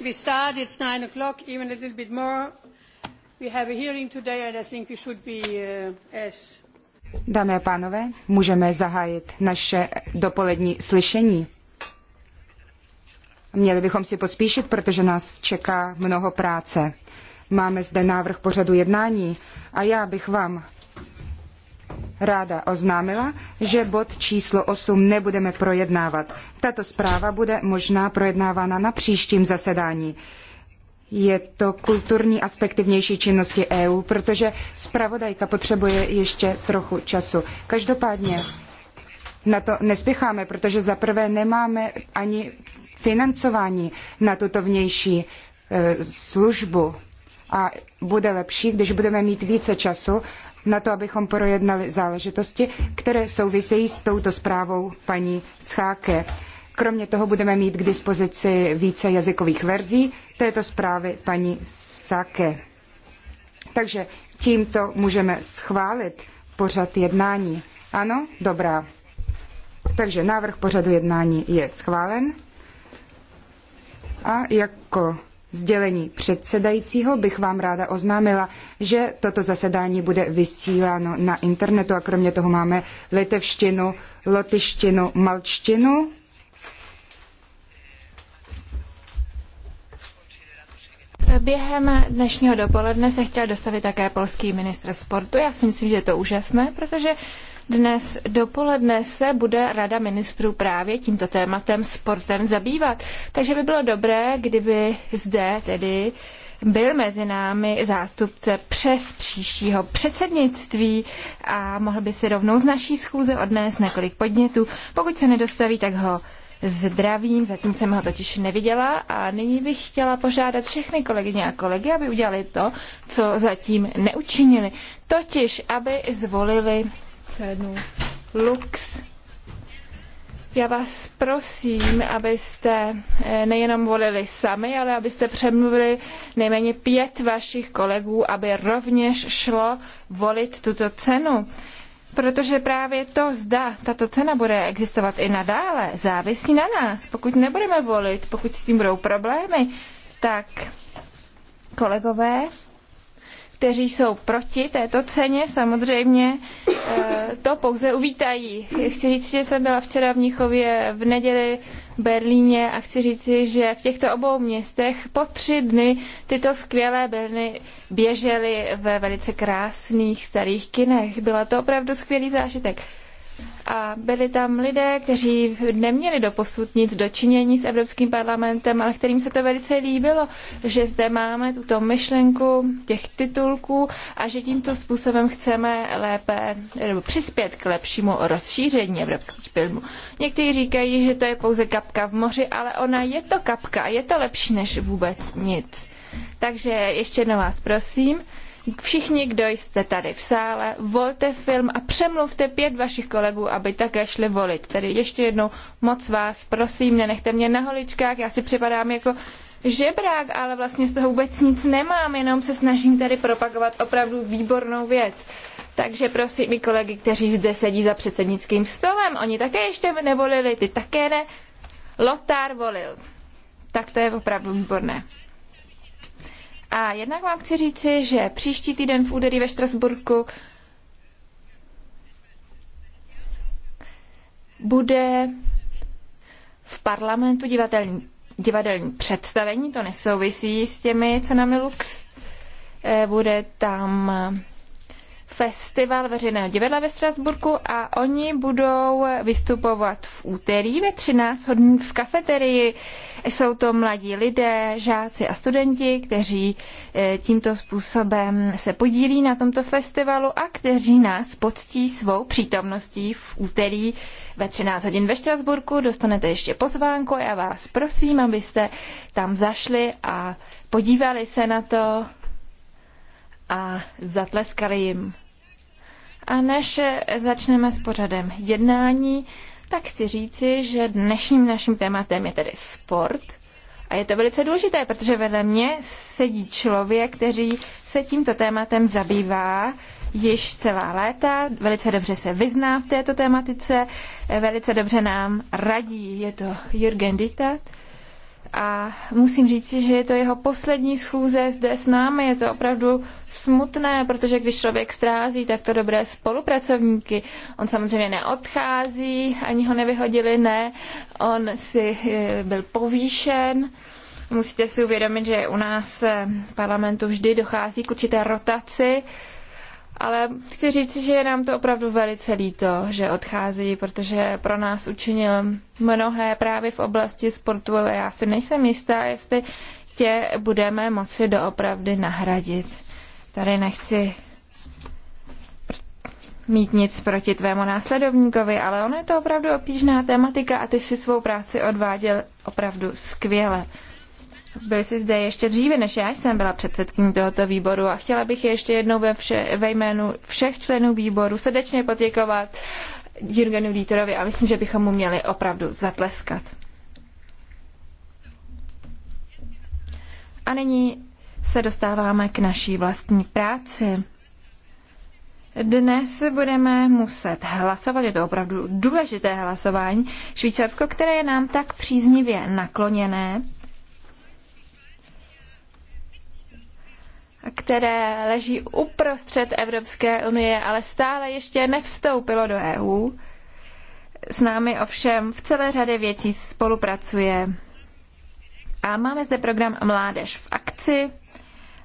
we start. nine o'clock, even a little bit more. We have a hearing today and I think we should be uh, as... Dámy a pánové, můžeme zahájit naše dopolední slyšení. Měli bychom si pospíšit, protože nás čeká mnoho práce. Máme zde návrh pořadu jednání a já bych vám ráda oznámila, že bod číslo 8 nebudeme projednávat. Tato zpráva bude možná projednávána na příštím zasedání. Je to kulturní aspekt vnější činnosti EU, protože zpravodajka potřebuje ještě trochu času. Každopádně na to nespěcháme, protože zaprvé nemáme ani financování na tuto vnější e, službu. A bude lepší, když budeme mít více času na to, abychom projednali záležitosti, které souvisejí s touto zprávou paní Scháke. Kromě toho budeme mít k dispozici více jazykových verzí této zprávy paní Sáke. Takže tímto můžeme schválit pořad jednání. Ano, dobrá. Takže návrh pořadu jednání je schválen. A jako sdělení předsedajícího bych vám ráda oznámila, že toto zasedání bude vysíláno na internetu a kromě toho máme litevštinu, lotyštinu, malčtinu. Během dnešního dopoledne se chtěl dostavit také polský ministr sportu. Já si myslím, že je to úžasné, protože dnes dopoledne se bude Rada ministrů právě tímto tématem sportem zabývat. Takže by bylo dobré, kdyby zde tedy byl mezi námi zástupce přes příštího předsednictví a mohl by si rovnou z naší schůze odnést několik podnětů. Pokud se nedostaví, tak ho zdravím, zatím jsem ho totiž neviděla a nyní bych chtěla požádat všechny kolegyně a kolegy, aby udělali to, co zatím neučinili, totiž aby zvolili cenu Lux. Já vás prosím, abyste eh, nejenom volili sami, ale abyste přemluvili nejméně pět vašich kolegů, aby rovněž šlo volit tuto cenu. Protože právě to, zda tato cena bude existovat i nadále, závisí na nás. Pokud nebudeme volit, pokud s tím budou problémy, tak kolegové kteří jsou proti této ceně, samozřejmě eh, to pouze uvítají. Chci říct, že jsem byla včera v Níchově v neděli v Berlíně a chci říct, že v těchto obou městech po tři dny tyto skvělé berny běžely ve velice krásných starých kinech. Byla to opravdu skvělý zážitek a byli tam lidé, kteří neměli doposud nic dočinění s Evropským parlamentem, ale kterým se to velice líbilo, že zde máme tuto myšlenku těch titulků a že tímto způsobem chceme lépe nebo přispět k lepšímu rozšíření evropských filmů. Někteří říkají, že to je pouze kapka v moři, ale ona je to kapka a je to lepší než vůbec nic. Takže ještě jednou vás prosím, Všichni, kdo jste tady v sále, volte film a přemluvte pět vašich kolegů, aby také šli volit. Tedy ještě jednou moc vás prosím, nenechte mě na holičkách, já si připadám jako žebrák, ale vlastně z toho vůbec nic nemám, jenom se snažím tady propagovat opravdu výbornou věc. Takže prosím i kolegy, kteří zde sedí za předsednickým stolem, oni také ještě nevolili, ty také ne. Lotár volil. Tak to je opravdu výborné. A jednak vám chci říci, že příští týden v úterý ve Štrasburku bude v parlamentu divadelní, divadelní představení, to nesouvisí s těmi cenami Lux. Eh, bude tam festival veřejného divadla ve Strasburku a oni budou vystupovat v úterý ve 13 hodin v kafeterii. Jsou to mladí lidé, žáci a studenti, kteří eh, tímto způsobem se podílí na tomto festivalu a kteří nás poctí svou přítomností v úterý ve 13 hodin ve Štrasburku. Dostanete ještě pozvánku a já vás prosím, abyste tam zašli a podívali se na to a zatleskali jim. A než začneme s pořadem jednání, tak chci říci, že dnešním naším tématem je tedy sport. A je to velice důležité, protože vedle mě sedí člověk, který se tímto tématem zabývá již celá léta, velice dobře se vyzná v této tematice, velice dobře nám radí. Je to Jürgen Ditat, a musím říct, že je to jeho poslední schůze zde s námi. Je to opravdu smutné, protože když člověk strází takto dobré spolupracovníky, on samozřejmě neodchází, ani ho nevyhodili, ne. On si eh, byl povýšen. Musíte si uvědomit, že u nás eh, v parlamentu vždy dochází k určité rotaci. Ale chci říct, že je nám to opravdu velice líto, že odchází, protože pro nás učinil mnohé právě v oblasti sportu, ale já si nejsem jistá, jestli tě budeme moci doopravdy nahradit. Tady nechci mít nic proti tvému následovníkovi, ale ono je to opravdu obtížná tematika a ty si svou práci odváděl opravdu skvěle byl jsi zde ještě dříve, než já jsem byla předsedkyní tohoto výboru a chtěla bych ještě jednou ve, vše, ve jménu všech členů výboru srdečně poděkovat Jürgenu Dieterovi a myslím, že bychom mu měli opravdu zatleskat. A nyní se dostáváme k naší vlastní práci. Dnes budeme muset hlasovat, je to opravdu důležité hlasování, Švýcarsko, které je nám tak příznivě nakloněné, které leží uprostřed Evropské unie, ale stále ještě nevstoupilo do EU. S námi ovšem v celé řadě věcí spolupracuje. A máme zde program Mládež v akci,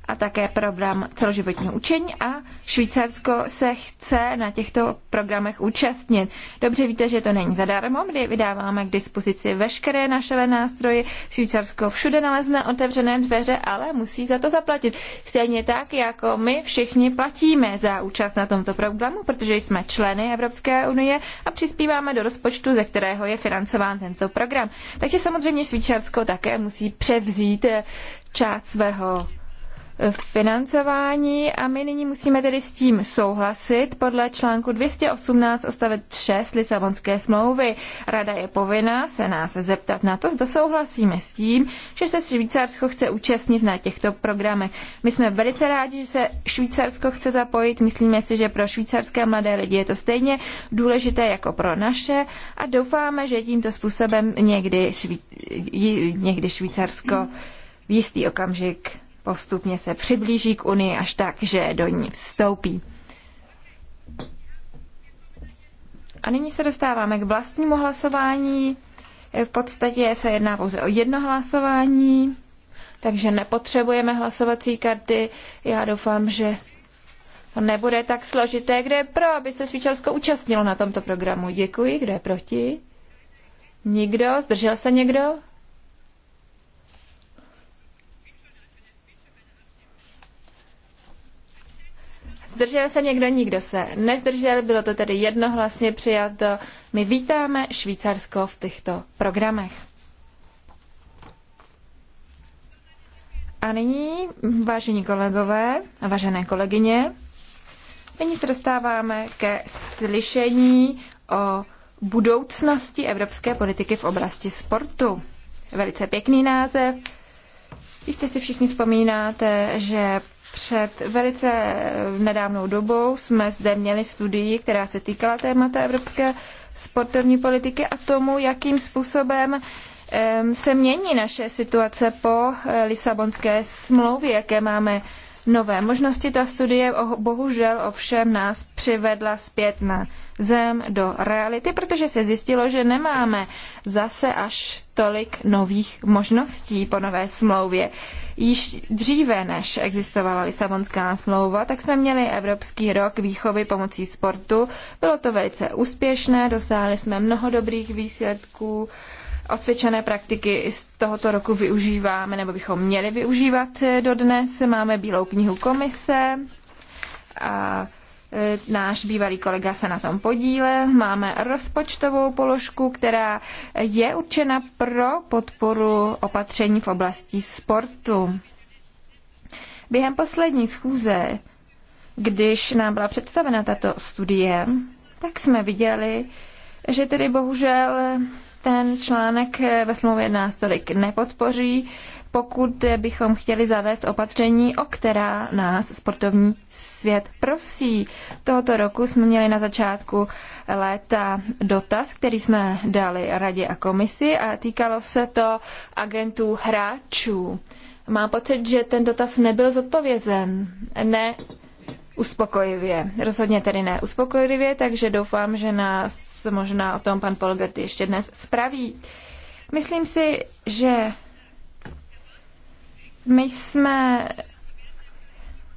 a také program celoživotního učení a Švýcarsko se chce na těchto programech účastnit. Dobře víte, že to není zadarmo, kdy vydáváme k dispozici veškeré naše nástroje. Švýcarsko všude nalezne otevřené dveře, ale musí za to zaplatit. Stejně tak, jako my všichni platíme za účast na tomto programu, protože jsme členy Evropské unie a přispíváme do rozpočtu, ze kterého je financován tento program. Takže samozřejmě Švýcarsko také musí převzít eh, část svého financování a my nyní musíme tedy s tím souhlasit podle článku 218 odstavec 6 Lisabonské smlouvy. Rada je povinna se nás zeptat na to, zda souhlasíme s tím, že se Švýcarsko chce účastnit na těchto programech. My jsme velice rádi, že se Švýcarsko chce zapojit. Myslíme si, že pro švýcarské mladé lidi je to stejně důležité jako pro naše a doufáme, že tímto způsobem někdy, švý... někdy Švýcarsko v jistý okamžik postupně se přiblíží k Unii až tak, že do ní vstoupí. A nyní se dostáváme k vlastnímu hlasování. V podstatě se jedná pouze o jedno hlasování, takže nepotřebujeme hlasovací karty. Já doufám, že to nebude tak složité. Kdo je pro, aby se Švýcarsko účastnilo na tomto programu? Děkuji. Kdo je proti? Nikdo? Zdržel se někdo? Zdržel se někdo? Nikdo se nezdržel. Bylo to tedy jednohlasně přijato. My vítáme Švýcarsko v těchto programech. A nyní, vážení kolegové a vážené kolegyně, nyní se dostáváme ke slyšení o budoucnosti evropské politiky v oblasti sportu. Velice pěkný název. Jistě si všichni vzpomínáte, že před velice nedávnou dobou jsme zde měli studii, která se týkala témata evropské sportovní politiky a tomu, jakým způsobem se mění naše situace po eh, Lisabonské smlouvě, jaké máme nové možnosti. Ta studie bohužel ovšem nás přivedla zpět na zem do reality, protože se zjistilo, že nemáme zase až tolik nových možností po nové smlouvě. Již dříve, než existovala Lisabonská smlouva, tak jsme měli Evropský rok výchovy pomocí sportu. Bylo to velice úspěšné, dosáhli jsme mnoho dobrých výsledků osvědčené praktiky z tohoto roku využíváme, nebo bychom měli využívat eh, dodnes. Máme Bílou knihu komise a eh, náš bývalý kolega se na tom podílel. Máme rozpočtovou položku, která je určena pro podporu opatření v oblasti sportu. Během poslední schůze, když nám byla představena tato studie, tak jsme viděli, že tedy bohužel ten článek eh, ve smlouvě nás tolik nepodpoří, pokud bychom chtěli zavést opatření, o která nás sportovní svět prosí. Tohoto roku jsme měli na začátku léta dotaz, který jsme dali radě a komisi a týkalo se to agentů hráčů. Má pocit, že ten dotaz nebyl zodpovězen. Ne uspokojivě. Rozhodně tedy ne uspokojivě, takže doufám, že nás možná o tom pan Polgert ještě dnes spraví. Myslím si, že my jsme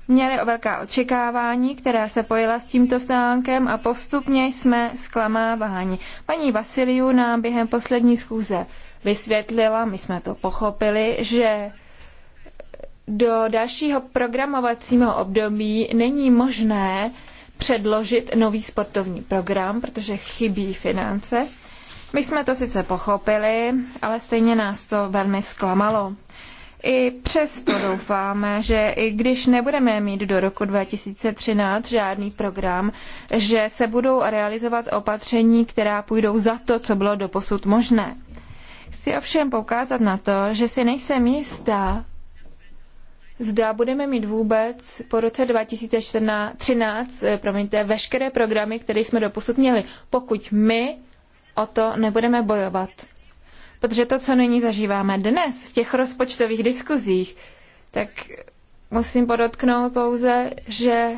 měli o velká očekávání, která se pojila s tímto stánkem a postupně jsme zklamáváni. Paní Vasiliu nám během poslední schůze vysvětlila, my jsme to pochopili, že do dalšího programovacího období není možné předložit nový sportovní program, protože chybí finance. My jsme to sice pochopili, ale stejně nás to velmi zklamalo. I přesto doufáme, že i když nebudeme mít do roku 2013 žádný program, že se budou realizovat opatření, která půjdou za to, co bylo doposud možné. Chci ovšem poukázat na to, že si nejsem jistá, zda budeme mít vůbec po roce 2013 eh, promiňte, veškeré programy, které jsme doposud měli, pokud my o to nebudeme bojovat. Protože to, co nyní zažíváme dnes v těch rozpočtových diskuzích, tak musím podotknout pouze, že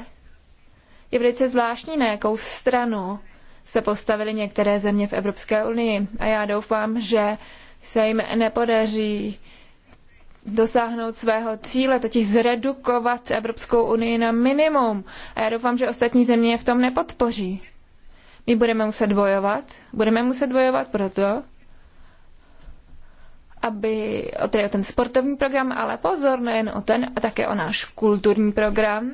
je velice zvláštní, na jakou stranu se postavily některé země v Evropské unii. A já doufám, že se jim nepodaří dosáhnout svého cíle, totiž zredukovat Evropskou unii na minimum. A já doufám, že ostatní země v tom nepodpoří. My budeme muset bojovat. Budeme muset bojovat proto, aby o, tedy o ten sportovní program, ale pozor, nejen o ten, a také o náš kulturní program.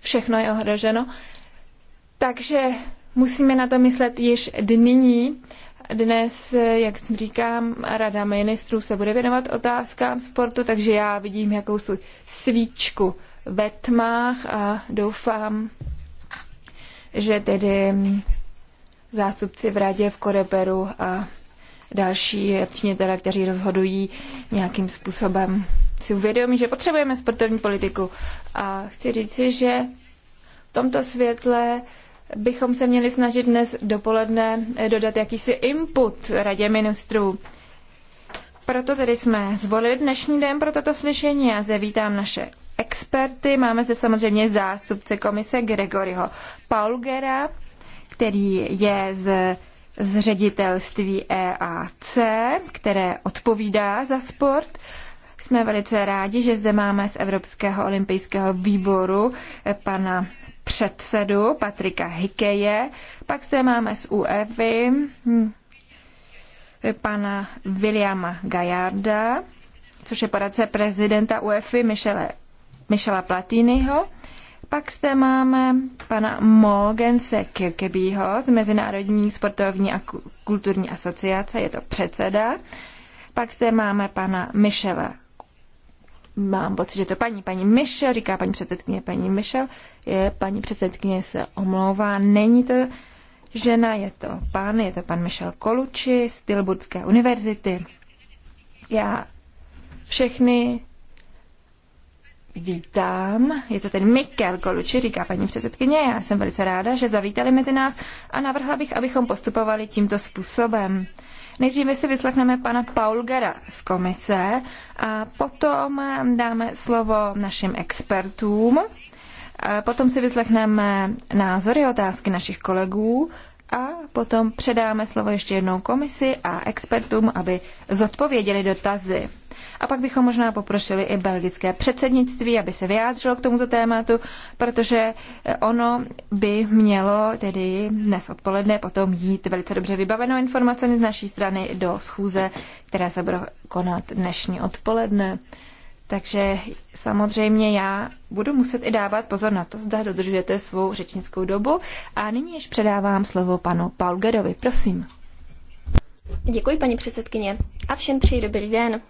Všechno je ohroženo. Takže musíme na to myslet již nyní dnes, jak říkám, Rada ministrů se bude věnovat otázkám sportu, takže já vidím jakousi svíčku ve tmách a doufám, že tedy zástupci v radě, v Koreperu a další činitele, kteří rozhodují nějakým způsobem, si uvědomí, že potřebujeme sportovní politiku. A chci říci, že v tomto světle bychom se měli snažit dnes dopoledne dodat jakýsi input radě ministrů. Proto tedy jsme zvolili dnešní den pro toto slyšení. a zde vítám naše experty. Máme zde samozřejmě zástupce komise Gregoryho Paulgera, který je z, z ředitelství EAC, které odpovídá za sport. Jsme velice rádi, že zde máme z Evropského olympijského výboru pana předsedu Patrika Hikeje, pak zde máme z UEFy hm, pana Williama Gajarda, což je poradce prezidenta UEFI Michela Platiniho, pak zde máme pana Mogense Kirkebyho z Mezinárodní sportovní a kulturní asociace, je to předseda. Pak zde máme pana Michela Mám pocit, že to paní, paní Michel, říká paní předsedkyně, paní Michel, je, paní předsedkyně se omlouvá, není to žena, je to pan, je to pan Michel Koluči z Tilburgské univerzity. Já všechny vítám. Je to ten Mikel Koluči, říká paní předsedkyně. Já jsem velice ráda, že zavítali mezi nás a navrhla bych, abychom postupovali tímto způsobem. Nejdříve si vyslechneme pana Paulgera z komise a potom dáme slovo našim expertům. Potom si vyslechneme názory, a otázky našich kolegů a potom předáme slovo ještě jednou komisi a expertům, aby zodpověděli dotazy. A pak bychom možná poprosili i belgické předsednictví, aby se vyjádřilo k tomuto tématu, protože eh, ono by mělo tedy dnes odpoledne potom jít velice dobře vybaveno informacemi z naší strany do schůze, která se bude konat dnešní odpoledne. Takže samozřejmě já budu muset i dávat pozor na to, zda dodržujete svou řečnickou dobu. A nyní již předávám slovo panu Paulgerovi. Prosím. Děkuji, paní předsedkyně. A všem přeji dobrý den.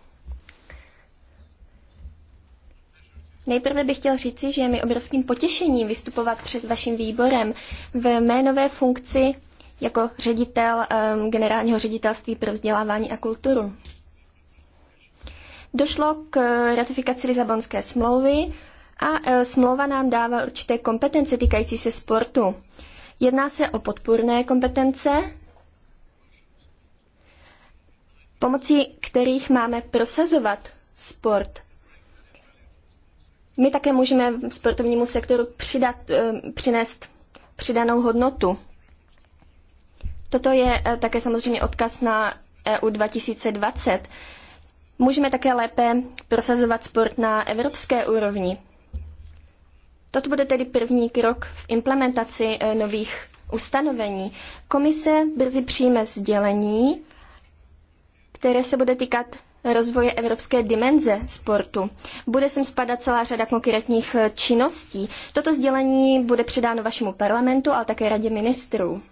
Nejprve bych chtěl říci, že je mi obrovským potěšením vystupovat před vaším výborem v mé nové funkci jako ředitel um, generálního ředitelství pro vzdělávání a kulturu. Došlo k eh, ratifikaci Lisabonské smlouvy a eh, smlouva nám dává určité kompetence týkající se sportu. Jedná se o podpůrné kompetence, pomocí kterých máme prosazovat sport. My také můžeme sportovnímu sektoru přidat, eh, přinést přidanou hodnotu. Toto je také samozřejmě odkaz na EU 2020 můžeme také lépe prosazovat sport na evropské úrovni. Toto bude tedy první krok v implementaci eh, nových ustanovení. Komise brzy přijme sdělení, které se bude týkat rozvoje evropské dimenze sportu. Bude sem spadat celá řada konkrétních eh, činností. Toto sdělení bude předáno vašemu parlamentu, ale také radě ministrů.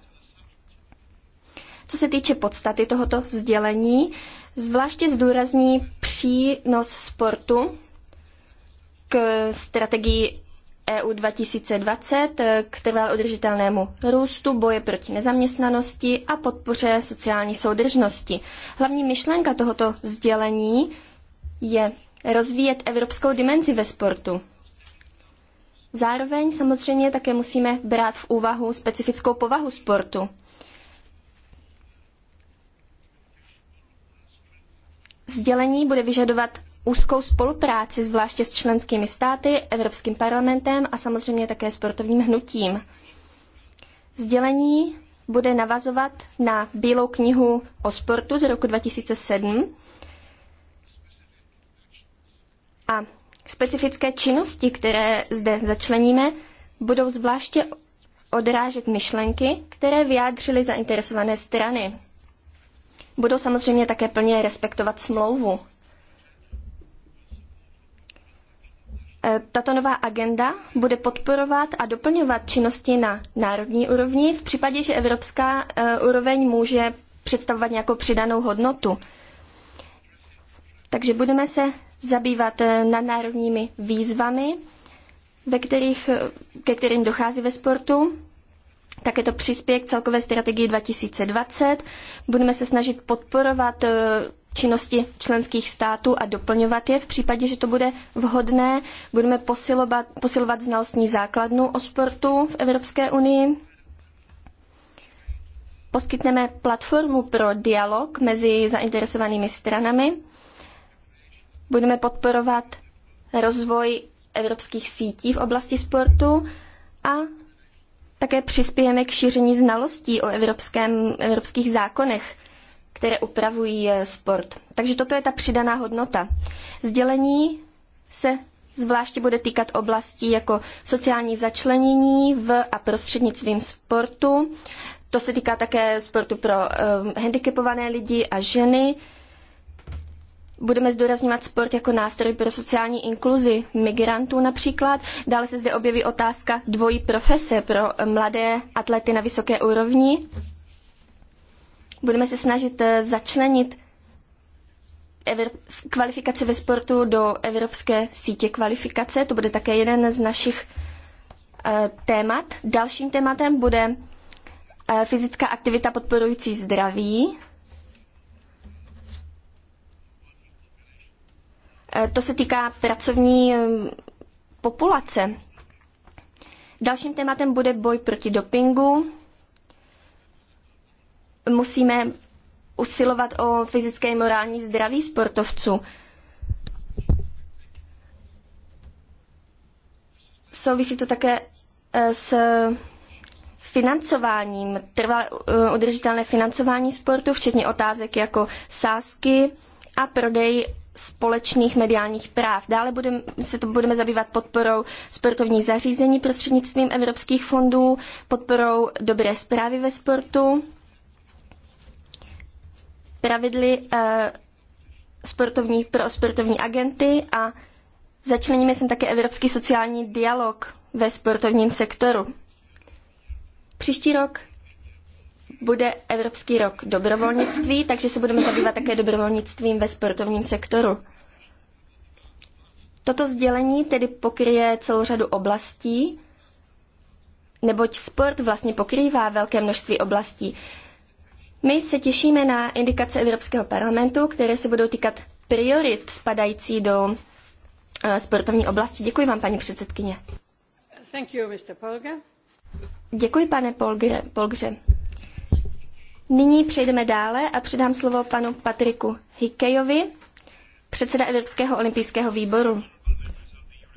Co se týče podstaty tohoto sdělení, zvláště zdůrazní přínos sportu k strategii EU 2020, k trvalé udržitelnému růstu, boje proti nezaměstnanosti a podpoře sociální soudržnosti. Hlavní myšlenka tohoto sdělení je rozvíjet evropskou dimenzi ve sportu. Zároveň samozřejmě také musíme brát v úvahu specifickou povahu sportu. Sdělení bude vyžadovat úzkou spolupráci, zvláště s členskými státy, Evropským parlamentem a samozřejmě také sportovním hnutím. Sdělení bude navazovat na Bílou knihu o sportu z roku 2007 a specifické činnosti, které zde začleníme, budou zvláště odrážet myšlenky, které vyjádřily zainteresované strany budou samozřejmě také plně respektovat smlouvu. E, tato nová agenda bude podporovat a doplňovat činnosti na národní úrovni v případě, že evropská e, úroveň může představovat nějakou přidanou hodnotu. Takže budeme se zabývat e, nadnárodními výzvami, ve kterých, ke kterým dochází ve sportu. Také to přispěje k celkové strategii 2020. Budeme se snažit podporovat e, činnosti členských států a doplňovat je. V případě, že to bude vhodné, budeme posilovat, posilovat znalostní základnu o sportu v Evropské unii. Poskytneme platformu pro dialog mezi zainteresovanými stranami. Budeme podporovat rozvoj evropských sítí v oblasti sportu a také přispějeme k šíření znalostí o evropském, evropských zákonech, které upravují eh, sport. Takže toto je ta přidaná hodnota. Sdělení se zvláště bude týkat oblastí jako sociální začlenění v a prostřednictvím sportu. To se týká také sportu pro um, handicapované lidi a ženy, Budeme zdůrazňovat sport jako nástroj pro sociální inkluzi migrantů například. Dále se zde objeví otázka dvojí profese pro mladé atlety na vysoké úrovni. Budeme se snažit eh, začlenit kvalifikace ve sportu do evropské sítě kvalifikace. To bude také jeden z našich eh, témat. Dalším tématem bude eh, fyzická aktivita podporující zdraví. Eh, to se týká pracovní eh, populace. Dalším tématem bude boj proti dopingu. Musíme usilovat o fyzické i morální zdraví sportovců. Souvisí to také eh, s financováním, trvalé udržitelné financování sportu, včetně otázek jako sázky a prodej společných mediálních práv. Dále budem, se to budeme zabývat podporou sportovních zařízení prostřednictvím evropských fondů, podporou dobré zprávy ve sportu, pravidly eh, sportovní, pro sportovní agenty a začleníme sem také evropský sociální dialog ve sportovním sektoru. Příští rok bude Evropský rok dobrovolnictví, takže se budeme zabývat také dobrovolnictvím ve sportovním sektoru. Toto sdělení tedy pokryje celou řadu oblastí, neboť sport vlastně pokrývá velké množství oblastí. My se těšíme na indikace Evropského parlamentu, které se budou týkat priorit spadající do eh, sportovní oblasti. Děkuji vám, paní předsedkyně. Thank you, Mr. Polger. Děkuji, pane Polgre. Polgře. Nyní přejdeme dále a předám slovo panu Patriku Hikejovi, předseda Evropského olympijského výboru.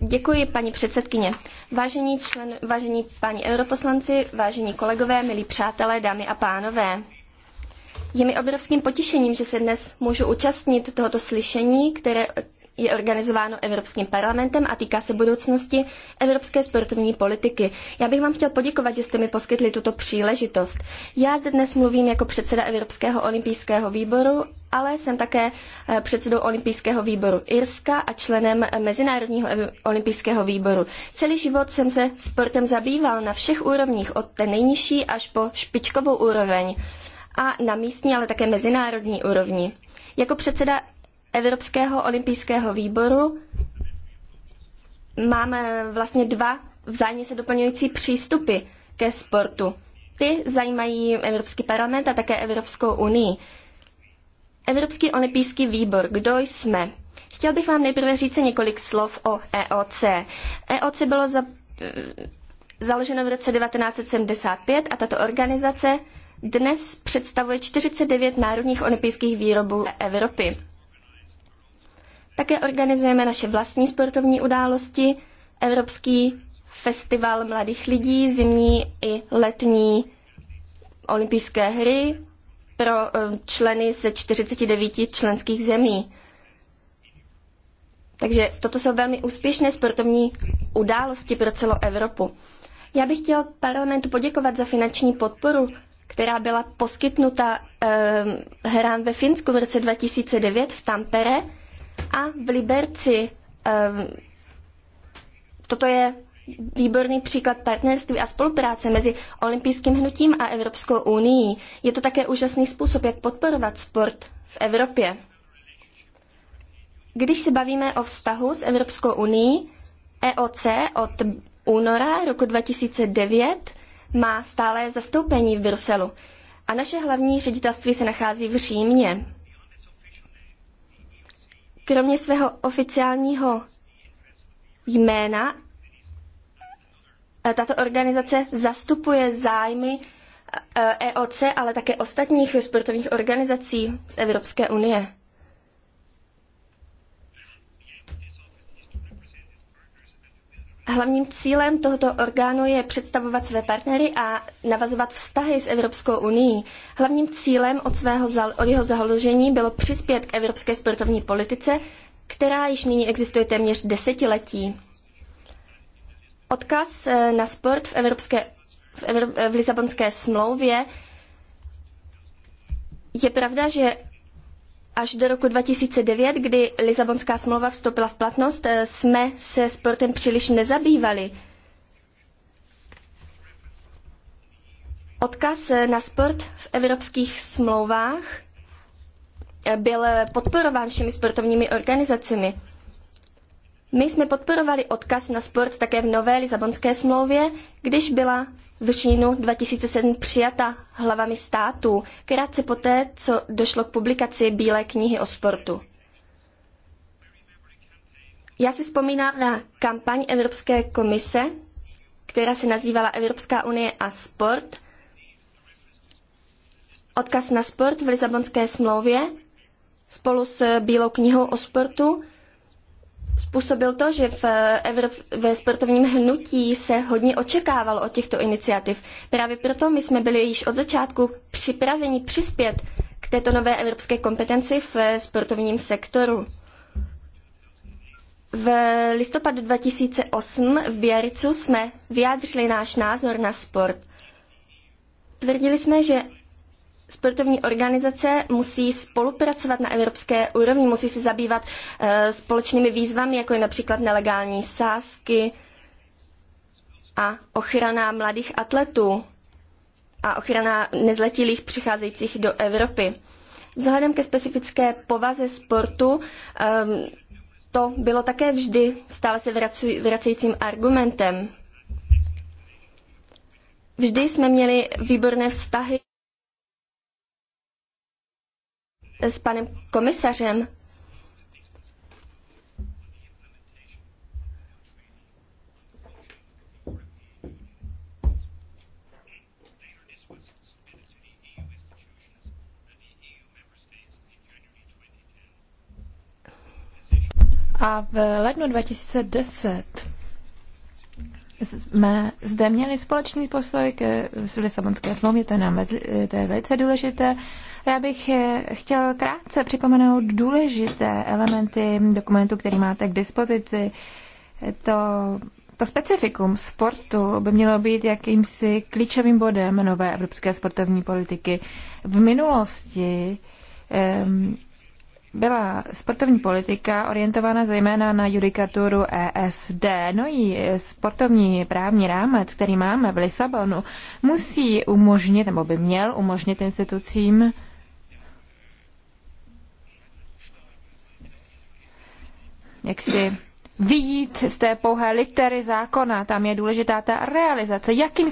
Děkuji, paní předsedkyně. Vážení, člen, vážení paní europoslanci, vážení kolegové, milí přátelé, dámy a pánové. Je mi obrovským potěšením, že se dnes můžu účastnit tohoto slyšení, které je organizováno Evropským parlamentem a týká se budoucnosti evropské sportovní politiky. Já bych vám chtěl poděkovat, že jste mi poskytli tuto příležitost. Já zde dnes mluvím jako předseda Evropského olympijského výboru, ale jsem také eh, předsedou olympijského výboru Irska a členem Mezinárodního olympijského výboru. Celý život jsem se sportem zabýval na všech úrovních, od té nejnižší až po špičkovou úroveň a na místní, ale také mezinárodní úrovni. Jako předseda Evropského olympijského výboru máme vlastně dva vzájemně se doplňující přístupy ke sportu. Ty zajímají Evropský parlament a také Evropskou unii. Evropský olympijský výbor, kdo jsme? Chtěl bych vám nejprve říct několik slov o EOC. EOC bylo za, založeno v roce 1975 a tato organizace dnes představuje 49 národních olympijských výrobů Evropy. Také organizujeme naše vlastní sportovní události, Evropský festival mladých lidí, zimní i letní olympijské hry pro e, členy ze 49 členských zemí. Takže toto jsou velmi úspěšné sportovní události pro celou Evropu. Já bych chtěl parlamentu poděkovat za finanční podporu, která byla poskytnuta eh, hrám ve Finsku v roce 2009 v Tampere a v Liberci um, toto je výborný příklad partnerství a spolupráce mezi olympijským hnutím a Evropskou unii. Je to také úžasný způsob, jak podporovat sport v Evropě. Když se bavíme o vztahu s Evropskou unii, EOC od února roku 2009 má stále zastoupení v Bruselu a naše hlavní ředitelství se nachází v Římě kromě svého oficiálního jména eh, tato organizace zastupuje zájmy EOC, eh, e ale také ostatních sportovních organizací z Evropské unie. Hlavním cílem tohoto orgánu je představovat své partnery a navazovat vztahy s Evropskou unii. Hlavním cílem od, svého, od jeho založení bylo přispět k evropské sportovní politice, která již nyní existuje téměř desetiletí. Odkaz eh, na sport v, evropské, v, v Lisabonské smlouvě je pravda, že až do roku 2009, kdy Lisabonská smlouva vstoupila v platnost, eh, jsme se sportem příliš nezabývali. Odkaz eh, na sport v evropských smlouvách eh, byl podporován všemi sportovními organizacemi. My jsme podporovali odkaz na sport také v nové Lisabonské smlouvě, když byla v říjnu 2007 přijata hlavami států, krátce poté, co došlo k publikaci Bílé knihy o sportu. Já si vzpomínám na kampaň Evropské komise, která se nazývala Evropská unie a sport. Odkaz na sport v Lisabonské smlouvě spolu s Bílou knihou o sportu – způsobil to, že v ve sportovním hnutí se hodně očekávalo od těchto iniciativ. Právě proto my jsme byli již od začátku připraveni přispět k této nové evropské kompetenci v sportovním sektoru. V listopadu 2008 v Biaricu jsme vyjádřili náš názor na sport. Tvrdili jsme, že sportovní organizace musí spolupracovat na evropské úrovni, musí se zabývat eh, společnými výzvami, jako je například nelegální sázky a ochrana mladých atletů a ochrana nezletilých přicházejících do Evropy. Vzhledem ke specifické povaze sportu ehm, to bylo také vždy stále se vracejícím argumentem. Vždy jsme měli výborné vztahy s panem komisařem. A v lednu 2010 jsme zde měli společný postoj k Lisabonské smlouvě, to je, to je velice důležité. Já bych eh, chtěl krátce připomenout důležité elementy dokumentu, který máte k dispozici. To, to specifikum sportu by mělo být jakýmsi klíčovým bodem nové evropské sportovní politiky. V minulosti um, byla sportovní politika orientována zejména na judikaturu ESD. No i sportovní právní rámec, který máme v Lisabonu, musí umožnit, nebo by měl umožnit institucím jak si vyjít z té pouhé litery zákona. Tam je důležitá ta realizace. Jakým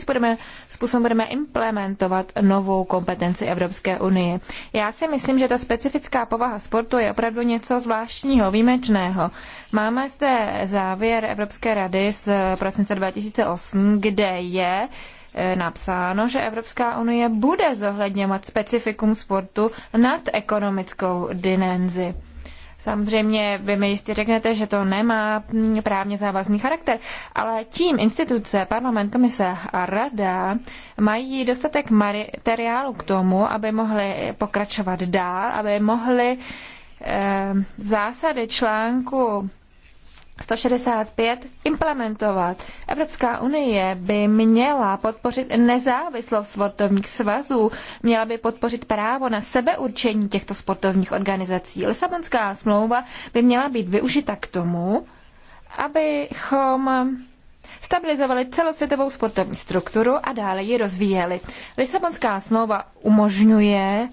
způsobem budeme implementovat novou kompetenci Evropské unie? Já si myslím, že ta specifická povaha sportu je opravdu něco zvláštního, výjimečného. Máme zde závěr Evropské rady z prosince 2008, kde je e, napsáno, že Evropská unie bude zohledňovat specifikum sportu nad ekonomickou dimenzi. Samozřejmě vy mi jistě řeknete, že to nemá právně závazný charakter, ale tím instituce, parlament, komise a rada mají dostatek materiálu k tomu, aby mohli pokračovat dál, aby mohli eh, zásady článku 165 implementovat. Evropská unie by měla podpořit nezávislost sportovních svazů, měla by podpořit právo na sebeurčení těchto sportovních organizací. Lisabonská smlouva by měla být využita k tomu, abychom stabilizovali celosvětovou sportovní strukturu a dále ji rozvíjeli. Lisabonská smlouva umožňuje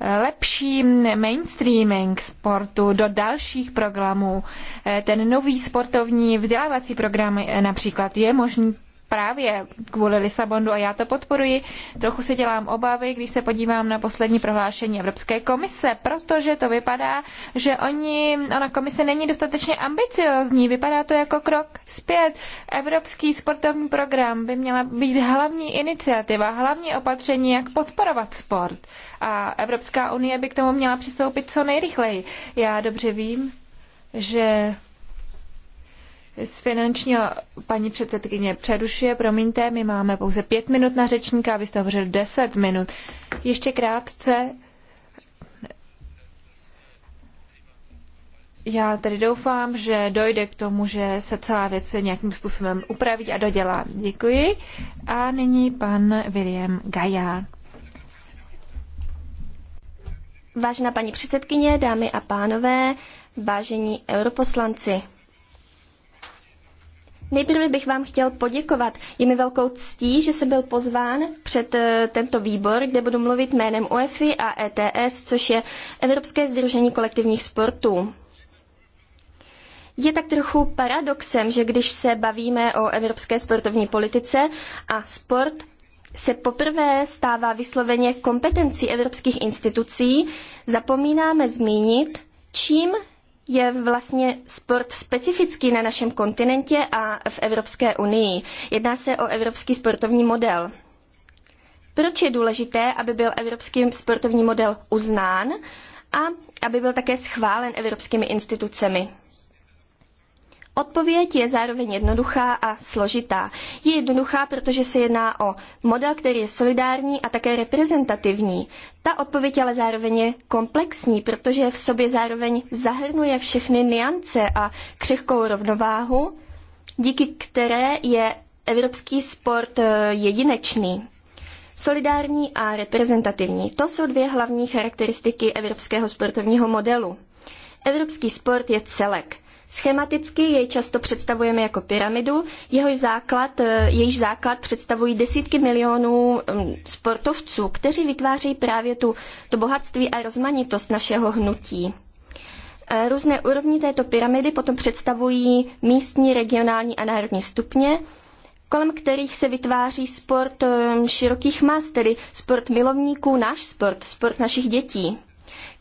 lepší mainstreaming sportu do dalších programů. Ten nový sportovní vzdělávací program například je možný právě kvůli Lisabonu a já to podporuji. Trochu si dělám obavy, když se podívám na poslední prohlášení Evropské komise, protože to vypadá, že oni, ona komise není dostatečně ambiciozní, vypadá to jako krok zpět. Evropský sportovní program by měla být hlavní iniciativa, hlavní opatření, jak podporovat sport. A Evropská unie by k tomu měla přistoupit co nejrychleji. Já dobře vím, že z finančního paní předsedkyně přerušuje, promiňte, my máme pouze pět minut na řečníka, vy jste hovořil deset minut. Ještě krátce, Já tedy doufám, že dojde k tomu, že se celá věc nějakým způsobem upraví a dodělá. Děkuji. A nyní pan William Gajar. Vážená paní předsedkyně, dámy a pánové, vážení europoslanci. Nejprve bych vám chtěl poděkovat. Je mi velkou ctí, že jsem byl pozván před eh, tento výbor, kde budu mluvit jménem UEFI a ETS, což je Evropské sdružení kolektivních sportů. Je tak trochu paradoxem, že když se bavíme o evropské sportovní politice a sport se poprvé stává vysloveně kompetencí evropských institucí, zapomínáme zmínit, čím je vlastně sport specifický na našem kontinentě a v Evropské unii. Jedná se o evropský sportovní model. Proč je důležité, aby byl evropský sportovní model uznán a aby byl také schválen evropskými institucemi? Odpověď je zároveň jednoduchá a složitá. Je jednoduchá, protože se jedná o model, který je solidární a také reprezentativní. Ta odpověď ale zároveň je komplexní, protože v sobě zároveň zahrnuje všechny niance a křehkou rovnováhu, díky které je evropský sport eh, jedinečný. Solidární a reprezentativní. To jsou dvě hlavní charakteristiky evropského sportovního modelu. Evropský sport je celek. Schematicky jej často představujeme jako pyramidu, jehož základ, eh, jejíž základ představují desítky milionů mm, sportovců, kteří vytvářejí právě tu, to bohatství a rozmanitost našeho hnutí. Eh, různé úrovně této pyramidy potom představují místní, regionální a národní stupně, kolem kterých se vytváří sport eh, širokých mas, tedy sport milovníků, náš sport, sport našich dětí.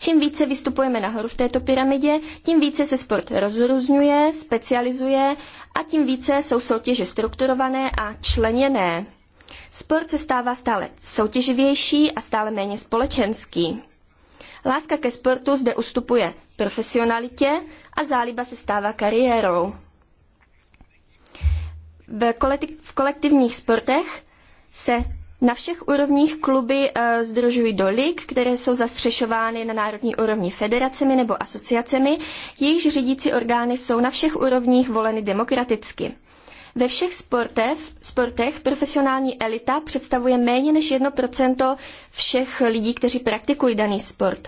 Čím více vystupujeme nahoru v této pyramidě, tím více se sport rozrůzňuje, specializuje a tím více jsou soutěže strukturované a členěné. Sport se stává stále soutěživější a stále méně společenský. Láska ke sportu zde ustupuje profesionalitě a záliba se stává kariérou. V, kolektivních sportech se na všech úrovních kluby uh, eh, združují do lig, které jsou zastřešovány na národní úrovni federacemi nebo asociacemi, jejichž řídící orgány jsou na všech úrovních voleny demokraticky. Ve všech sportech, sportech profesionální elita představuje méně než 1% všech lidí, kteří praktikují daný sport.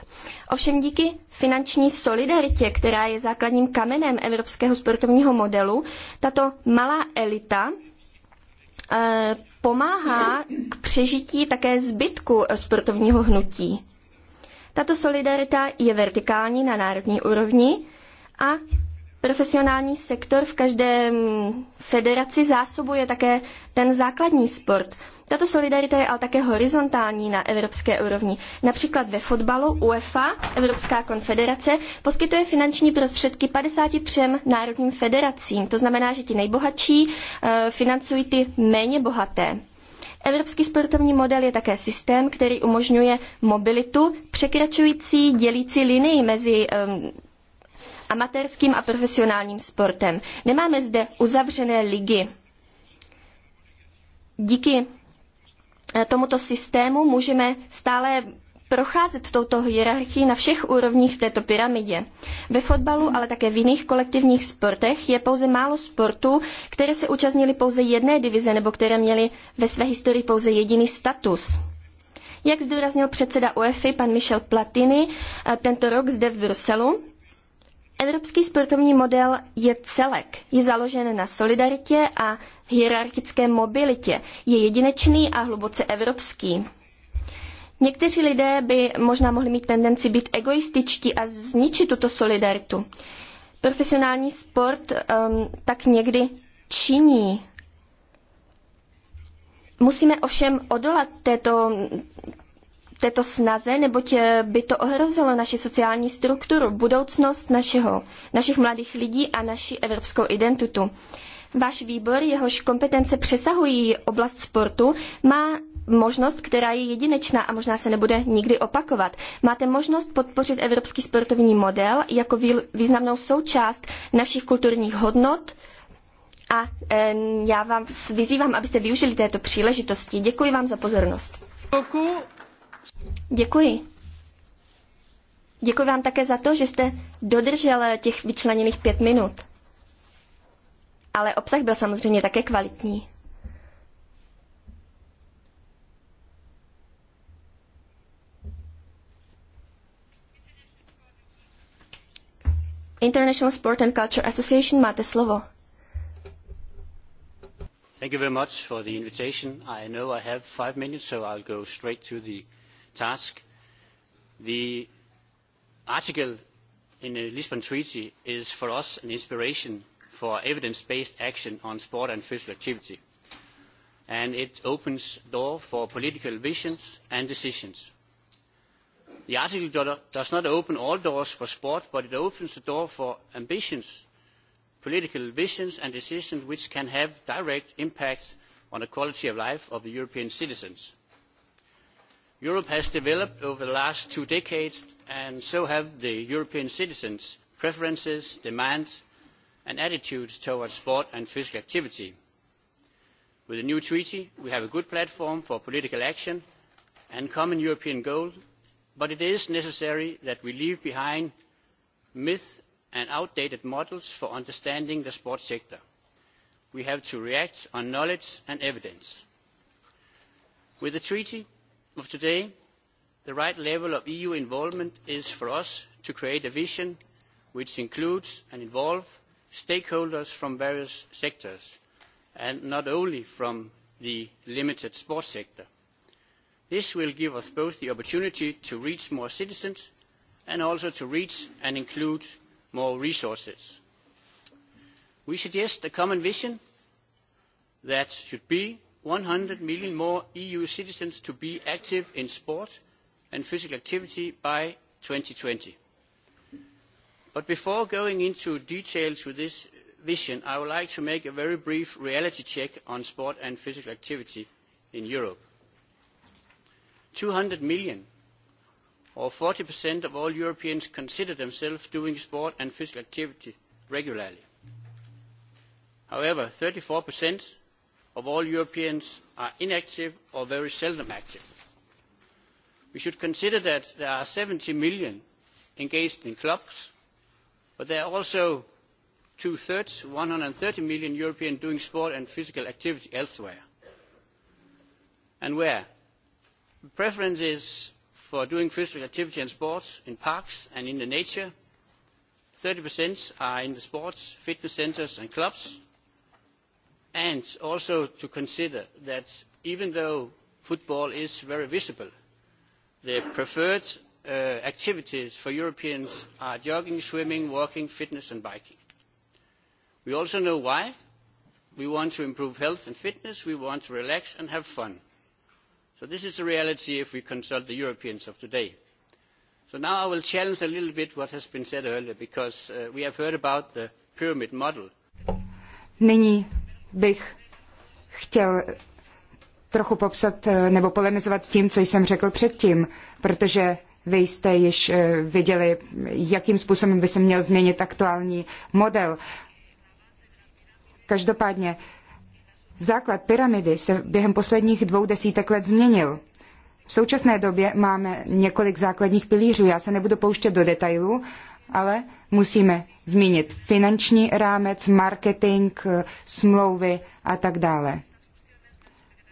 Ovšem díky finanční solidaritě, která je základním kamenem evropského sportovního modelu, tato malá elita eh, pomáhá k přežití také zbytku sportovního hnutí. Tato solidarita je vertikální na národní úrovni a Profesionální sektor v každé mm, federaci zásobuje také ten základní sport. Tato solidarita je ale také horizontální na evropské úrovni. Například ve fotbalu UEFA, Evropská konfederace, poskytuje finanční prostředky 53 národním federacím. To znamená, že ti nejbohatší eh, financují ty méně bohaté. Evropský sportovní model je také systém, který umožňuje mobilitu překračující dělící linii mezi um, amatérským a profesionálním sportem. Nemáme zde uzavřené ligy. Díky eh, tomuto systému můžeme stále procházet touto hierarchií na všech úrovních v této pyramidě. Ve fotbalu, ale také v jiných kolektivních sportech je pouze málo sportů, které se účastnily pouze jedné divize nebo které měly ve své historii pouze jediný status. Jak zdůraznil předseda UEFA pan Michel Platini eh, tento rok zde v Bruselu, Evropský sportovní model je celek. Je založen na solidaritě a hierarchické mobilitě. Je jedinečný a hluboce evropský. Někteří lidé by možná mohli mít tendenci být egoističtí a zničit tuto solidaritu. Profesionální sport um, tak někdy činí. Musíme ovšem odolat této této snaze, neboť eh, by to ohrozilo naši sociální strukturu, budoucnost našeho, našich mladých lidí a naši evropskou identitu. Váš výbor, jehož kompetence přesahují oblast sportu, má možnost, která je jedinečná a možná se nebude nikdy opakovat. Máte možnost podpořit evropský sportovní model jako významnou součást našich kulturních hodnot a eh, já vám vyzývám, abyste využili této příležitosti. Děkuji vám za pozornost. Děkuji. Děkuji. Děkuji vám také za to, že jste dodržel těch vyčleněných pět minut. Ale obsah byl samozřejmě také kvalitní. International Sport and Culture Association, máte slovo. Thank you very much for the invitation. I know I have five minutes, so I'll go straight to the task. The article in the Lisbon Treaty is for us an inspiration for evidence-based action on sport and physical activity. And it opens door for political visions and decisions. The article does not open all doors for sport, but it opens the door for ambitions, political visions and decisions which can have direct impact on the quality of life of the European citizens Europe has developed over the last two decades, and so have the European citizens' preferences, demands, and attitudes towards sport and physical activity. With the new treaty, we have a good platform for political action and common European goals, but it is necessary that we leave behind myth and outdated models for understanding the sports sector. We have to react on knowledge and evidence. With the treaty, of today, the right level of EU involvement is for us to create a vision which includes and involves stakeholders from various sectors, and not only from the limited sports sector. This will give us both the opportunity to reach more citizens and also to reach and include more resources. We suggest a common vision that should 100 million more EU citizens to be active in sport and physical activity by 2020. But before going into details with this vision, I would like to make a very brief reality check on sport and physical activity in Europe. 200 million, or 40% of all Europeans, consider themselves doing sport and physical activity regularly. However, 34% of all Europeans are inactive or very seldom active. We should consider that there are 70 million engaged in clubs, but there are also two-thirds, 130 million Europeans doing sport and physical activity elsewhere. And where? The preference is for doing physical activity and sports in parks and in the nature. 30% are in the sports, fitness centres and clubs, and also to consider that even though football is very visible, the preferred uh, activities for Europeans are jogging, swimming, walking, fitness and biking. We also know why. We want to improve health and fitness. We want to relax and have fun. So this is the reality if we consult the Europeans of today. So now I will challenge a little bit what has been said earlier because uh, we have heard about the pyramid model bych chtěl trochu popsat eh, nebo polemizovat s tím, co jsem řekl předtím, protože vy jste již eh, viděli, jakým způsobem by se měl změnit aktuální model. Každopádně základ pyramidy se během posledních dvou desítek let změnil. V současné době máme několik základních pilířů. Já se nebudu pouštět do detailů, ale musíme zmínit finanční rámec, marketing, eh, smlouvy a tak dále.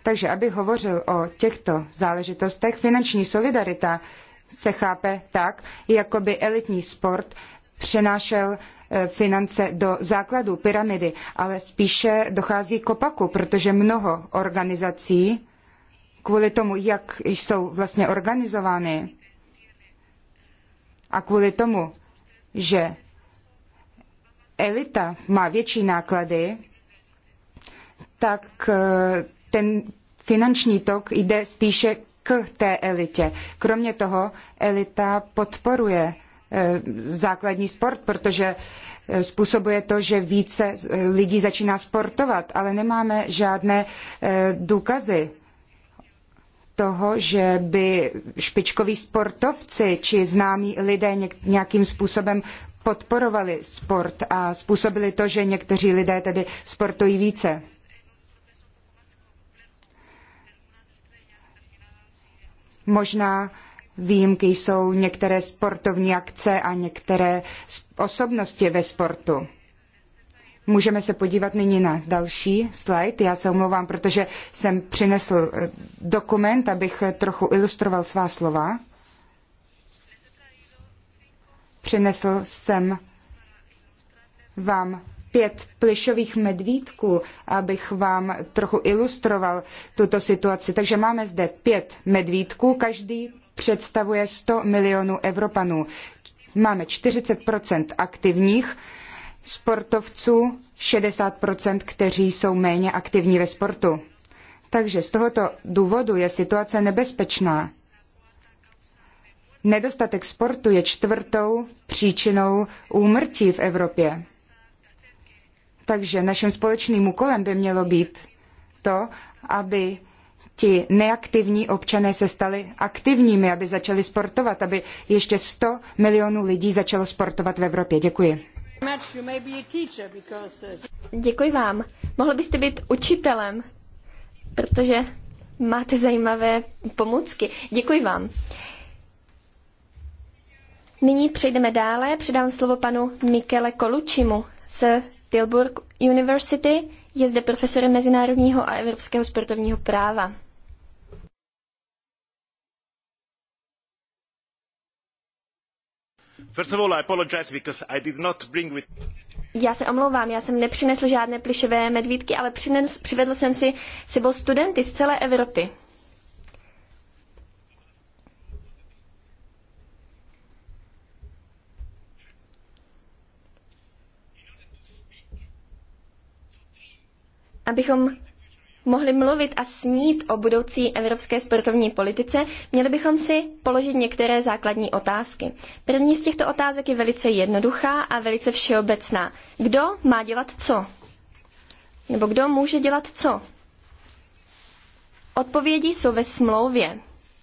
Takže abych hovořil o těchto záležitostech, finanční solidarita se chápe tak, jako by elitní sport přenášel eh, finance do základů pyramidy, ale spíše dochází k opaku, protože mnoho organizací kvůli tomu, jak jsou vlastně organizovány a kvůli tomu, že elita má větší náklady, tak eh, ten finanční tok jde spíše k té elitě. Kromě toho elita podporuje eh, základní sport, protože eh, způsobuje to, že více lidí začíná sportovat, ale nemáme žádné důkazy toho, že by špičkoví sportovci či známí lidé nějakým způsobem podporovali sport a způsobili to, že někteří lidé tedy sportují více. Možná výjimky jsou některé sportovní akce a některé osobnosti ve sportu. Můžeme se podívat nyní na další slide. Já se omlouvám, protože jsem přinesl eh, dokument, abych eh, trochu ilustroval svá slova. Přinesl jsem vám pět plišových medvídků, abych vám trochu ilustroval tuto situaci. Takže máme zde pět medvídků, každý představuje 100 milionů Evropanů. Máme 40 aktivních, sportovců 60%, kteří jsou méně aktivní ve sportu. Takže z tohoto důvodu je situace nebezpečná. Nedostatek sportu je čtvrtou příčinou úmrtí v Evropě. Takže naším společným úkolem by mělo být to, aby ti neaktivní občané se stali aktivními, aby začali sportovat, aby ještě 100 milionů lidí začalo sportovat v Evropě. Děkuji. Uh, Děkuji vám. Mohl byste být učitelem, protože máte zajímavé pomůcky. Děkuji vám. Nyní přejdeme dále. Předám slovo panu Mikele Kolučimu z Tilburg University. Je zde profesorem mezinárodního a evropského sportovního práva. Já se omlouvám, já jsem nepřinesl žádné plišové medvídky, ale přines, přivedl jsem si sebou studenty z celé Evropy. Abychom mohli mluvit a snít o budoucí evropské sportovní politice, měli bychom si položit některé základní otázky. První z těchto otázek je velice jednoduchá a velice všeobecná. Kdo má dělat co? Nebo kdo může dělat co? Odpovědi jsou ve smlouvě.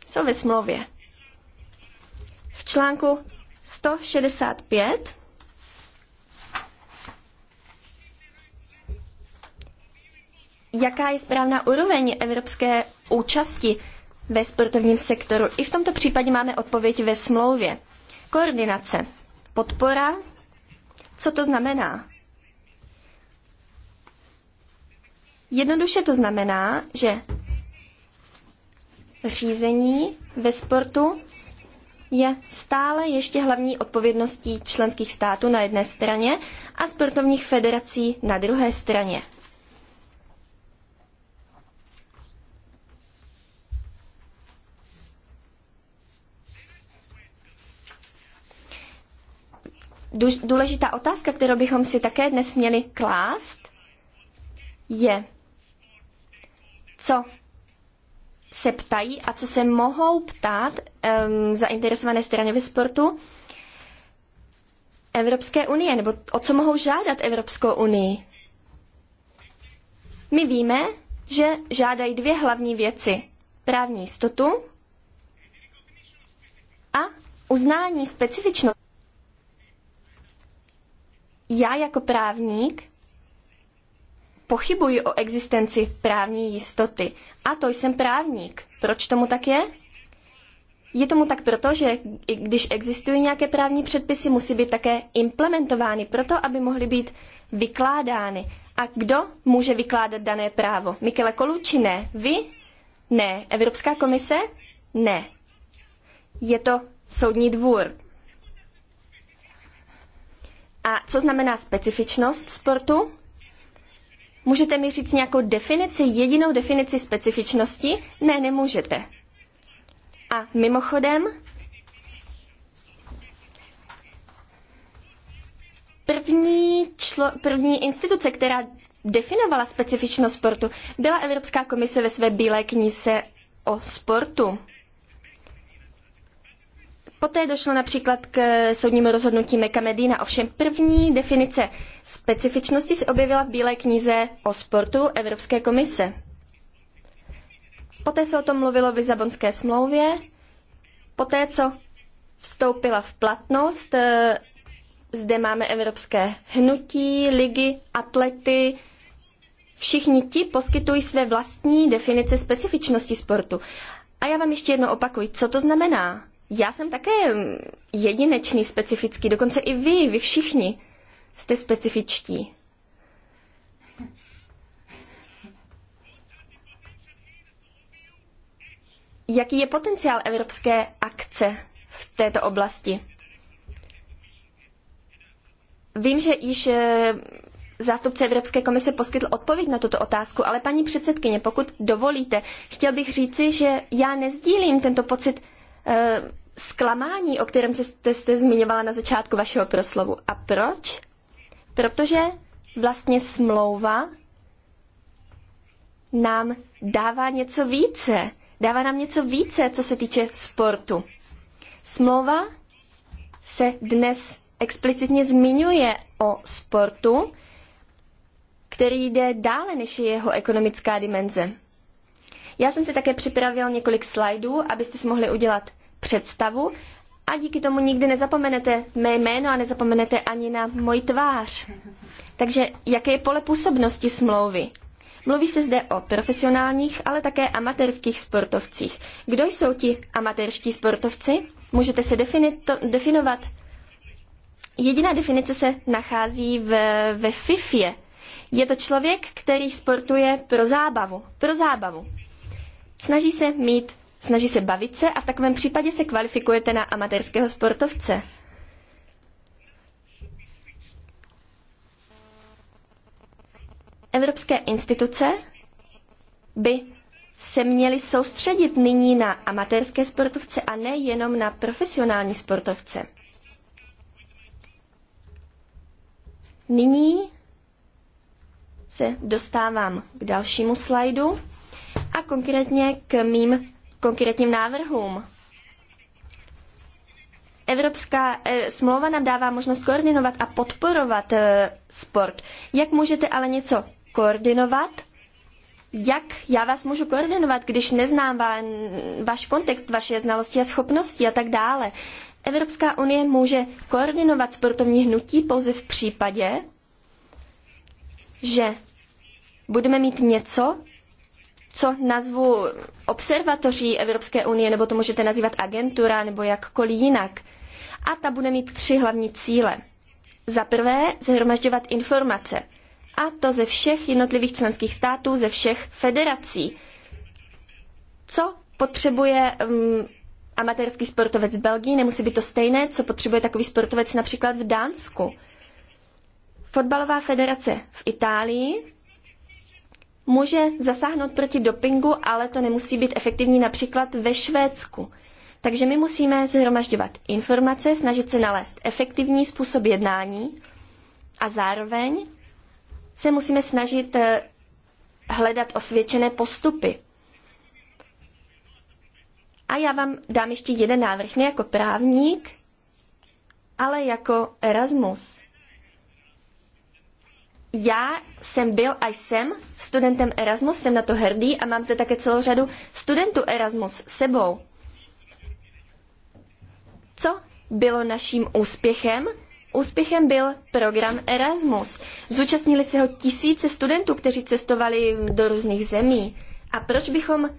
Jsou ve smlouvě. V článku 165 jaká je správná úroveň evropské účasti ve sportovním sektoru. I v tomto případě máme odpověď ve smlouvě. Koordinace, podpora, co to znamená? Jednoduše to znamená, že řízení ve sportu je stále ještě hlavní odpovědností členských států na jedné straně a sportovních federací na druhé straně. důležitá otázka, kterou bychom si také dnes měli klást, je, co se ptají a co se mohou ptát um, zainteresované strany ve sportu Evropské unie, nebo o co mohou žádat Evropskou unii. My víme, že žádají dvě hlavní věci. Právní jistotu a uznání specifičnosti já jako právník pochybuji o existenci právní jistoty. A to jsem právník. Proč tomu tak je? Je tomu tak proto, že když existují nějaké právní předpisy, musí být také implementovány proto, aby mohly být vykládány. A kdo může vykládat dané právo? Michele Kolucci ne. Vy? Ne. Evropská komise? Ne. Je to soudní dvůr. A co znamená specifičnost sportu? Můžete mi říct nějakou definici, jedinou definici specifičnosti? Ne, nemůžete. A mimochodem, první, člo, první instituce, která definovala specifičnost sportu, byla Evropská komise ve své bílé knize o sportu. Poté došlo například k soudnímu rozhodnutí Meka Medina, ovšem první definice specifičnosti se objevila v Bílé knize o sportu Evropské komise. Poté se o tom mluvilo v Lisabonské smlouvě, poté co vstoupila v platnost, eh, zde máme evropské hnutí, ligy, atlety, Všichni ti poskytují své vlastní definice specifičnosti sportu. A já vám ještě jednou opakuji, co to znamená. Já jsem také jedinečný, specifický, dokonce i vy, vy všichni jste specifičtí. Jaký je potenciál evropské akce v této oblasti? Vím, že již eh, zástupce Evropské komise poskytl odpověď na tuto otázku, ale paní předsedkyně, pokud dovolíte, chtěl bych říci, že já nezdílím tento pocit eh, zklamání, o kterém jste, jste zmiňovala na začátku vašeho proslovu. A proč? Protože vlastně smlouva nám dává něco více. Dává nám něco více, co se týče sportu. Smlouva se dnes explicitně zmiňuje o sportu, který jde dále než je jeho ekonomická dimenze. Já jsem si také připravil několik slajdů, abyste si mohli udělat představu a díky tomu nikdy nezapomenete mé jméno a nezapomenete ani na moji tvář. Takže jaké je pole působnosti smlouvy? Mluví se zde o profesionálních, ale také amatérských sportovcích. Kdo jsou ti amatérští sportovci? Můžete se definovat. Jediná definice se nachází v, ve FIFA. Je to člověk, který sportuje pro zábavu. Pro zábavu. Snaží se mít snaží se bavit se a v takovém případě se kvalifikujete na amatérského sportovce. Evropské instituce by se měly soustředit nyní na amatérské sportovce a ne jenom na profesionální sportovce. Nyní se dostávám k dalšímu slajdu a konkrétně k mým konkrétním návrhům. Evropská e, smlouva nám dává možnost koordinovat a podporovat e, sport. Jak můžete ale něco koordinovat? Jak já vás můžu koordinovat, když neznám va, váš kontext, vaše znalosti a schopnosti a tak dále? Evropská unie může koordinovat sportovní hnutí pouze v případě, že budeme mít něco, co nazvu observatoří Evropské unie, nebo to můžete nazývat agentura, nebo jakkoliv jinak. A ta bude mít tři hlavní cíle. Za prvé, zhromažďovat informace. A to ze všech jednotlivých členských států, ze všech federací. Co potřebuje um, amatérský sportovec v Belgii, nemusí být to stejné, co potřebuje takový sportovec například v Dánsku. Fotbalová federace v Itálii může zasáhnout proti dopingu, ale to nemusí být efektivní například ve Švédsku. Takže my musíme zhromažďovat informace, snažit se nalézt efektivní způsob jednání a zároveň se musíme snažit eh, hledat osvědčené postupy. A já vám dám ještě jeden návrh, ne jako právník, ale jako Erasmus já jsem byl a jsem studentem Erasmus, jsem na to hrdý a mám zde také celou řadu studentů Erasmus sebou. Co bylo naším úspěchem? Úspěchem byl program Erasmus. Zúčastnili se ho tisíce studentů, kteří cestovali do různých zemí. A proč bychom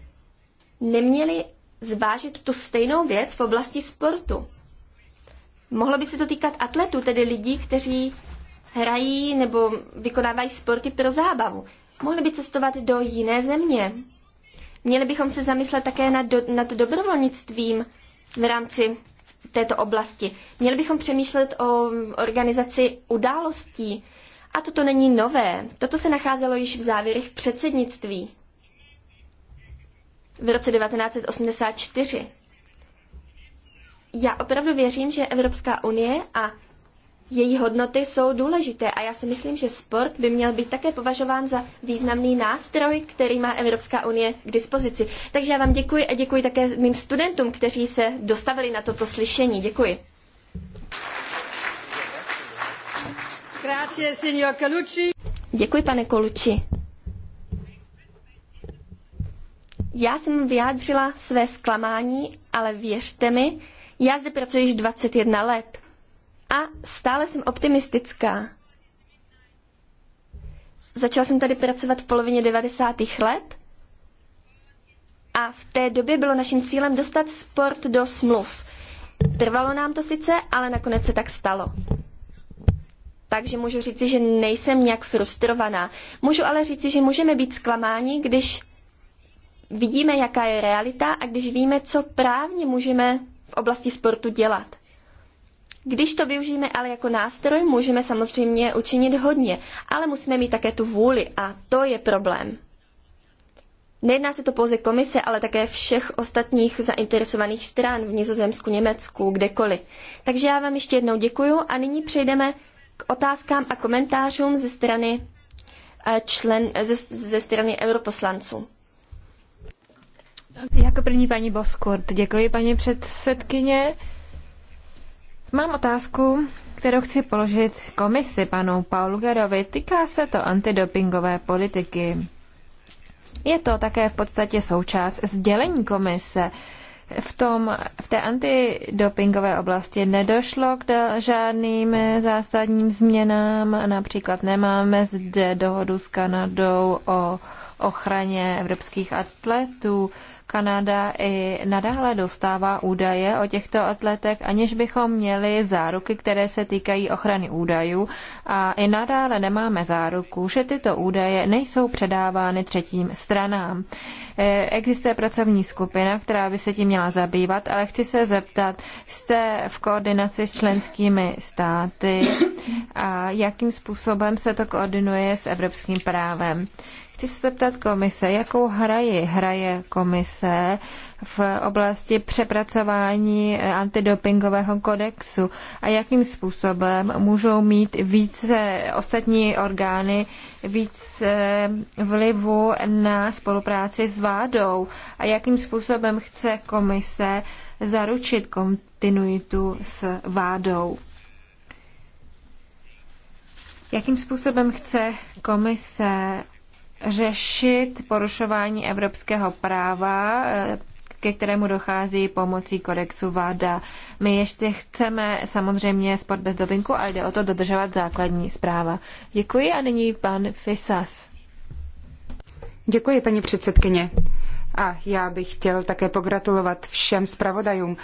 neměli zvážit tu stejnou věc v oblasti sportu? Mohlo by se to týkat atletů, tedy lidí, kteří hrají nebo vykonávají sporty pro zábavu. Mohli by cestovat do jiné země. Měli bychom se zamyslet také nad, do, nad dobrovolnictvím v rámci této oblasti. Měli bychom přemýšlet o organizaci událostí. A toto není nové. Toto se nacházelo již v závěrech předsednictví v roce 1984. Já opravdu věřím, že Evropská unie a její hodnoty jsou důležité a já si myslím, že sport by měl být také považován za významný nástroj, který má Evropská unie k dispozici. Takže já vám děkuji a děkuji také mým studentům, kteří se dostavili na toto slyšení. Děkuji. Grazie, signor Calucci. Děkuji, pane Kolucci. Já jsem vyjádřila své zklamání, ale věřte mi, já zde pracuji již 21 let. A stále jsem optimistická. Začala jsem tady pracovat v polovině 90. let a v té době bylo naším cílem dostat sport do smluv. Trvalo nám to sice, ale nakonec se tak stalo. Takže můžu říci, že nejsem nějak frustrovaná. Můžu ale říci, že můžeme být zklamáni, když vidíme, jaká je realita a když víme, co právně můžeme v oblasti sportu dělat. Když to využijeme ale jako nástroj, můžeme samozřejmě učinit hodně, ale musíme mít také tu vůli a to je problém. Nejedná se to pouze komise, ale také všech ostatních zainteresovaných stran v Nizozemsku, Německu, kdekoliv. Takže já vám ještě jednou děkuji a nyní přejdeme k otázkám a komentářům ze strany, eh, člen, ze, ze strany europoslanců. Jako první paní Boskurt, děkuji paní předsedkyně. Mám otázku, kterou chci položit komisi panu Paulu Gerovi. Týká se to antidopingové politiky. Je to také v podstatě součást sdělení komise. V, tom, v té antidopingové oblasti nedošlo k žádným zásadním změnám. Například nemáme zde dohodu s Kanadou o ochraně evropských atletů. Kanada i nadále dostává údaje o těchto atletech, aniž bychom měli záruky, které se týkají ochrany údajů a i nadále nemáme záruku, že tyto údaje nejsou předávány třetím stranám. E, existuje pracovní skupina, která by se tím měla zabývat, ale chci se zeptat, jste v koordinaci s členskými státy a jakým způsobem se to koordinuje s evropským právem? Chci se zeptat komise, jakou hraji hraje komise v oblasti přepracování antidopingového kodexu a jakým způsobem můžou mít více ostatní orgány více vlivu na spolupráci s vládou a jakým způsobem chce komise zaručit kontinuitu s vádou? Jakým způsobem chce komise řešit porušování evropského práva, eh, ke kterému dochází pomocí kodexu VADA. My ještě chceme samozřejmě sport bez dopinku, ale jde o to dodržovat základní zpráva. Děkuji a nyní pan Fisas. Děkuji, paní předsedkyně. A já bych chtěl také pogratulovat všem zpravodajům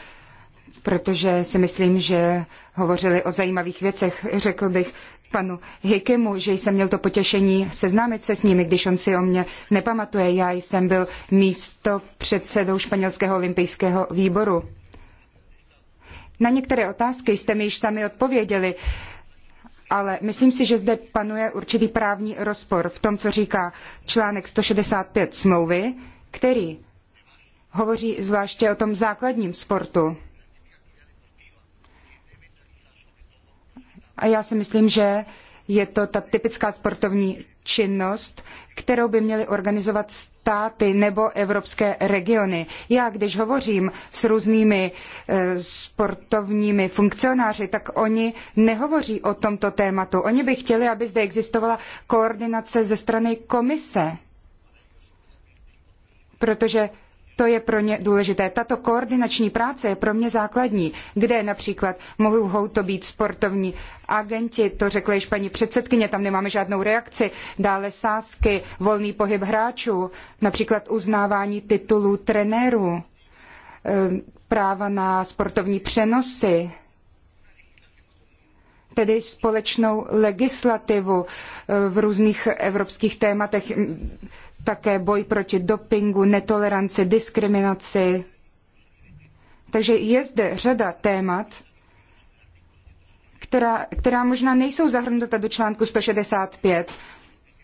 protože si myslím, že hovořili o zajímavých věcech. Řekl bych panu Hikemu, že jsem měl to potěšení seznámit se s nimi, když on si o mě nepamatuje. Já jsem byl místo předsedou španělského olympijského výboru. Na některé otázky jste mi již sami odpověděli, ale myslím si, že zde panuje určitý právní rozpor v tom, co říká článek 165 smlouvy, který hovoří zvláště o tom základním sportu. A já si myslím, že je to ta typická sportovní činnost, kterou by měly organizovat státy nebo evropské regiony. Já, když hovořím s různými eh, sportovními funkcionáři, tak oni nehovoří o tomto tématu. Oni by chtěli, aby zde existovala koordinace ze strany komise. Protože to je pro ně důležité. Tato koordinační práce je pro mě základní, kde například mohou to být sportovní agenti, to řekla již paní předsedkyně, tam nemáme žádnou reakci, dále sázky, volný pohyb hráčů, například uznávání titulů trenérů, e, práva na sportovní přenosy, tedy společnou legislativu e, v různých evropských tématech také boj proti dopingu, netoleranci, diskriminaci. Takže je zde řada témat, která, která možná nejsou zahrnuta do článku 165,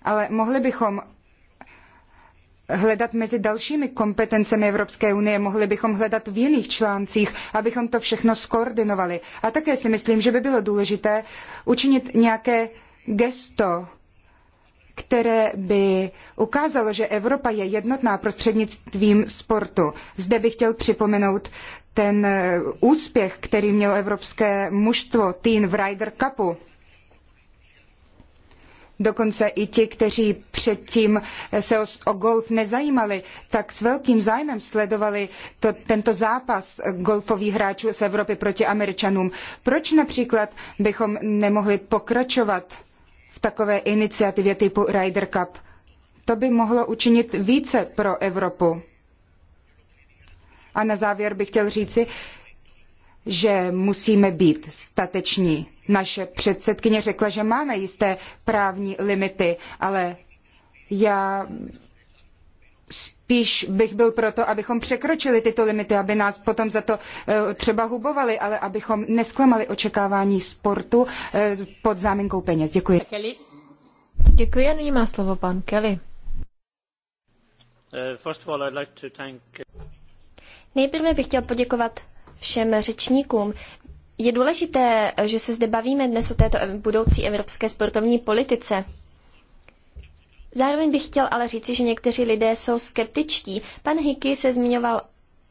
ale mohli bychom hledat mezi dalšími kompetencemi Evropské unie, mohli bychom hledat v jiných článcích, abychom to všechno skoordinovali. A také si myslím, že by bylo důležité učinit nějaké gesto, které by ukázalo, že Evropa je jednotná prostřednictvím sportu. Zde bych chtěl připomenout ten eh, úspěch, který mělo evropské mužstvo Teen v Ryder Cupu. Dokonce i ti, kteří předtím eh, se o, o golf nezajímali, tak s velkým zájmem sledovali to, tento zápas golfových hráčů z Evropy proti Američanům. Proč například bychom nemohli pokračovat takové iniciativě typu Ryder Cup. To by mohlo učinit více pro Evropu. A na závěr bych chtěl říci, že musíme být stateční. Naše předsedkyně řekla, že máme jisté právní limity, ale já spíš bych byl proto, abychom překročili tyto limity, aby nás potom za to e, třeba hubovali, ale abychom nesklamali očekávání sportu e, pod záminkou peněz. Děkuji. Děkuji a nyní má slovo pan Kelly. Uh, Nejprve bych chtěl poděkovat všem řečníkům. Je důležité, že se zde bavíme dnes o této budoucí evropské sportovní politice. Zároveň bych chtěl ale říci, že někteří lidé jsou skeptičtí. Pan Hickey se zmiňoval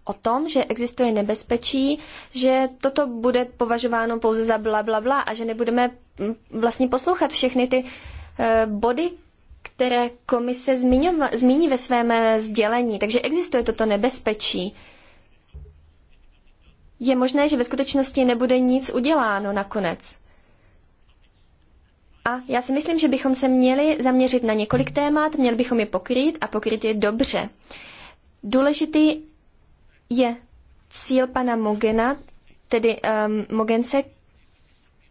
o tom, že existuje nebezpečí, že toto bude považováno pouze za bla, bla, bla a že nebudeme mm, vlastně poslouchat všechny ty eh, body, které komise zmíní ve svém eh, sdělení. Takže existuje toto nebezpečí. Je možné, že ve skutečnosti nebude nic uděláno nakonec. A já si myslím, že bychom se měli zaměřit na několik témat, měli bychom je pokrýt a pokrýt je dobře. Důležitý je cíl pana Mogena, tedy um, ehm, Mogense,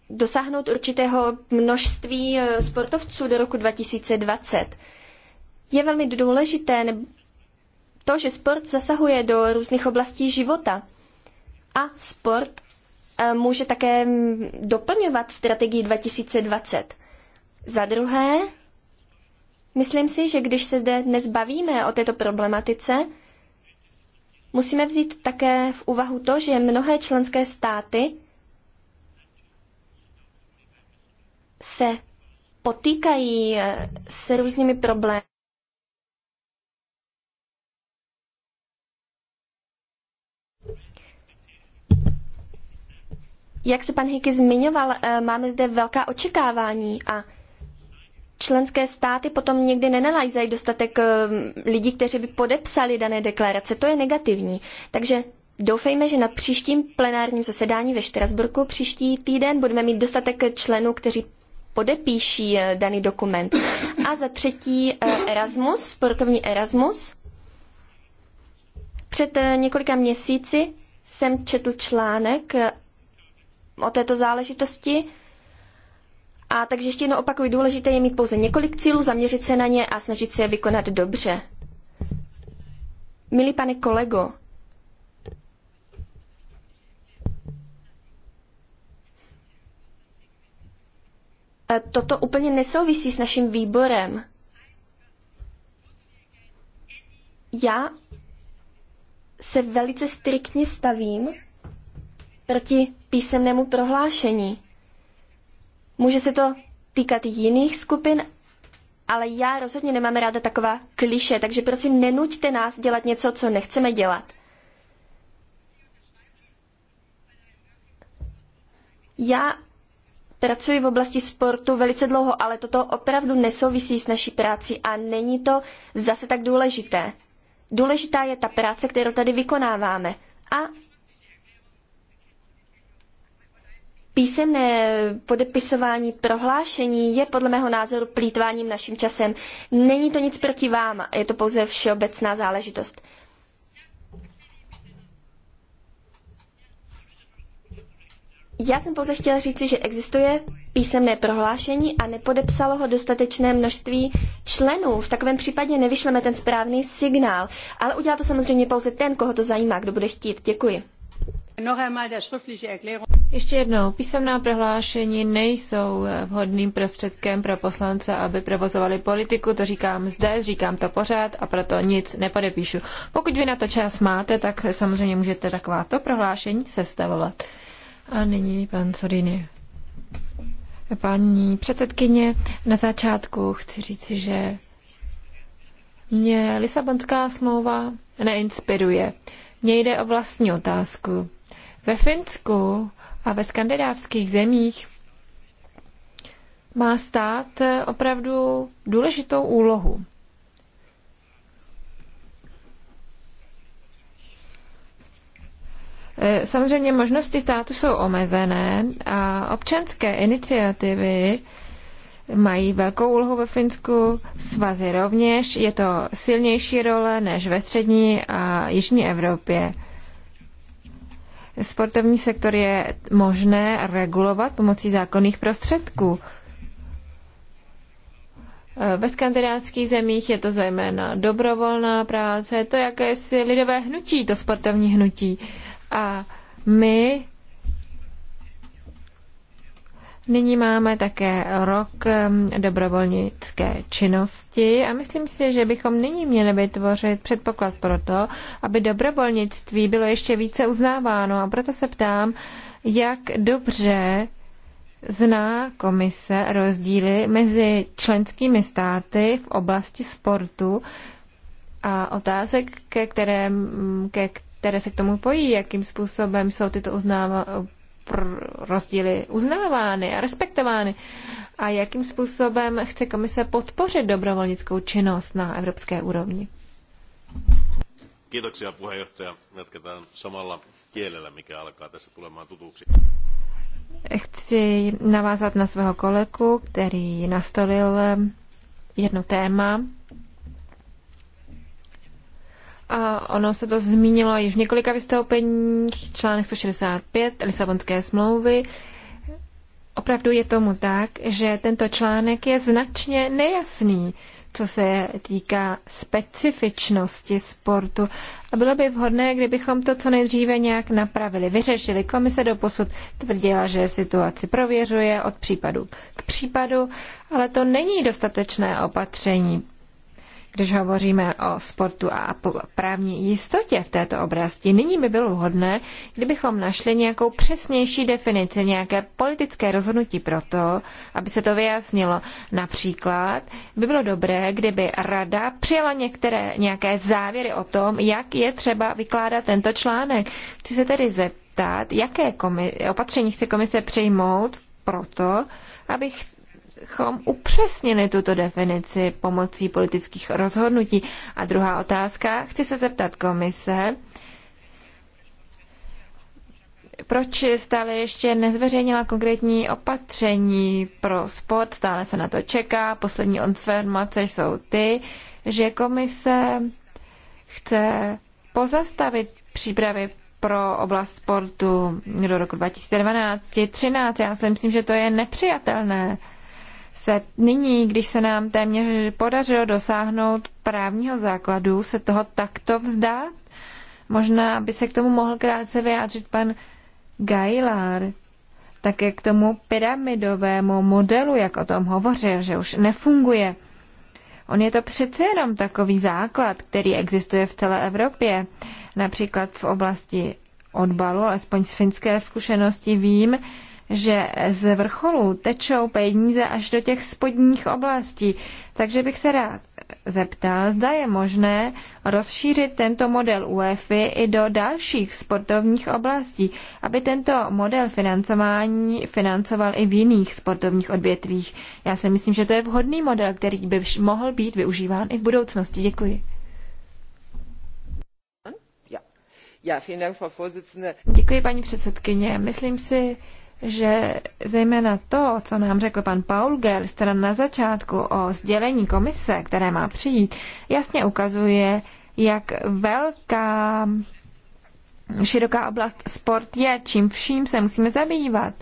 dosáhnout určitého množství eh, sportovců do roku 2020. Je velmi důležité to, že sport zasahuje do různých oblastí života. A sport může také doplňovat strategii 2020. Za druhé, myslím si, že když se zde dnes bavíme o této problematice, musíme vzít také v úvahu to, že mnohé členské státy se potýkají eh, s různými problémy. Jak se pan Hiky zmiňoval, eh, máme zde velká očekávání a členské státy potom někdy nenalajzají dostatek eh, lidí, kteří by podepsali dané deklarace. To je negativní. Takže doufejme, že na příštím plenárním zasedání ve Štrasburku příští týden budeme mít dostatek členů, kteří podepíší eh, daný dokument. A za třetí Erasmus, sportovní Erasmus. Před několika měsíci jsem četl článek o této záležitosti. A takže ještě jednou opakuju, důležité je mít pouze několik cílů, zaměřit se na ně a snažit se je vykonat dobře. Milý pane kolego, e, toto úplně nesouvisí s naším výborem. Já se velice striktně stavím proti písemnému prohlášení. Může se to týkat jiných skupin, ale já rozhodně nemám ráda taková kliše, takže prosím nenuďte nás dělat něco, co nechceme dělat. Já pracuji v oblasti sportu velice dlouho, ale toto opravdu nesouvisí s naší práci a není to zase tak důležité. Důležitá je ta práce, kterou tady vykonáváme. A písemné podepisování prohlášení je podle mého názoru plítváním naším časem. Není to nic proti vám, je to pouze všeobecná záležitost. Já jsem pouze chtěla říci, že existuje písemné prohlášení a nepodepsalo ho dostatečné množství členů. V takovém případě nevyšleme ten správný signál, ale udělá to samozřejmě pouze ten, koho to zajímá, kdo bude chtít. Děkuji. Ještě jednou, písemná prohlášení nejsou vhodným prostředkem pro poslance, aby provozovali politiku, to říkám zde, říkám to pořád a proto nic nepodepíšu. Pokud vy na to čas máte, tak samozřejmě můžete takováto prohlášení sestavovat. A nyní pan Sorini. Paní předsedkyně, na začátku chci říci, že mě Lisabonská smlouva neinspiruje. Mně jde o vlastní otázku. Ve Finsku a ve skandinávských zemích má stát opravdu důležitou úlohu. Eh, samozřejmě možnosti státu jsou omezené a občanské iniciativy mají velkou úlohu ve Finsku, svazy rovněž, je to silnější role než ve střední a jižní Evropě. Sportovní sektor je možné regulovat pomocí zákonných prostředků. Ve skandinávských zemích je to zejména dobrovolná práce, to jakési lidové hnutí, to sportovní hnutí. A my Nyní máme také rok dobrovolnické činnosti a myslím si, že bychom nyní měli vytvořit předpoklad pro to, aby dobrovolnictví bylo ještě více uznáváno. A proto se ptám, jak dobře zná komise rozdíly mezi členskými státy v oblasti sportu a otázek, ke které, ke které se k tomu pojí, jakým způsobem jsou tyto uznáva, rozdíly uznávány a respektovány? A jakým způsobem chce komise podpořit dobrovolnickou činnost na evropské úrovni? Kiitoksia puheenjohtaja. Jatketaan samalla kielellä, mikä alkaa tässä tulemaan tutuksi. Chci navázat na svého kolegu, který nastolil eh, jedno téma, a ono se to zmínilo již v několika vystoupeních, článek 165 Lisabonské smlouvy. Opravdu je tomu tak, že tento článek je značně nejasný, co se týká specifičnosti sportu. A bylo by vhodné, kdybychom to co nejdříve nějak napravili, vyřešili. Komise posud tvrdila, že situaci prověřuje od případu k případu, ale to není dostatečné opatření když hovoříme o sportu a právní jistotě v této oblasti. Nyní by bylo vhodné, kdybychom našli nějakou přesnější definici, nějaké politické rozhodnutí pro to, aby se to vyjasnilo. Například by bylo dobré, kdyby rada přijala některé, nějaké závěry o tom, jak je třeba vykládat tento článek. Chci se tedy zeptat, jaké komi- opatření chce komise přijmout proto, aby bychom upřesnili tuto definici pomocí politických rozhodnutí. A druhá otázka, chci se zeptat komise, proč stále ještě nezveřejnila konkrétní opatření pro sport, stále se na to čeká. Poslední informace jsou ty, že komise chce pozastavit přípravy pro oblast sportu do roku 2012 2013 Já si myslím, že to je nepřijatelné se nyní, když se nám téměř podařilo dosáhnout právního základu, se toho takto vzdát? Možná by se k tomu mohl krátce vyjádřit pan Gajlár, také k tomu pyramidovému modelu, jak o tom hovořil, že už nefunguje. On je to přece jenom takový základ, který existuje v celé Evropě, například v oblasti odbalu, alespoň z finské zkušenosti vím, že z vrcholu tečou peníze až do těch spodních oblastí. Takže bych se rád zeptal, zda je možné rozšířit tento model UEFI i do dalších sportovních oblastí, aby tento model financování financoval i v jiných sportovních odvětvích. Já si myslím, že to je vhodný model, který by mohl být využíván i v budoucnosti. Děkuji. Děkuji, paní předsedkyně. Myslím si, že zejména to, co nám řekl pan Paul Gers, teda na začátku o sdělení komise, které má přijít, jasně ukazuje, jak velká široká oblast sport je, čím vším se musíme zabývat.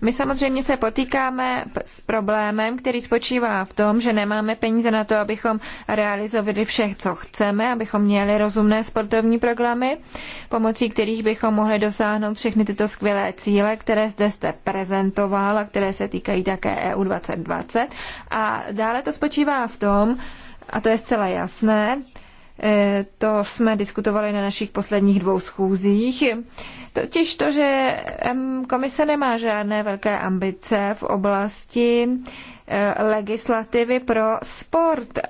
My samozřejmě se potýkáme s problémem, který spočívá v tom, že nemáme peníze na to, abychom realizovali vše, co chceme, abychom měli rozumné sportovní programy, pomocí kterých bychom mohli dosáhnout všechny tyto skvělé cíle, které zde jste prezentoval a které se týkají také EU 2020. A dále to spočívá v tom, a to je zcela jasné, Eh, to jsme diskutovali na našich posledních dvou schůzích. Totiž to, že komise nemá žádné velké ambice v oblasti eh, legislativy pro sport. Eh,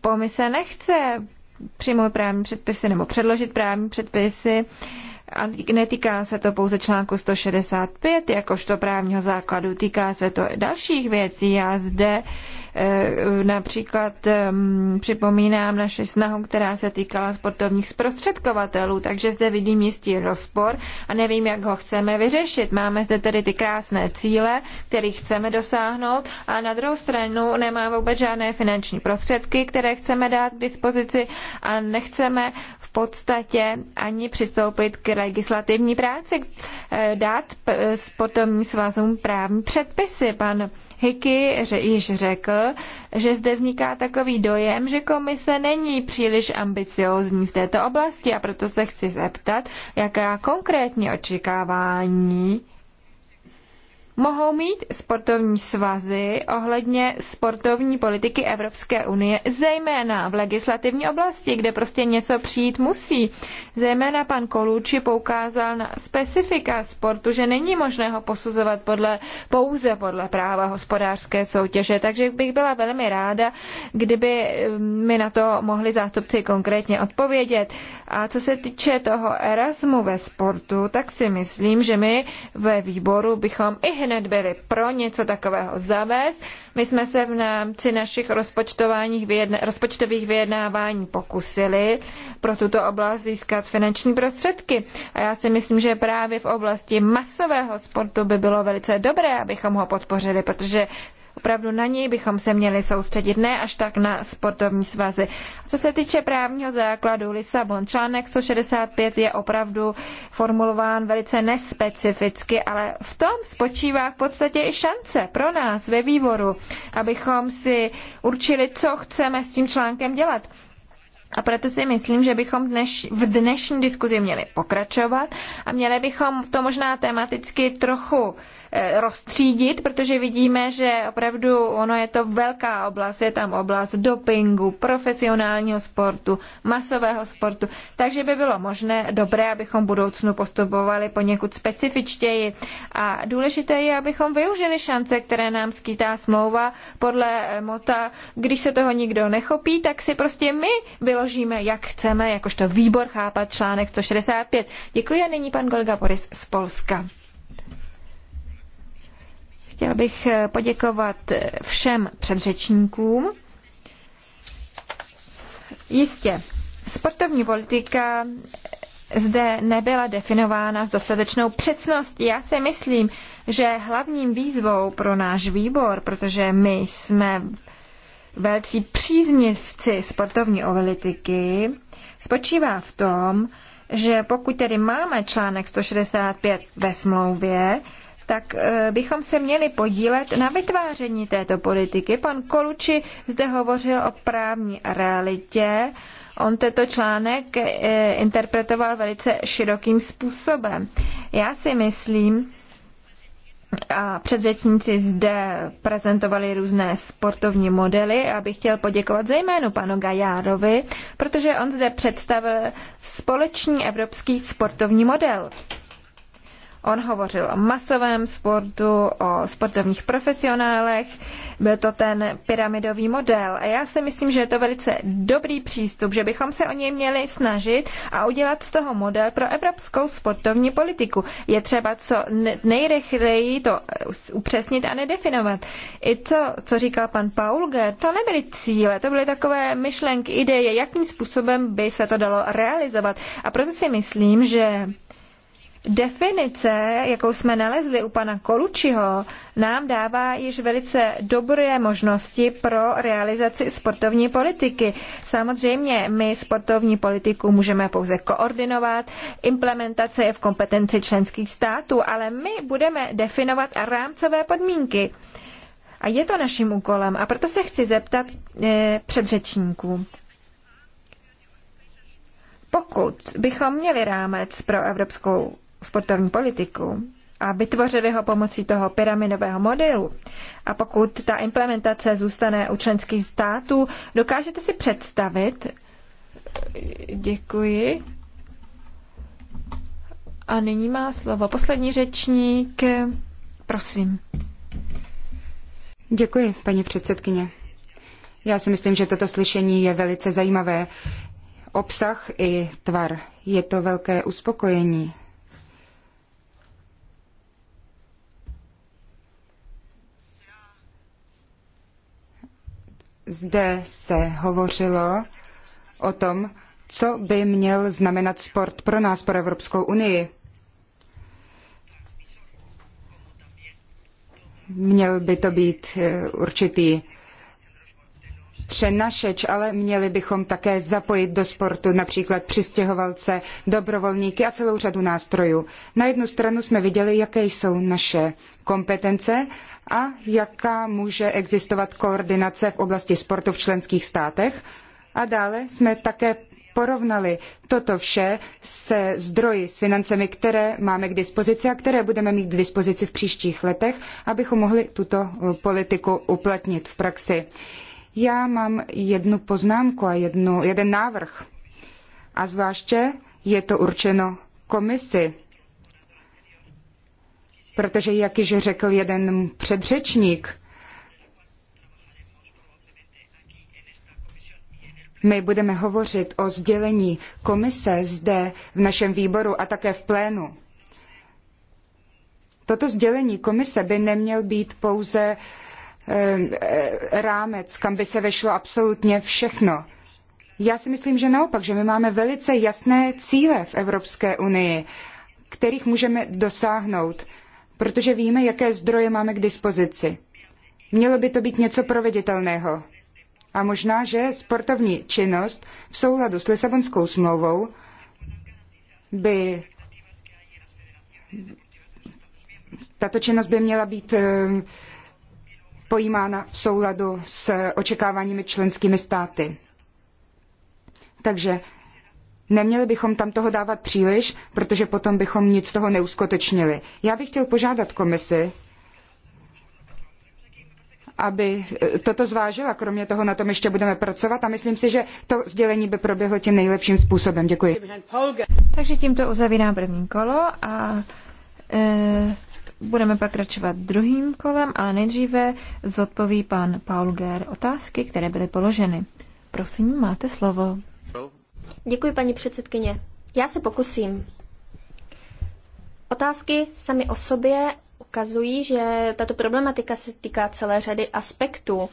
komise nechce přijmout právní předpisy nebo předložit právní předpisy a netýká se to pouze článku 165 jakožto právního základu, týká se to dalších věcí. Já zde e, například e, připomínám naši snahu, která se týkala sportovních zprostředkovatelů, takže zde vidím jistý rozpor a nevím, jak ho chceme vyřešit. Máme zde tedy ty krásné cíle, které chceme dosáhnout a na druhou stranu nemáme vůbec žádné finanční prostředky, které chceme dát k dispozici a nechceme podstatě ani přistoupit k legislativní práci, eh, dát eh, sportovním svazům právní předpisy. Pan Hicky již řekl, že zde vzniká takový dojem, že komise není příliš ambiciózní v této oblasti a proto se chci zeptat, jaká konkrétní očekávání mohou mít sportovní svazy ohledně sportovní politiky Evropské unie, zejména v legislativní oblasti, kde prostě něco přijít musí. Zejména pan Koluči poukázal na specifika sportu, že není možné ho posuzovat podle, pouze podle práva hospodářské soutěže. Takže bych byla velmi ráda, kdyby eh, mi na to mohli zástupci konkrétně odpovědět. A co se týče toho Erasmu ve sportu, tak si myslím, že my ve výboru bychom i hned byli pro něco takového zavést. My jsme se v rámci našich vyjedna, rozpočtových vyjednávání pokusili pro tuto oblast získat finanční prostředky. A já si myslím, že právě v oblasti masového sportu by bylo velice dobré, abychom ho podpořili, protože Opravdu na něj bychom se měli soustředit, ne až tak na sportovní svazy. co se týče právního základu Lisabon, článek 165 je opravdu formulován velice nespecificky, ale v tom spočívá v podstatě i šance pro nás ve výboru, abychom si určili, co chceme s tím článkem dělat. A proto si myslím, že bychom dneš, v dnešní diskuzi měli pokračovat a měli bychom to možná tematicky trochu Eh, rozstřídit, protože vidíme, že opravdu ono je to velká oblast. Je tam oblast dopingu, profesionálního sportu, masového sportu. Takže by bylo možné, dobré, abychom v budoucnu postupovali poněkud specifičtěji. A důležité je, abychom využili šance, které nám skýtá smlouva podle eh, mota, když se toho nikdo nechopí, tak si prostě my vyložíme, jak chceme, jakožto výbor chápat článek 165. Děkuji a nyní pan kolega Boris z Polska. Chtěl bych eh, poděkovat eh, všem předřečníkům. Jistě, sportovní politika eh, zde nebyla definována s dostatečnou přesností. Já si myslím, že hlavním výzvou pro náš výbor, protože my jsme velcí příznivci sportovní politiky, spočívá v tom, že pokud tedy máme článek 165 ve smlouvě, tak eh, bychom se měli podílet na vytváření této politiky. Pan Koluči zde hovořil o právní realitě. On tento článek eh, interpretoval velice širokým způsobem. Já si myslím, a předřečníci zde prezentovali různé sportovní modely a bych chtěl poděkovat zejména panu Gajárovi, protože on zde představil společný evropský sportovní model. On hovořil o masovém sportu, o sportovních profesionálech, byl to ten pyramidový model. A já si myslím, že je to velice dobrý přístup, že bychom se o něj měli snažit a udělat z toho model pro evropskou sportovní politiku. Je třeba co nejrychleji to upřesnit a nedefinovat. I to, co říkal pan Paulger, to nebyly cíle, to byly takové myšlenky, ideje, jakým způsobem by se to dalo realizovat. A proto si myslím, že definice, jakou jsme nalezli u pana Kolučiho, nám dává již velice dobré možnosti pro realizaci sportovní politiky. Samozřejmě my sportovní politiku můžeme pouze koordinovat, implementace je v kompetenci členských států, ale my budeme definovat rámcové podmínky. A je to naším úkolem. A proto se chci zeptat e, předřečníků. Pokud bychom měli rámec pro evropskou sportovní politiku a vytvořili ho pomocí toho pyramidového modelu. A pokud ta implementace zůstane u členských států, dokážete si představit, děkuji, a nyní má slovo poslední řečník, prosím. Děkuji, paní předsedkyně. Já si myslím, že toto slyšení je velice zajímavé. Obsah i tvar. Je to velké uspokojení Zde se hovořilo o tom, co by měl znamenat sport pro nás, pro Evropskou unii. Měl by to být eh, určitý přenašeč, ale měli bychom také zapojit do sportu například přistěhovalce, dobrovolníky a celou řadu nástrojů. Na jednu stranu jsme viděli, jaké jsou naše kompetence a jaká může existovat koordinace v oblasti sportu v členských státech. A dále jsme také porovnali toto vše se zdroji, s financemi, které máme k dispozici a které budeme mít k dispozici v příštích letech, abychom mohli tuto eh, politiku uplatnit v praxi. Já mám jednu poznámku a jednu, jeden návrh. A zvláště je to určeno komisi protože, jak již řekl jeden předřečník, My budeme hovořit o sdělení komise zde v našem výboru a také v plénu. Toto sdělení komise by neměl být pouze eh, eh, rámec, kam by se vešlo absolutně všechno. Já si myslím, že naopak, že my máme velice jasné cíle v Evropské unii, kterých můžeme dosáhnout protože víme, jaké zdroje máme k dispozici. Mělo by to být něco proveditelného. A možná, že sportovní činnost v souladu s Lisabonskou smlouvou by tato činnost by měla být eh, pojímána v souladu s očekáváními členskými státy. Takže Neměli bychom tam toho dávat příliš, protože potom bychom nic z toho neuskutečnili. Já bych chtěl požádat komisi, aby eh, toto zvážila. Kromě toho na tom ještě budeme pracovat a myslím si, že to sdělení by proběhlo tím nejlepším způsobem. Děkuji. Takže tímto uzavírám první kolo a e, budeme pokračovat druhým kolem, ale nejdříve zodpoví pan Paul Ger otázky, které byly položeny. Prosím, máte slovo. Děkuji, paní předsedkyně. Já se pokusím. Otázky sami o sobě ukazují, že tato problematika se týká celé řady aspektů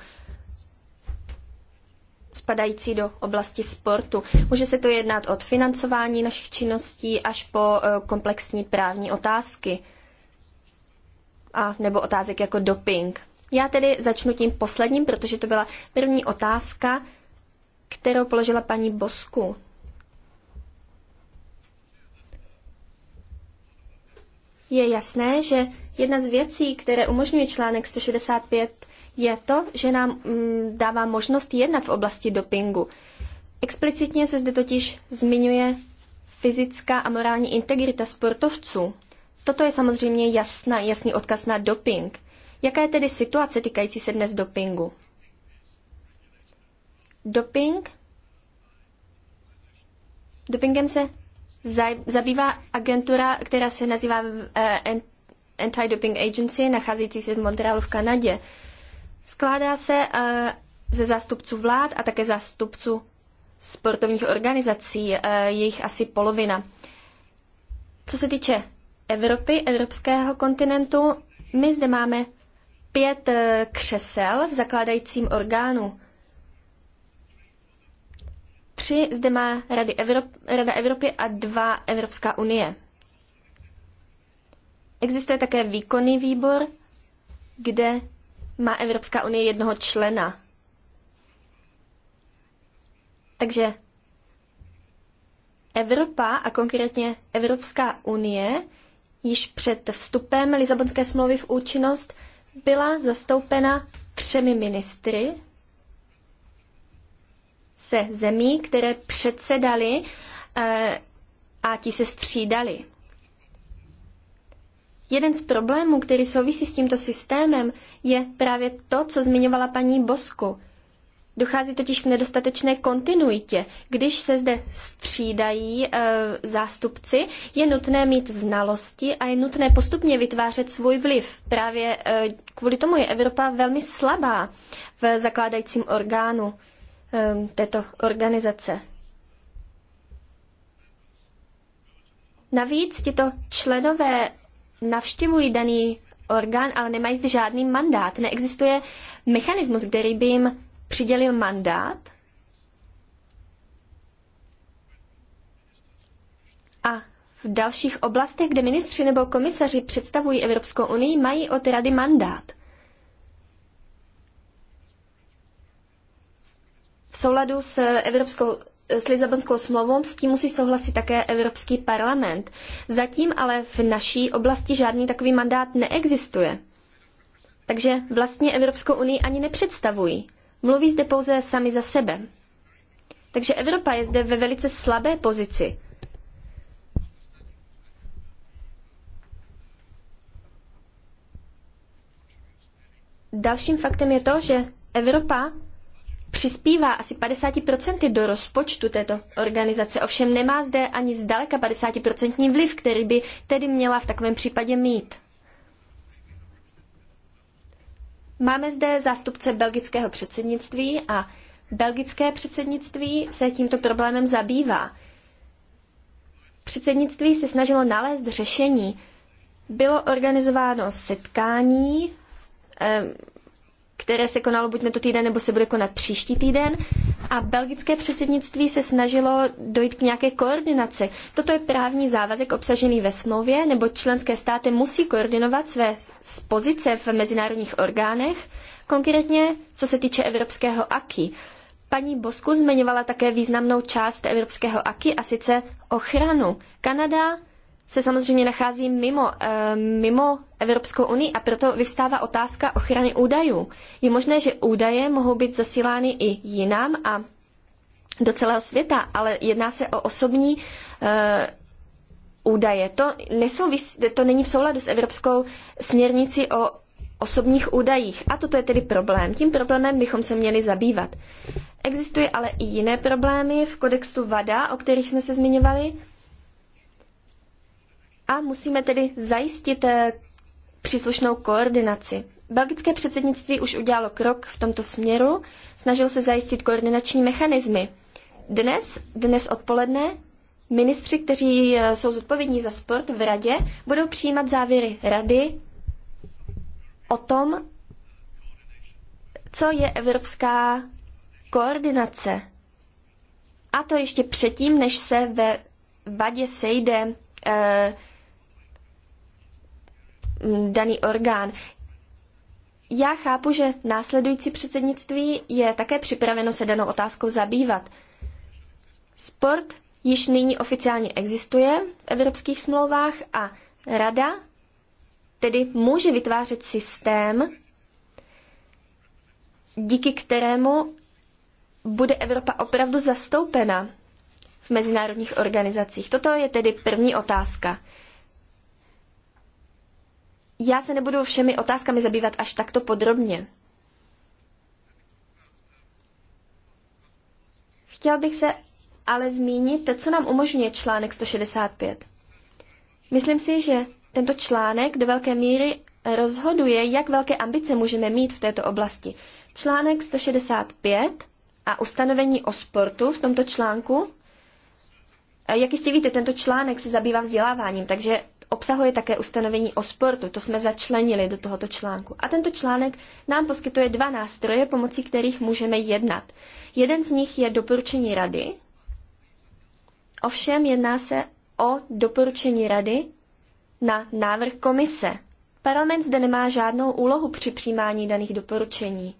spadající do oblasti sportu. Může se to jednat od financování našich činností až po e, komplexní právní otázky a nebo otázek jako doping. Já tedy začnu tím posledním, protože to byla první otázka, kterou položila paní Bosku. Je jasné, že jedna z věcí, které umožňuje článek 165, je to, že nám mm, dává možnost jednat v oblasti dopingu. Explicitně se zde totiž zmiňuje fyzická a morální integrita sportovců. Toto je samozřejmě jasná, jasný odkaz na doping. Jaká je tedy situace týkající se dnes dopingu? Doping? Dopingem se zabývá agentura, která se nazývá eh, Anti-Doping Agency, nacházející se v Montrealu v Kanadě. Skládá se eh, ze zástupců vlád a také zástupců sportovních organizací, eh, jejich asi polovina. Co se týče Evropy, evropského kontinentu, my zde máme pět křesel v zakládajícím orgánu Tři zde má Rady Evrop- Rada Evropy a dva Evropská unie. Existuje také výkonný výbor, kde má Evropská unie jednoho člena. Takže Evropa a konkrétně Evropská unie již před vstupem Lisabonské smlouvy v účinnost byla zastoupena třemi ministry se zemí, které předsedali eh, a ti se střídali. Jeden z problémů, který souvisí s tímto systémem, je právě to, co zmiňovala paní Bosku. Dochází totiž k nedostatečné kontinuitě. Když se zde střídají e, zástupci, je nutné mít znalosti a je nutné postupně vytvářet svůj vliv. Právě e, kvůli tomu je Evropa velmi slabá v zakládajícím orgánu. Ehm, této organizace. Navíc tito členové navštěvují daný orgán, ale nemají zde žádný mandát. Neexistuje mechanismus, který by jim přidělil mandát. A v dalších oblastech, kde ministři nebo komisaři představují Evropskou unii, mají od rady mandát. souladu s Evropskou s Lisabonskou smlouvou, s tím musí souhlasit také Evropský parlament. Zatím ale v naší oblasti žádný takový mandát neexistuje. Takže vlastně Evropskou unii ani nepředstavují. Mluví zde pouze sami za sebe. Takže Evropa je zde ve velice slabé pozici. Dalším faktem je to, že Evropa přispívá asi 50% do rozpočtu této organizace, ovšem nemá zde ani zdaleka 50% vliv, který by tedy měla v takovém případě mít. Máme zde zástupce belgického předsednictví a belgické předsednictví se tímto problémem zabývá. Předsednictví se snažilo nalézt řešení. Bylo organizováno setkání, eh, které se konalo buď tento týden, nebo se bude konat příští týden. A belgické předsednictví se snažilo dojít k nějaké koordinaci. Toto je právní závazek obsažený ve smlouvě, nebo členské státy musí koordinovat své pozice v mezinárodních orgánech, konkrétně co se týče evropského AKI. Paní Bosku zmiňovala také významnou část evropského AKI, a sice ochranu. Kanada se samozřejmě nachází mimo, eh, mimo Evropskou unii a proto vyvstává otázka ochrany údajů. Je možné, že údaje mohou být zasílány i jinam a do celého světa, ale jedná se o osobní eh, údaje. To, nesouvis, to není v souladu s Evropskou směrnici o osobních údajích. A toto je tedy problém. Tím problémem bychom se měli zabývat. Existují ale i jiné problémy v kodextu VADA, o kterých jsme se zmiňovali. A musíme tedy zajistit eh, příslušnou koordinaci. Belgické předsednictví už udělalo krok v tomto směru, snažil se zajistit koordinační mechanismy. Dnes, dnes odpoledne, ministři, kteří eh, jsou zodpovědní za sport v radě, budou přijímat závěry rady o tom, co je evropská koordinace. A to ještě předtím, než se ve vadě sejde eh, daný orgán. Já chápu, že následující předsednictví je také připraveno se danou otázkou zabývat. Sport již nyní oficiálně existuje v evropských smlouvách a rada tedy může vytvářet systém, díky kterému bude Evropa opravdu zastoupena v mezinárodních organizacích. Toto je tedy první otázka. Já se nebudu všemi otázkami zabývat až takto podrobně. Chtěl bych se ale zmínit, co nám umožňuje článek 165. Myslím si, že tento článek do velké míry rozhoduje, jak velké ambice můžeme mít v této oblasti. Článek 165 a ustanovení o sportu v tomto článku. E, jak jistě víte, tento článek se zabývá vzděláváním, takže obsahuje také ustanovení o sportu, to jsme začlenili do tohoto článku. A tento článek nám poskytuje dva nástroje, pomocí kterých můžeme jednat. Jeden z nich je doporučení rady, ovšem jedná se o doporučení rady na návrh komise. Parlament zde nemá žádnou úlohu při přijímání daných doporučení.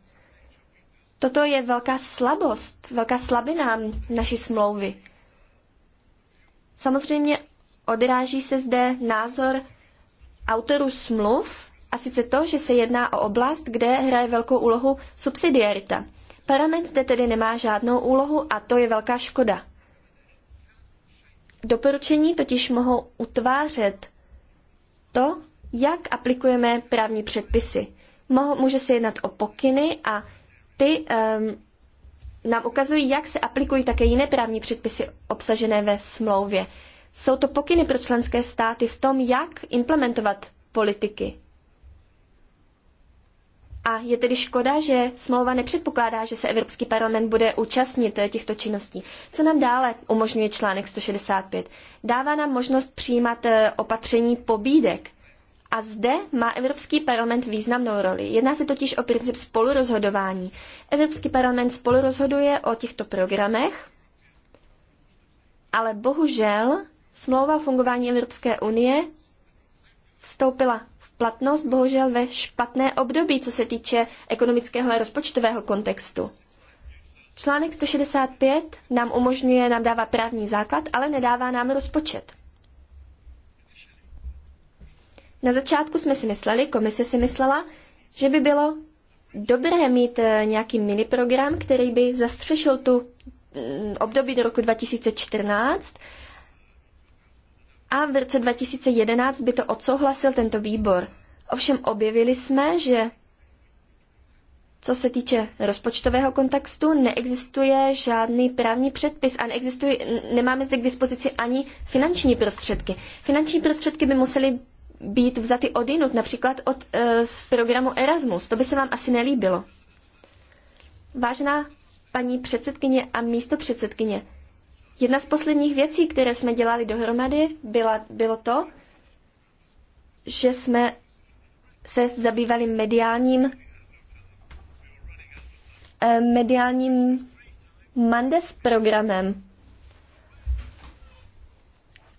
Toto je velká slabost, velká slabina naší smlouvy. Samozřejmě Odráží se zde názor autorů smluv, a sice to, že se jedná o oblast, kde hraje velkou úlohu subsidiarita. Parlament zde tedy nemá žádnou úlohu a to je velká škoda. Doporučení totiž mohou utvářet to, jak aplikujeme právní předpisy. Může se jednat o pokyny a ty um, nám ukazují, jak se aplikují také jiné právní předpisy obsažené ve smlouvě. Jsou to pokyny pro členské státy v tom, jak implementovat politiky. A je tedy škoda, že smlouva nepředpokládá, že se Evropský parlament bude účastnit eh, těchto činností. Co nám dále umožňuje článek 165? Dává nám možnost přijímat eh, opatření pobídek. A zde má Evropský parlament významnou roli. Jedná se totiž o princip spolurozhodování. Evropský parlament spolurozhoduje o těchto programech, ale bohužel Smlouva o fungování Evropské unie vstoupila v platnost bohužel ve špatné období, co se týče ekonomického a rozpočtového kontextu. Článek 165 nám umožňuje, nám dává právní základ, ale nedává nám rozpočet. Na začátku jsme si mysleli, komise si myslela, že by bylo dobré mít eh, nějaký mini program, který by zastřešil tu mm, období do roku 2014 a v roce 2011 by to odsouhlasil tento výbor. Ovšem objevili jsme, že co se týče rozpočtového kontextu, neexistuje žádný právní předpis a neexistuje, nemáme zde k dispozici ani finanční prostředky. Finanční prostředky by musely být vzaty odinut, například od, e, z programu Erasmus. To by se vám asi nelíbilo. Vážená paní předsedkyně a místo předsedkyně, Jedna z posledních věcí, které jsme dělali dohromady, byla, bylo to, že jsme se zabývali mediálním eh, mediálním Mandes programem.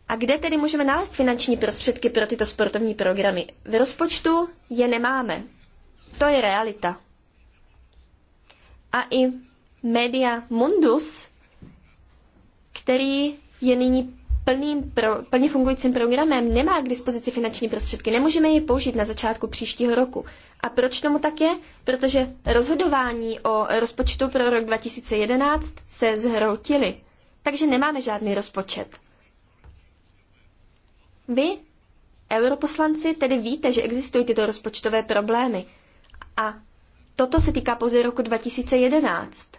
A kde tedy můžeme nalézt finanční prostředky pro tyto sportovní programy? V rozpočtu je nemáme. To je realita. A i Media Mundus který je nyní plným pro, plně fungujícím programem, nemá k dispozici finanční prostředky. Nemůžeme ji použít na začátku příštího roku. A proč tomu tak je? Protože rozhodování o rozpočtu pro rok 2011 se zhroutily. Takže nemáme žádný rozpočet. Vy, europoslanci, tedy víte, že existují tyto rozpočtové problémy. A toto se týká pouze roku 2011.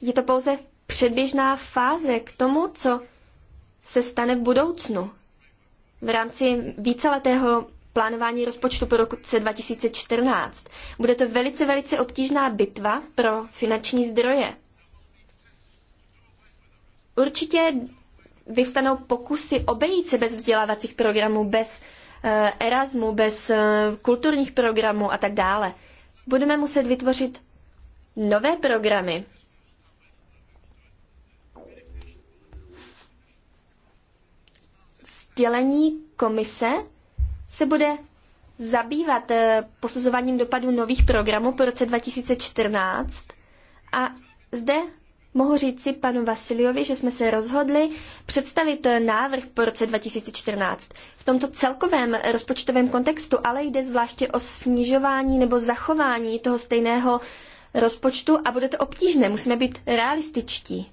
Je to pouze předběžná fáze k tomu, co se stane v budoucnu v rámci víceletého plánování rozpočtu pro roku 2014. Bude to velice, velice obtížná bitva pro finanční zdroje. Určitě vyvstanou pokusy obejít se bez vzdělávacích programů, bez uh, Erasmu, bez uh, kulturních programů a tak dále. Budeme muset vytvořit nové programy, sdělení komise se bude zabývat eh, posuzováním dopadů nových programů po roce 2014 a zde mohu říci panu Vasiliovi, že jsme se rozhodli představit eh, návrh po roce 2014. V tomto celkovém rozpočtovém kontextu ale jde zvláště o snižování nebo zachování toho stejného rozpočtu a bude to obtížné. Musíme být realističtí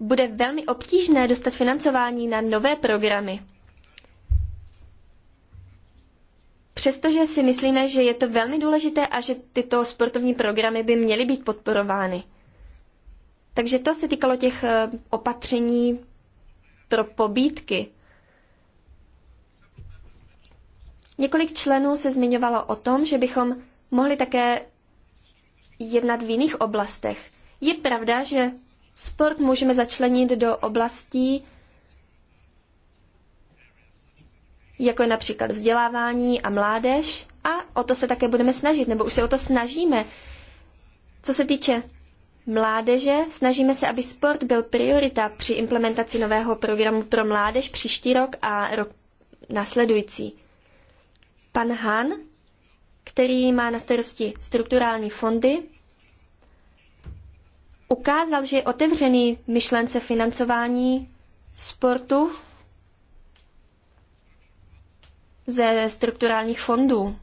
bude velmi obtížné dostat financování na nové programy. Přestože si myslíme, že je to velmi důležité a že tyto sportovní programy by měly být podporovány. Takže to se týkalo těch eh, opatření pro pobídky. Několik členů se zmiňovalo o tom, že bychom mohli také jednat v jiných oblastech. Je pravda, že Sport můžeme začlenit do oblastí, jako je například vzdělávání a mládež a o to se také budeme snažit, nebo už se o to snažíme. Co se týče mládeže, snažíme se, aby sport byl priorita při implementaci nového programu pro mládež příští rok a rok následující. Pan Han, který má na starosti strukturální fondy, ukázal, že je otevřený myšlence financování sportu ze strukturálních fondů.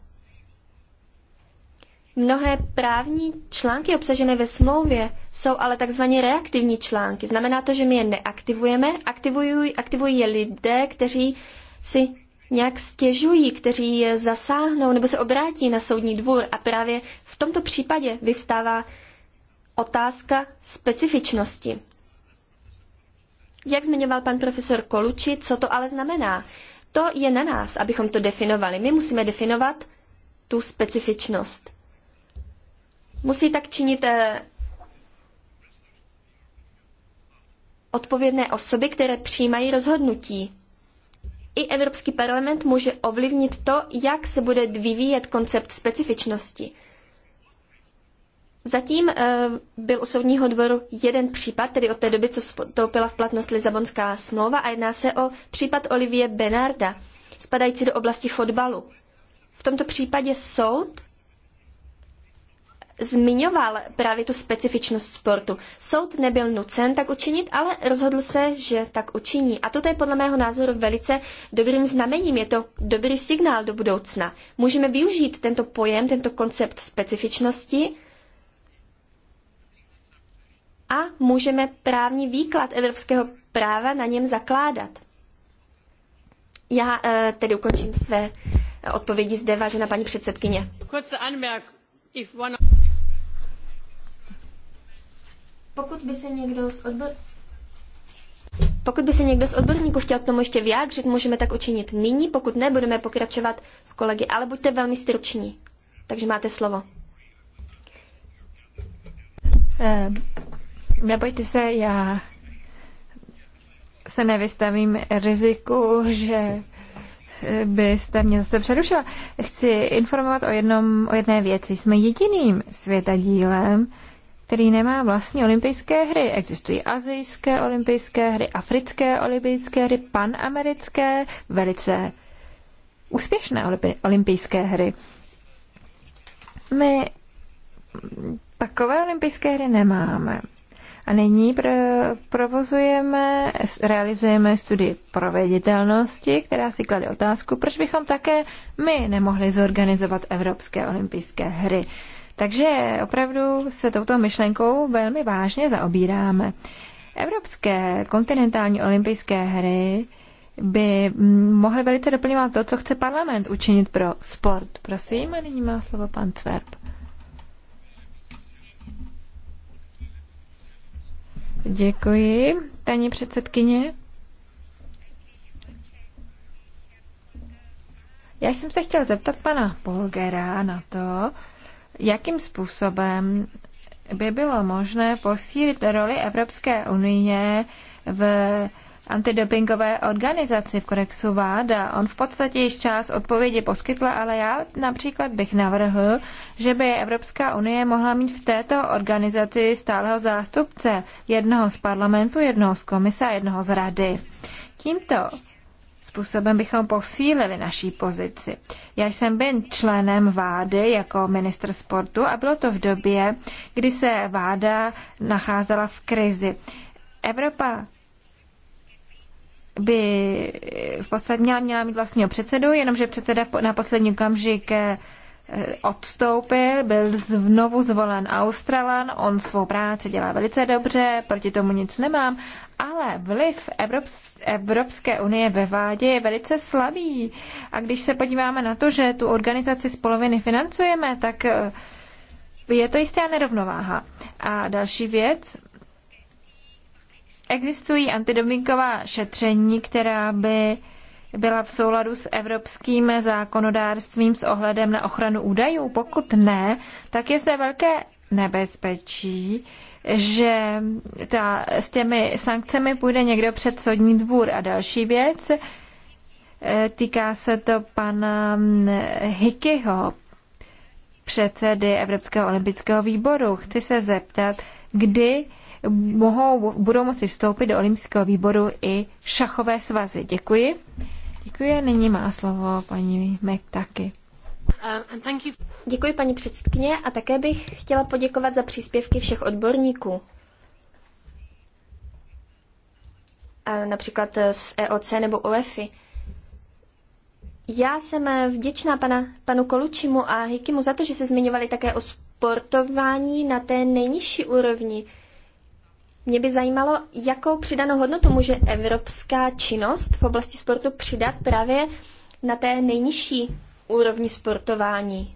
Mnohé právní články obsažené ve smlouvě jsou ale takzvaně reaktivní články. Znamená to, že my je neaktivujeme, aktivují, aktivují je lidé, kteří si nějak stěžují, kteří je zasáhnou nebo se obrátí na soudní dvůr. A právě v tomto případě vyvstává otázka specifičnosti. Jak zmiňoval pan profesor Koluči, co to ale znamená? To je na nás, abychom to definovali. My musíme definovat tu specifičnost. Musí tak činit eh, odpovědné osoby, které přijímají rozhodnutí. I Evropský parlament může ovlivnit to, jak se bude vyvíjet koncept specifičnosti. Zatím eh, byl u soudního dvoru jeden případ, tedy od té doby, co vstoupila v platnost Lizabonská smlouva a jedná se o případ Olivie Benarda, spadající do oblasti fotbalu. V tomto případě soud zmiňoval právě tu specifičnost sportu. Soud nebyl nucen tak učinit, ale rozhodl se, že tak učiní. A toto je podle mého názoru velice dobrým znamením. Je to dobrý signál do budoucna. Můžeme využít tento pojem, tento koncept specifičnosti a můžeme právní výklad evropského práva na něm zakládat. Já eh, tedy ukončím své eh, odpovědi zde, vážená paní předsedkyně. Pokud by se někdo z odbor... Pokud by se někdo z odborníků chtěl k tomu ještě vyjádřit, můžeme tak učinit nyní, pokud ne, budeme pokračovat s kolegy, ale buďte velmi struční. Takže máte slovo. Eh, nebojte se, já se nevystavím riziku, že byste mě zase přerušila. Chci informovat o, jednom, o jedné věci. Jsme jediným světadílem, který nemá vlastní olympijské hry. Existují azijské olympijské hry, africké olympijské hry, panamerické, velice úspěšné olympijské hry. My takové olympijské hry nemáme. A nyní pro, provozujeme, realizujeme studii proveditelnosti, která si klade otázku, proč bychom také my nemohli zorganizovat Evropské olympijské hry. Takže opravdu se touto myšlenkou velmi vážně zaobíráme. Evropské kontinentální olympijské hry by mohly velice doplňovat to, co chce parlament učinit pro sport. Prosím, a nyní má slovo pan Cverb. Děkuji, paní předsedkyně. Já jsem se chtěla zeptat pana Polgera na to, jakým způsobem by bylo možné posílit roli Evropské unie v antidopingové organizaci v Korexu Váda. On v podstatě již část odpovědi poskytl, ale já například bych navrhl, že by Evropská unie mohla mít v této organizaci stáleho zástupce, jednoho z parlamentu, jednoho z komise a jednoho z rady. Tímto způsobem bychom posílili naší pozici. Já jsem byl členem vády jako ministr sportu a bylo to v době, kdy se váda nacházela v krizi. Evropa by v podstatě měla, měla mít vlastního předsedu, jenomže předseda na poslední okamžik eh, odstoupil, byl znovu zvolen Australan, on svou práci dělá velice dobře, proti tomu nic nemám, ale vliv Evropské unie ve vládě je velice slabý. A když se podíváme na to, že tu organizaci z poloviny financujeme, tak eh, je to jistá nerovnováha. A další věc, Existují antidopingová šetření, která by byla v souladu s evropským zákonodárstvím s ohledem na ochranu údajů? Pokud ne, tak je zde velké nebezpečí, že ta, s těmi sankcemi půjde někdo před soudní dvůr. A další věc, e, týká se to pana Hickeyho předsedy Evropského olympijského výboru. Chci se zeptat, kdy mohou, budou moci vstoupit do olympijského výboru i šachové svazy. Děkuji. Děkuji. Nyní má slovo paní Mek taky. Uh, Děkuji paní předsedkyně a také bych chtěla poděkovat za příspěvky všech odborníků. A například z EOC nebo OEFI. Já jsem vděčná pana, panu Kolučimu a Hikimu za to, že se zmiňovali také o sportování na té nejnižší úrovni. Mě by zajímalo, jakou přidanou hodnotu může evropská činnost v oblasti sportu přidat právě na té nejnižší úrovni sportování.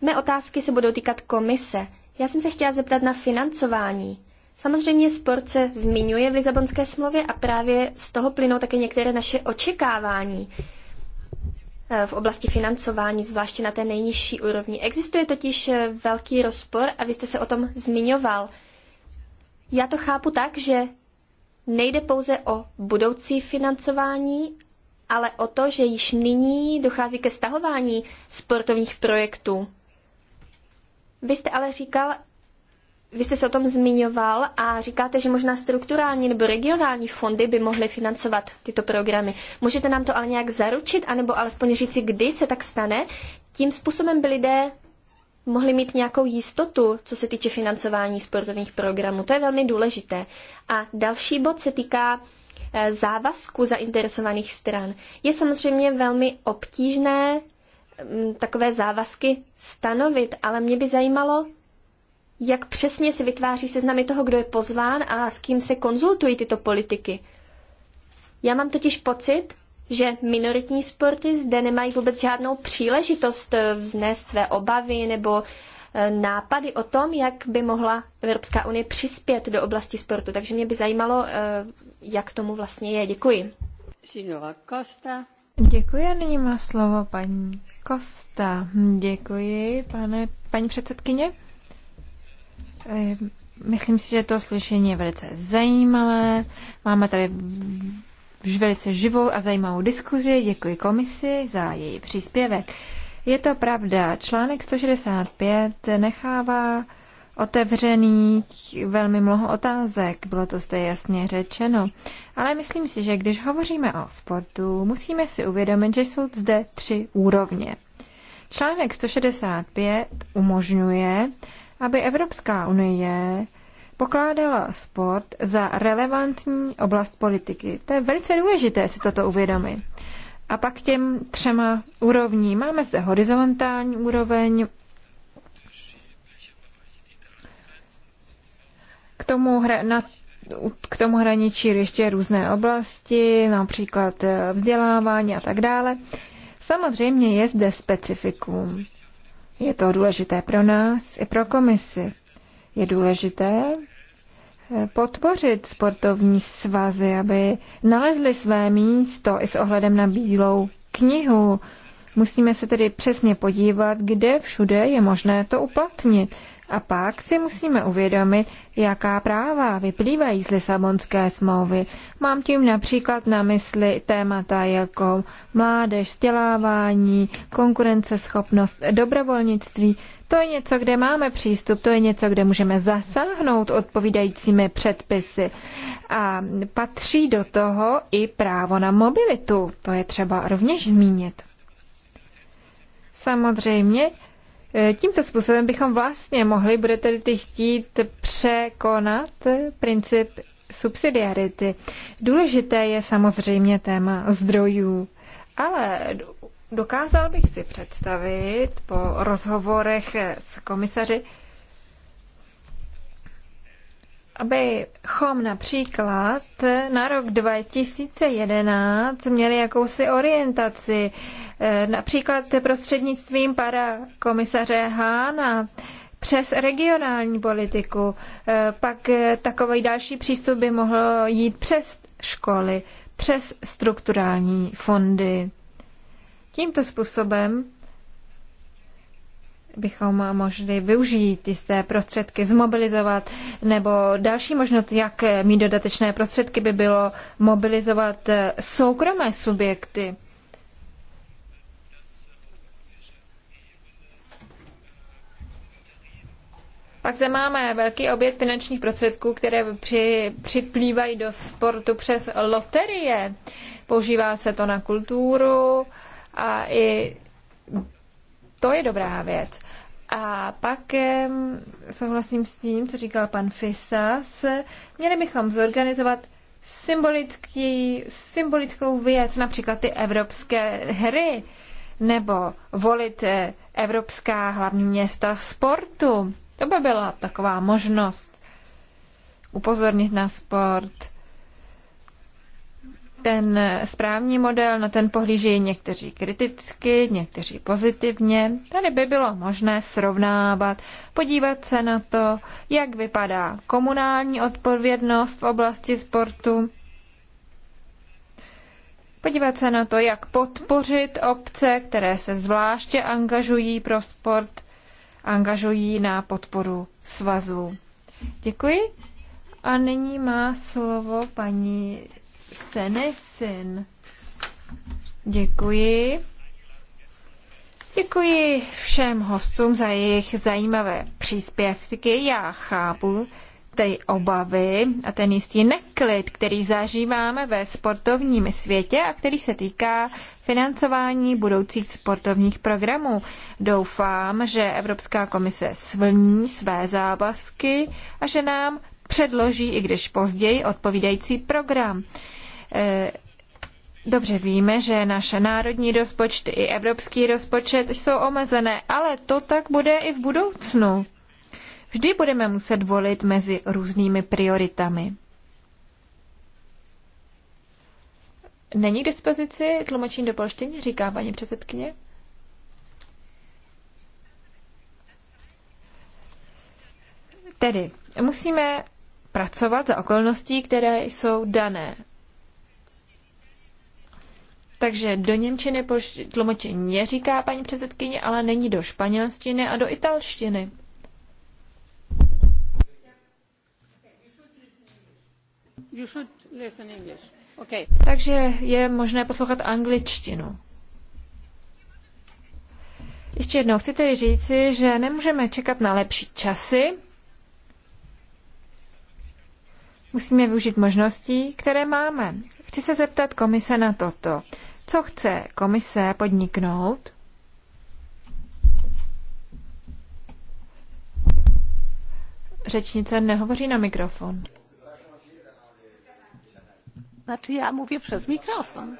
Mé otázky se budou týkat komise. Já jsem se chtěla zeptat na financování. Samozřejmě sport se zmiňuje v Lisabonské smlouvě a právě z toho plynou také některé naše očekávání eh, v oblasti financování, zvláště na té nejnižší úrovni. Existuje totiž eh, velký rozpor a vy jste se o tom zmiňoval. Já to chápu tak, že nejde pouze o budoucí financování, ale o to, že již nyní dochází ke stahování sportovních projektů. Vy jste ale říkal, vy jste se o tom zmiňoval a říkáte, že možná strukturální nebo regionální fondy by mohly financovat tyto programy. Můžete nám to ale nějak zaručit, anebo alespoň říci, kdy se tak stane? Tím způsobem by lidé mohli mít nějakou jistotu, co se týče financování sportovních programů. To je velmi důležité. A další bod se týká eh, závazku zainteresovaných stran. Je samozřejmě velmi obtížné mm, takové závazky stanovit, ale mě by zajímalo, jak přesně se vytváří seznamy toho, kdo je pozván a s kým se konzultují tyto politiky. Já mám totiž pocit, že minoritní sporty zde nemají vůbec žádnou příležitost eh, vznést své obavy nebo eh, nápady o tom, jak by mohla Evropská unie přispět do oblasti sportu. Takže mě by zajímalo, eh, jak tomu vlastně je. Děkuji. Signora Costa. Děkuji a nyní má slovo paní Kosta. Děkuji, pane, paní předsedkyně. Myslím si, že to slyšení je velice zajímavé. Máme tady velice živou a zajímavou diskuzi. Děkuji komisi za její příspěvek. Je to pravda. Článek 165 nechává otevřený velmi mnoho otázek, bylo to zde jasně řečeno. Ale myslím si, že když hovoříme o sportu, musíme si uvědomit, že jsou zde tři úrovně. Článek 165 umožňuje, aby Evropská unie pokládala sport za relevantní oblast politiky. To je velice důležité si toto uvědomit. A pak těm třema úrovní. Máme zde horizontální úroveň, k tomu, hra, na, k tomu hraničí ještě různé oblasti, například eh, vzdělávání a tak dále. Samozřejmě je zde specifikum. Je to důležité pro nás i pro komisi. Je důležité eh, podpořit sportovní svazy, aby nalezly své místo i s ohledem na bílou knihu. Musíme se tedy přesně podívat, kde všude je možné to uplatnit. A pak si musíme uvědomit, jaká práva vyplývají z Lisabonské smlouvy. Mám tím například na mysli témata jako mládež, vzdělávání, konkurenceschopnost, dobrovolnictví. To je něco, kde máme přístup, to je něco, kde můžeme zasáhnout odpovídajícími předpisy. A patří do toho i právo na mobilitu. To je třeba rovněž zmínit. Samozřejmě, E, tímto způsobem bychom vlastně mohli, budete tedy chtít, překonat princip subsidiarity. Důležité je samozřejmě téma zdrojů, ale dokázal bych si představit po rozhovorech s komisaři, abychom například na rok 2011 měli jakousi orientaci, eh, například prostřednictvím para komisaře Hána, přes regionální politiku. Eh, pak eh, takový další přístup by mohl jít přes školy, přes strukturální fondy. Tímto způsobem bychom mohli využít jisté prostředky, zmobilizovat, nebo další možnost, jak mít dodatečné prostředky, by bylo mobilizovat eh, soukromé subjekty. Pak zde máme velký oběd finančních prostředků, které při, připlývají do sportu přes loterie. Používá se to na kulturu a i to je dobrá věc. A pak souhlasím s tím, co říkal pan Fisas, měli bychom zorganizovat symbolický, symbolickou věc, například ty evropské hry, nebo volit eh, evropská hlavní města sportu. To by byla taková možnost upozornit na sport, ten správní model, na ten pohlíží někteří kriticky, někteří pozitivně. Tady by bylo možné srovnávat, podívat se na to, jak vypadá komunální odpovědnost v oblasti sportu, podívat se na to, jak podpořit obce, které se zvláště angažují pro sport, angažují na podporu svazu. Děkuji. A nyní má slovo paní Senesin. Děkuji. Děkuji všem hostům za jejich zajímavé příspěvky. Já chápu ty obavy a ten jistý neklid, který zažíváme ve sportovním světě a který se týká financování budoucích sportovních programů. Doufám, že Evropská komise svlní své závazky a že nám předloží, i když později, odpovídající program. Eh, dobře víme, že naše národní rozpočty i evropský rozpočet jsou omezené, ale to tak bude i v budoucnu. Vždy budeme muset volit mezi různými prioritami. Není k dispozici tlumočení do polštiny, říká paní předsedkyně. Tedy musíme pracovat za okolností, které jsou dané. Takže do Němčiny poš- tlumočení říká paní předsedkyně, ale není do španělštiny a do italštiny. Okay. Takže je možné poslouchat angličtinu. Ještě jednou chci tedy říci, že nemůžeme čekat na lepší časy. Musíme využít možností, které máme. Chci se zeptat komise na toto. Co chce komise podniknout? Řečnice nehovoří na mikrofon. Znači já mluvím přes mikrofon.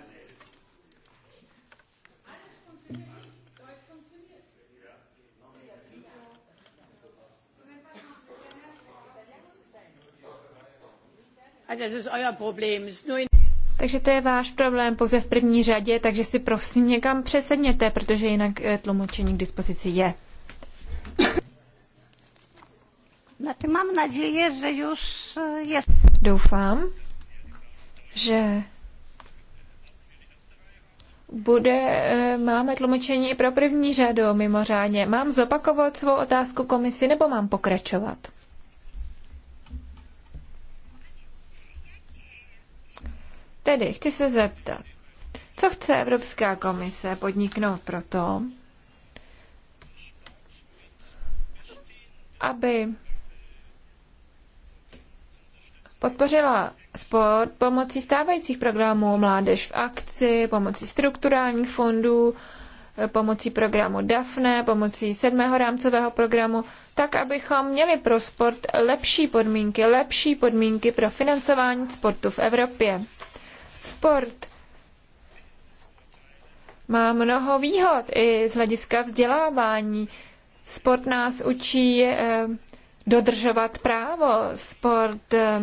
das ist euer problem. No takže to je váš problém pouze v první řadě, takže si prosím někam přesedněte, protože jinak eh, tlumočení k dispozici je. Mám naděje, že už eh, je. Doufám, že bude, eh, máme tlumočení i pro první řadu mimořádně. Mám zopakovat svou otázku komisi nebo mám pokračovat? Tedy chci se zeptat, co chce Evropská komise podniknout pro to, aby podpořila sport pomocí stávajících programů Mládež v akci, pomocí strukturálních fondů, pomocí programu DAFNE, pomocí sedmého rámcového programu, tak abychom měli pro sport lepší podmínky, lepší podmínky pro financování sportu v Evropě sport má mnoho výhod i z hlediska vzdělávání. Sport nás učí eh, dodržovat právo. Sport eh,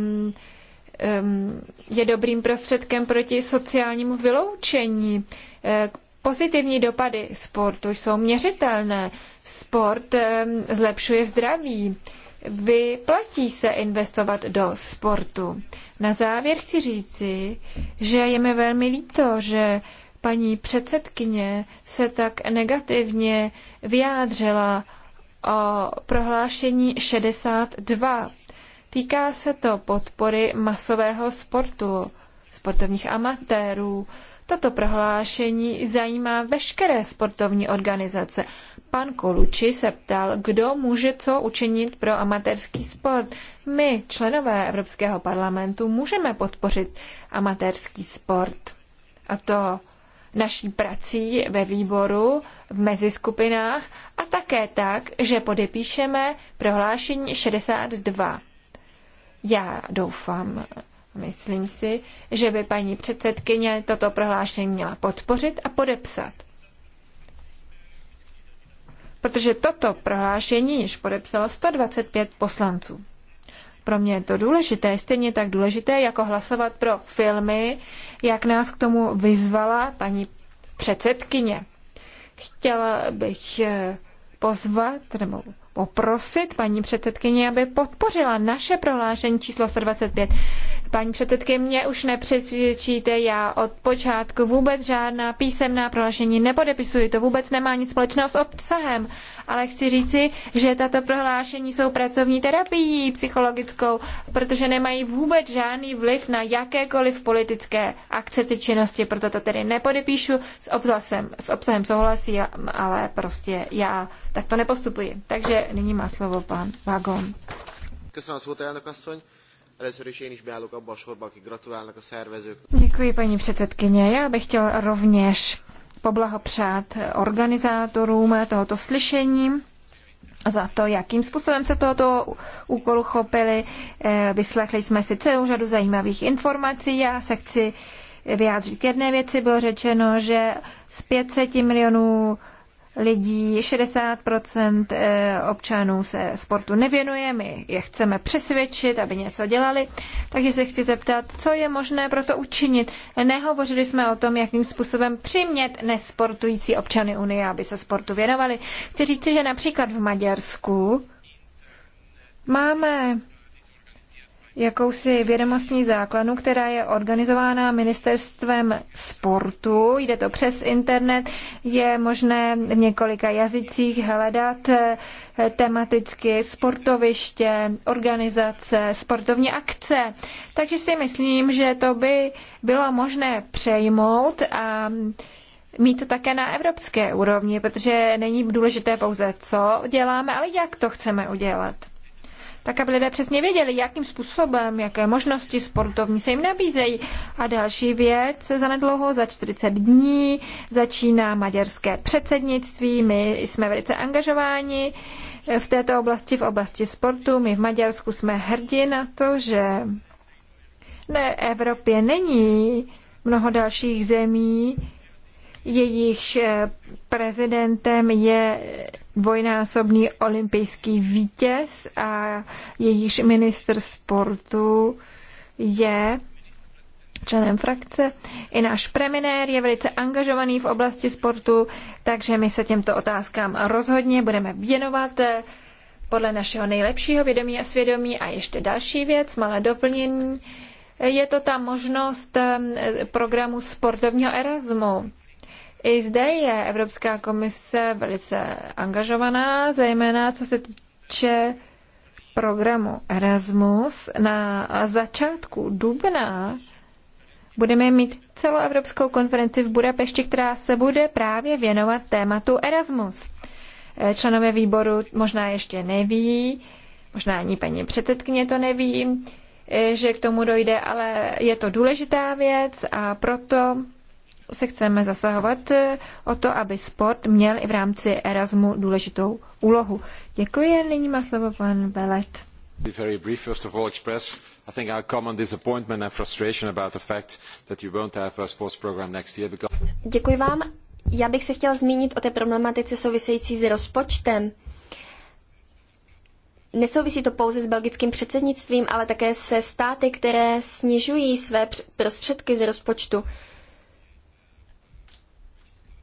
je dobrým prostředkem proti sociálnímu vyloučení. E, pozitivní dopady sportu jsou měřitelné. Sport zlepšuje zdraví. Vyplatí se investovat do sportu. Na závěr chci říci, že je mi velmi líto, že paní předsedkyně se tak negativně vyjádřila o prohlášení 62. Týká se to podpory masového sportu, sportovních amatérů. Toto prohlášení zajímá veškeré sportovní organizace. Pan Koluči se ptal, kdo může co učinit pro amatérský sport. My, členové Evropského parlamentu, můžeme podpořit amatérský sport. A to naší prací ve výboru, v meziskupinách a také tak, že podepíšeme prohlášení 62. Já doufám, myslím si, že by paní předsedkyně toto prohlášení měla podpořit a podepsat. Protože toto prohlášení již podepsalo 125 poslanců. Pro mě je to důležité, stejně tak důležité, jako hlasovat pro filmy, jak nás k tomu vyzvala paní předsedkyně. Chtěla bych eh, pozvat nebo poprosit paní předsedkyně, aby podpořila naše prohlášení číslo 125. Paní předsedkyně, mě už nepřesvědčíte, já od počátku vůbec žádná písemná prohlášení nepodepisuji, to vůbec nemá nic společného s obsahem, ale chci říci, že tato prohlášení jsou pracovní terapií psychologickou, protože nemají vůbec žádný vliv na jakékoliv politické akce či činnosti, proto to tedy nepodepíšu, s obsahem, s obsahem souhlasí, ale prostě já tak to nepostupuji. Takže nyní má slovo pan Vagon. Köszönöm a szót, elnök asszony. Děkuji, paní předsedkyně. Já bych chtěl rovněž poblahopřát organizátorům tohoto slyšení za to, jakým způsobem se tohoto úkolu chopili. Eh, vyslechli jsme si celou řadu zajímavých informací. Já se chci vyjádřit k jedné věci. Bylo řečeno, že z 500 milionů lidí, 60% eh, občanů se sportu nevěnuje, my je chceme přesvědčit, aby něco dělali, takže se chci zeptat, co je možné pro to učinit. Nehovořili jsme o tom, jakým způsobem přimět nesportující občany Unie, aby se sportu věnovali. Chci říct, že například v Maďarsku máme jakousi vědomostní základnu, která je organizována ministerstvem sportu. Jde to přes internet, je možné v několika jazycích hledat eh, tematicky sportoviště, organizace, sportovní akce. Takže si myslím, že to by bylo možné přejmout a mít to také na evropské úrovni, protože není důležité pouze, co děláme, ale jak to chceme udělat tak aby lidé přesně věděli, jakým způsobem, jaké možnosti sportovní se jim nabízejí. A další věc, zanedlouho za 40 dní začíná maďarské předsednictví, my jsme velice angažováni v této oblasti, v oblasti sportu. My v Maďarsku jsme hrdí na to, že ne, Evropě není mnoho dalších zemí, jejichž prezidentem je dvojnásobný olympijský vítěz a jejíž minister sportu je členem frakce. I náš premiér je velice angažovaný v oblasti sportu, takže my se těmto otázkám rozhodně budeme věnovat eh, podle našeho nejlepšího vědomí a svědomí. A ještě další věc, malé doplnění, je to ta možnost eh, programu sportovního Erasmu. I zde je Evropská komise velice angažovaná, zejména co se týče programu Erasmus. Na začátku dubna budeme mít celoevropskou konferenci v Budapešti, která se bude právě věnovat tématu Erasmus. Eh, členové výboru možná ještě neví, možná ani paní předsedkyně to neví, eh, že k tomu dojde, ale je to důležitá věc a proto se chceme zasahovat eh, o to, aby sport měl i v rámci Erasmu důležitou úlohu. Děkuji, nyní má slovo pan Belet. i think our common disappointment and frustration about the fact that you won't have a sports program next year because... Děkuji vám. Já bych se chtěl zmínit o té problematice související s rozpočtem. Nesouvisí to pouze s belgickým předsednictvím, ale také se státy, které snižují své prostředky z rozpočtu.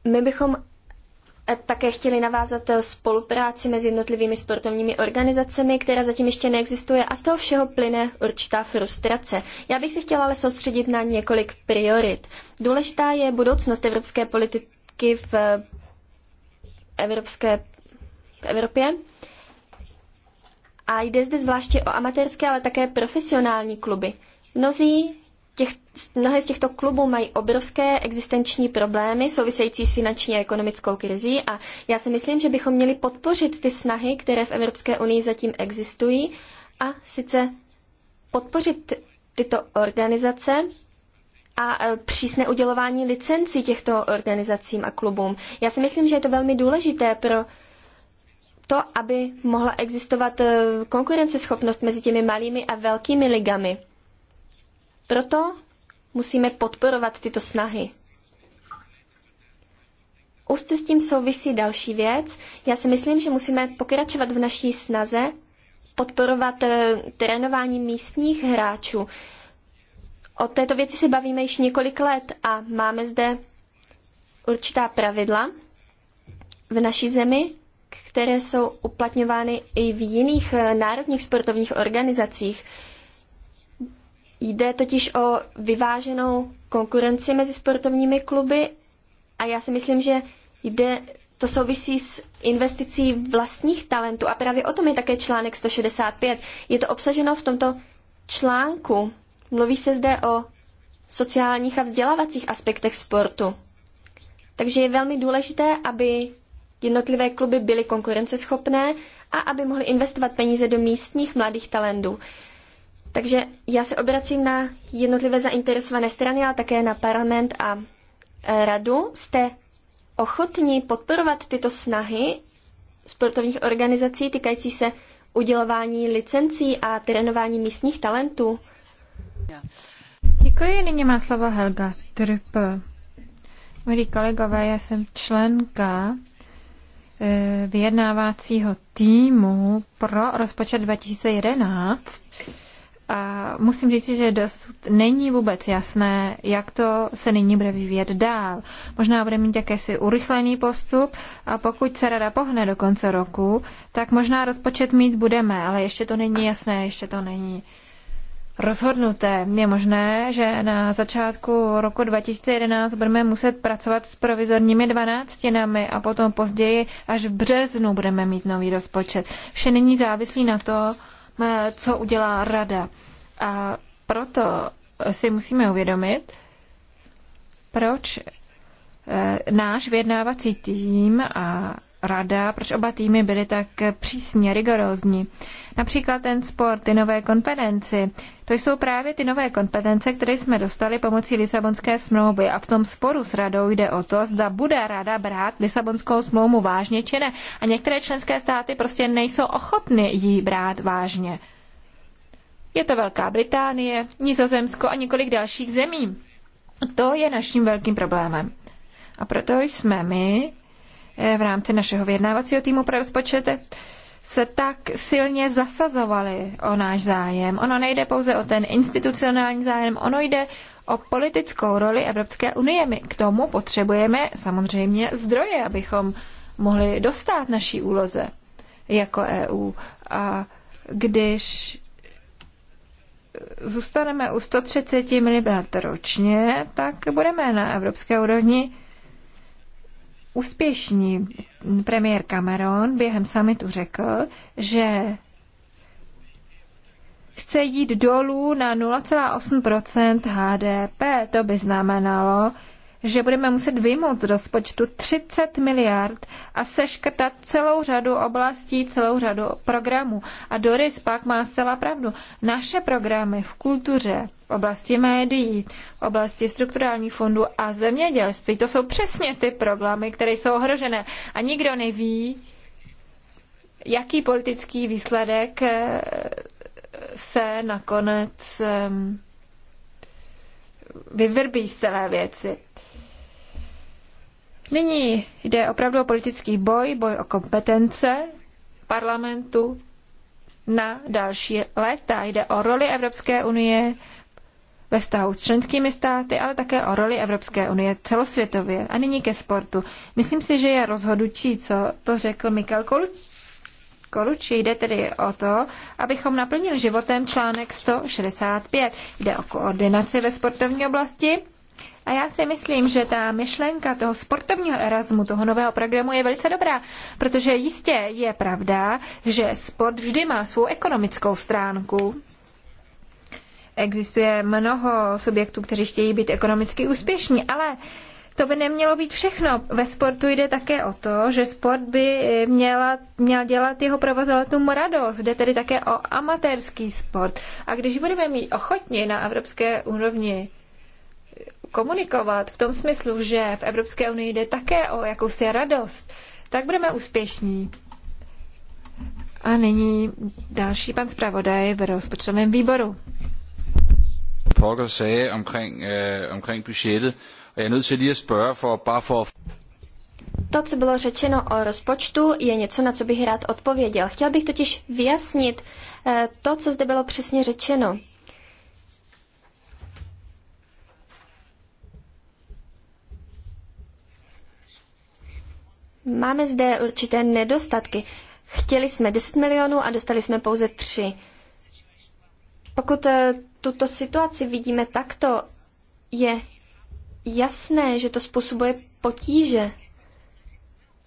My bychom eh, také chtěli navázat eh, spolupráci mezi jednotlivými sportovními organizacemi, která zatím ještě neexistuje a z toho všeho plyne určitá frustrace. Já bych se chtěla ale soustředit na několik priorit. Důležitá je budoucnost evropské politiky v eh, evropské v Evropě. A jde zde zvláště o amatérské, ale také profesionální kluby. Mnozí těch, mnohé z těchto klubů mají obrovské existenční problémy související s finanční a ekonomickou krizí a já si myslím, že bychom měli podpořit ty snahy, které v Evropské unii zatím existují a sice podpořit tyto organizace a e, přísné udělování licencí těchto organizacím a klubům. Já si myslím, že je to velmi důležité pro to, aby mohla existovat e, konkurenceschopnost mezi těmi malými a velkými ligami. Proto musíme podporovat tyto snahy. Úzce s tím souvisí další věc. Já si myslím, že musíme pokračovat v naší snaze podporovat eh, trénování místních hráčů. O této věci se bavíme již několik let a máme zde určitá pravidla v naší zemi, které jsou uplatňovány i v jiných eh, národních sportovních organizacích. Jde totiž o vyváženou konkurenci mezi sportovními kluby a já si myslím, že jde, to souvisí s investicí vlastních talentů a právě o tom je také článek 165. Je to obsaženo v tomto článku. Mluví se zde o sociálních a vzdělávacích aspektech sportu. Takže je velmi důležité, aby jednotlivé kluby byly konkurenceschopné a aby mohly investovat peníze do místních mladých talentů. Takže já se obracím na jednotlivé zainteresované strany, ale také na parlament a e, radu. Jste ochotní podporovat tyto snahy sportovních organizací týkající se udělování licencí a trénování místních talentů? Děkuji, nyní má slovo Helga Trpl. Milí kolegové, já jsem členka e, vyjednávacího týmu pro rozpočet 2011 a musím říct, že dosud není vůbec jasné, jak to se nyní bude vyvíjet dál. Možná bude mít jakési urychlený postup a pokud se rada pohne do konce roku, tak možná rozpočet mít budeme, ale ještě to není jasné, ještě to není rozhodnuté. Je možné, že na začátku roku 2011 budeme muset pracovat s provizorními dvanáctinami a potom později až v březnu budeme mít nový rozpočet. Vše není závislí na to, Eh, co udělá rada. A proto si musíme uvědomit, proč eh, náš vyjednávací tým a rada, proč oba týmy byly tak přísně rigorózní. Například ten sport, ty nové konferenci. To jsou právě ty nové kompetence, které jsme dostali pomocí Lisabonské smlouvy. A v tom sporu s radou jde o to, zda bude rada brát Lisabonskou smlouvu vážně či ne. A některé členské státy prostě nejsou ochotny ji brát vážně. Je to Velká Británie, Nizozemsko a několik dalších zemí. To je naším velkým problémem. A proto jsme my eh, v rámci našeho vyjednávacího týmu pro rozpočet se tak silně zasazovali o náš zájem. Ono nejde pouze o ten institucionální zájem, ono jde o politickou roli Evropské unie. My k tomu potřebujeme samozřejmě zdroje, abychom mohli dostat naší úloze jako EU. A když zůstaneme u 130 miliard ročně, tak budeme na evropské úrovni úspěšný Premiér Cameron během summitu řekl, že chce jít dolů na 0,8 HDP. To by znamenalo, že budeme muset vyjmout z rozpočtu 30 miliard a seškrtat celou řadu oblastí, celou řadu programů. A Doris pak má zcela pravdu. Naše programy v kultuře, v oblasti médií, v oblasti strukturálních fondů a zemědělství, to jsou přesně ty programy, které jsou ohrožené. A nikdo neví, jaký politický výsledek eh, se nakonec ehm, vyvrbí z celé věci. Nyní jde opravdu o politický boj, boj o kompetence parlamentu na další léta. Jde o roli Evropské unie ve vztahu s členskými státy, ale také o roli Evropské unie celosvětově. A nyní ke sportu. Myslím si, že je rozhodující, co to řekl Mikel Koluči. Jde tedy o to, abychom naplnili životem článek 165. Jde o koordinaci ve sportovní oblasti a já si myslím, že ta myšlenka toho sportovního Erasmu, toho nového programu je velice dobrá, protože jistě je pravda, že sport vždy má svou ekonomickou stránku. Existuje mnoho subjektů, kteří chtějí být ekonomicky úspěšní, ale to by nemělo být všechno. Ve sportu jde také o to, že sport by měla, měl dělat jeho provozovatům radost. Jde tedy také o amatérský sport. A když budeme mít ochotně na evropské úrovni komunikovat v tom smyslu, že v Evropské unii jde také o jakousi radost, tak budeme úspěšní. A nyní další pan zpravodaj v rozpočtovém výboru. Pokker sagde omkring, øh, omkring budgettet, og jeg er nødt til lige at spørge for, bare for to, co bylo řečeno o rozpočtu, je něco, na co bych rád odpověděl. Chtěl bych totiž vyjasnit eh, to, co zde bylo přesně řečeno. Máme zde určité nedostatky. Chtěli jsme 10 milionů a dostali jsme pouze 3. Pokud eh, tuto situaci vidíme takto, je jasné, že to způsobuje potíže.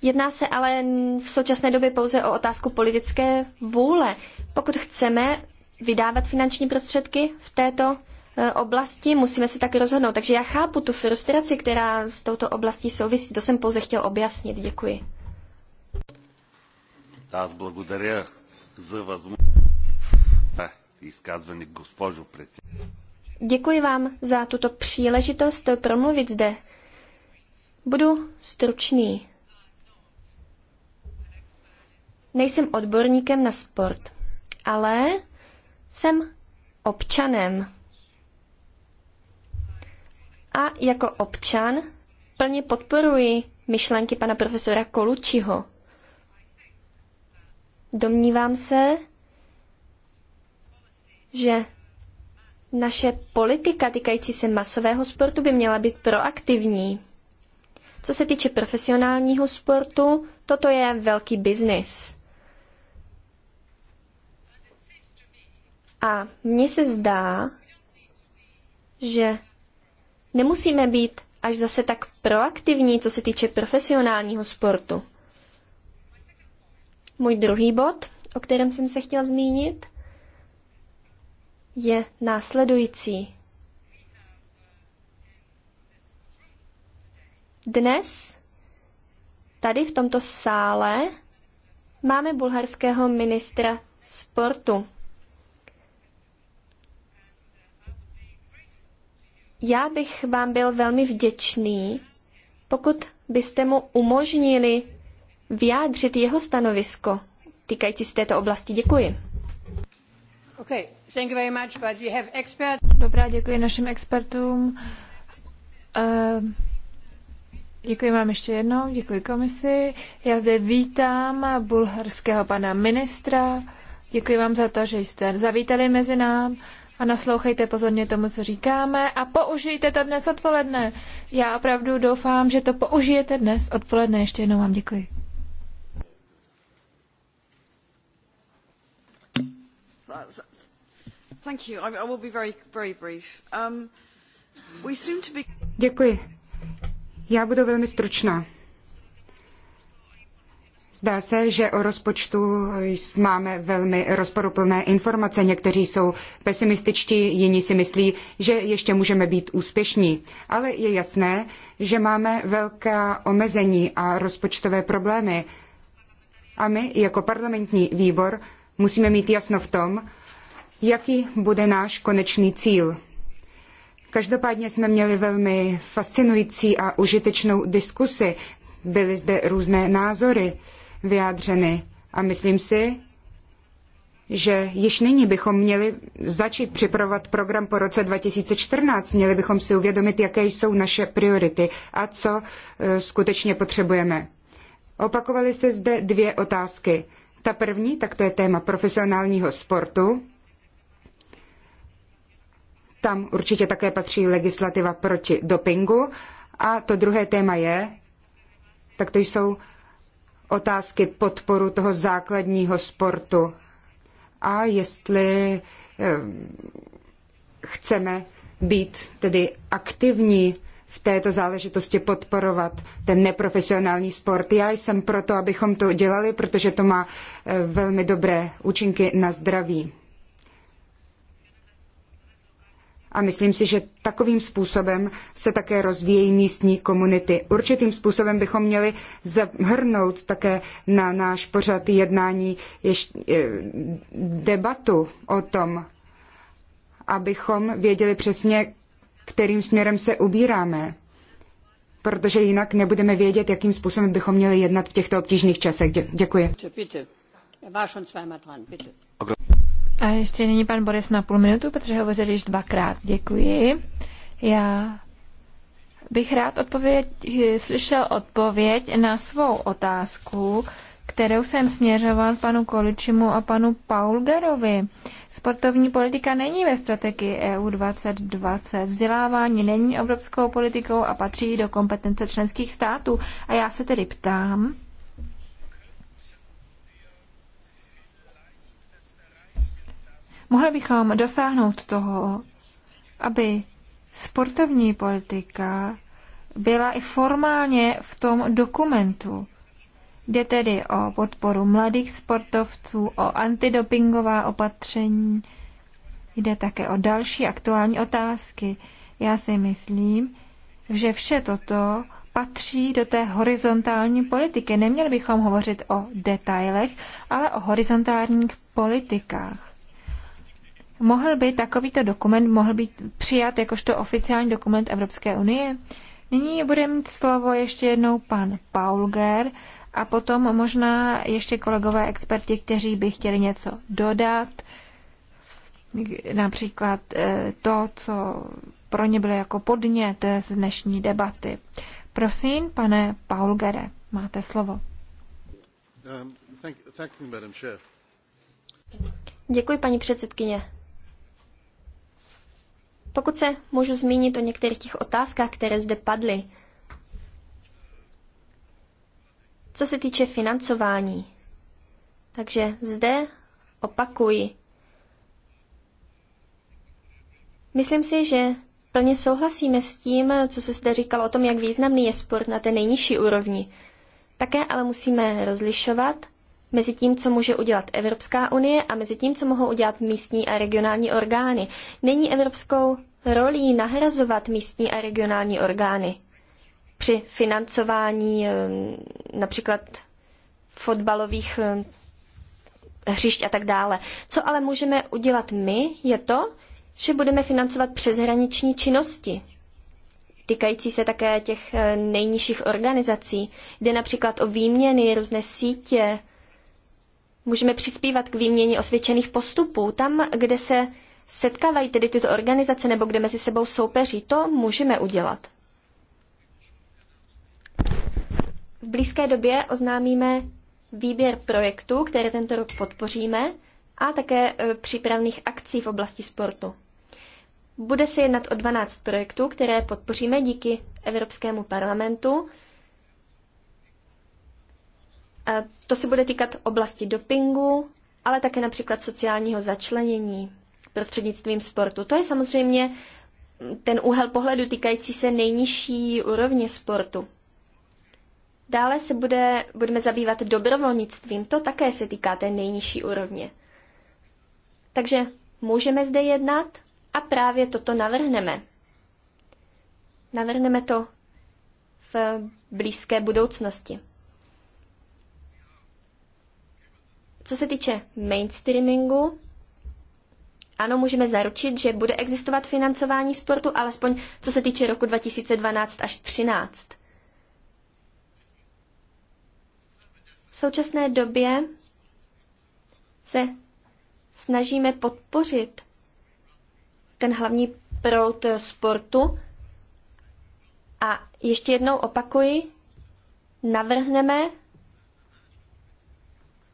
Jedná se ale v současné době pouze o otázku politické vůle. Pokud chceme vydávat finanční prostředky v této Eh, oblasti, musíme se tak rozhodnout. Takže já chápu tu frustraci, která s touto oblastí souvisí. To jsem pouze chtěl objasnit. Děkuji. Аз благодаря за изказване, госпожо Děkuji vám za tuto příležitost promluvit zde. Budu stručný. Nejsem odborníkem na sport, ale jsem občanem a jako občan plně podporuji myšlenky pana profesora Kolučiho. Domnívám se, že naše politika týkající se masového sportu by měla být proaktivní. Co se týče profesionálního sportu, toto je velký biznis. A mně se zdá, že nemusíme být až zase tak proaktivní, co se týče profesionálního sportu. Můj druhý bod, o kterém jsem se chtěl zmínit, je následující. Dnes tady v tomto sále máme bulharského ministra sportu. Já bych vám byl velmi vděčný, pokud byste mu umožnili vyjádřit jeho stanovisko týkající se této oblasti. Děkuji. Dobrá, děkuji našim expertům. Uh, děkuji vám ještě jednou, děkuji komisi. Já zde vítám bulharského pana ministra. Děkuji vám za to, že jste zavítali mezi námi a naslouchejte pozorně tomu, co říkáme a použijte to dnes odpoledne. Já opravdu doufám, že to použijete dnes odpoledne. Ještě jednou vám děkuji. Um, děkuji. Já budu velmi stručná. Zdá se, že o rozpočtu máme velmi rozporuplné informace. Někteří jsou pesimističtí, jiní si myslí, že ještě můžeme být úspěšní. Ale je jasné, že máme velká omezení a rozpočtové problémy. A my jako parlamentní výbor musíme mít jasno v tom, jaký bude náš konečný cíl. Každopádně jsme měli velmi fascinující a užitečnou diskusi. Byly zde různé názory vyjádřeny. A myslím si, že již nyní bychom měli začít připravovat program po roce 2014. Měli bychom si uvědomit, jaké jsou naše priority a co e, skutečně potřebujeme. Opakovaly se zde dvě otázky. Ta první, tak to je téma profesionálního sportu. Tam určitě také patří legislativa proti dopingu. A to druhé téma je, tak to jsou otázky podporu toho základního sportu a jestli eh, chceme být tedy aktivní v této záležitosti podporovat ten neprofesionální sport. Já jsem proto, abychom to dělali, protože to má eh, velmi dobré účinky na zdraví. a myslím si, že takovým způsobem se také rozvíjejí místní komunity. Určitým způsobem bychom měli zahrnout také na náš pořad jednání ještě, eh, debatu o tom, abychom věděli přesně, kterým směrem se ubíráme. Protože jinak nebudeme vědět, jakým způsobem bychom měli jednat v těchto obtížných časech. Děkuji. A ještě není pan Boris na půl minutu, protože hovořil již dvakrát. Děkuji. Já bych rád odpověď, slyšel odpověď na svou otázku, kterou jsem směřoval panu Količimu a panu Paulgerovi. Sportovní politika není ve strategii EU 2020. Vzdělávání není evropskou politikou a patří do kompetence členských států. A já se tedy ptám, Mohli bychom dosáhnout toho, aby sportovní politika byla i formálně v tom dokumentu. Jde tedy o podporu mladých sportovců, o antidopingová opatření, jde také o další aktuální otázky. Já si myslím, že vše toto patří do té horizontální politiky. Neměli bychom hovořit o detailech, ale o horizontálních politikách mohl by takovýto dokument mohl být přijat jakožto oficiální dokument Evropské unie? Nyní bude mít slovo ještě jednou pan Paulger a potom možná ještě kolegové experti, kteří by chtěli něco dodat, například eh, to, co pro ně bylo jako podnět z dnešní debaty. Prosím, pane Paulgere, máte slovo. Um, Děkuji, paní předsedkyně. Pokud se můžu zmínit o některých těch otázkách, které zde padly. Co se týče financování, takže zde opakuji. Myslím si, že plně souhlasíme s tím, co se zde říkalo o tom, jak významný je sport na té nejnižší úrovni. Také ale musíme rozlišovat mezi tím, co může udělat Evropská unie a mezi tím, co mohou udělat místní a regionální orgány. Není evropskou rolí nahrazovat místní a regionální orgány při financování eh, například fotbalových eh, hřišť a tak dále. Co ale můžeme udělat my, je to, že budeme financovat přeshraniční činnosti, týkající se také těch eh, nejnižších organizací. Jde například o výměny, různé sítě, Můžeme přispívat k výměně osvědčených postupů. Tam, kde se setkávají tedy tyto organizace nebo kde mezi sebou soupeří, to můžeme udělat. V blízké době oznámíme výběr projektů, které tento rok podpoříme, a také e, přípravných akcí v oblasti sportu. Bude se jednat o 12 projektů, které podpoříme díky Evropskému parlamentu Eh, to se bude týkat oblasti dopingu, ale také například sociálního začlenění prostřednictvím sportu. To je samozřejmě mm, ten úhel pohledu týkající se nejnižší úrovně sportu. Dále se bude, budeme zabývat dobrovolnictvím, to také se týká té nejnižší úrovně. Takže můžeme zde jednat a právě toto navrhneme. Navrhneme to v blízké budoucnosti. Co se týče mainstreamingu, ano, můžeme zaručit, že bude existovat financování sportu, alespoň co se týče roku 2012 až 2013. V současné době se snažíme podpořit ten hlavní prout sportu. A ještě jednou opakuji, navrhneme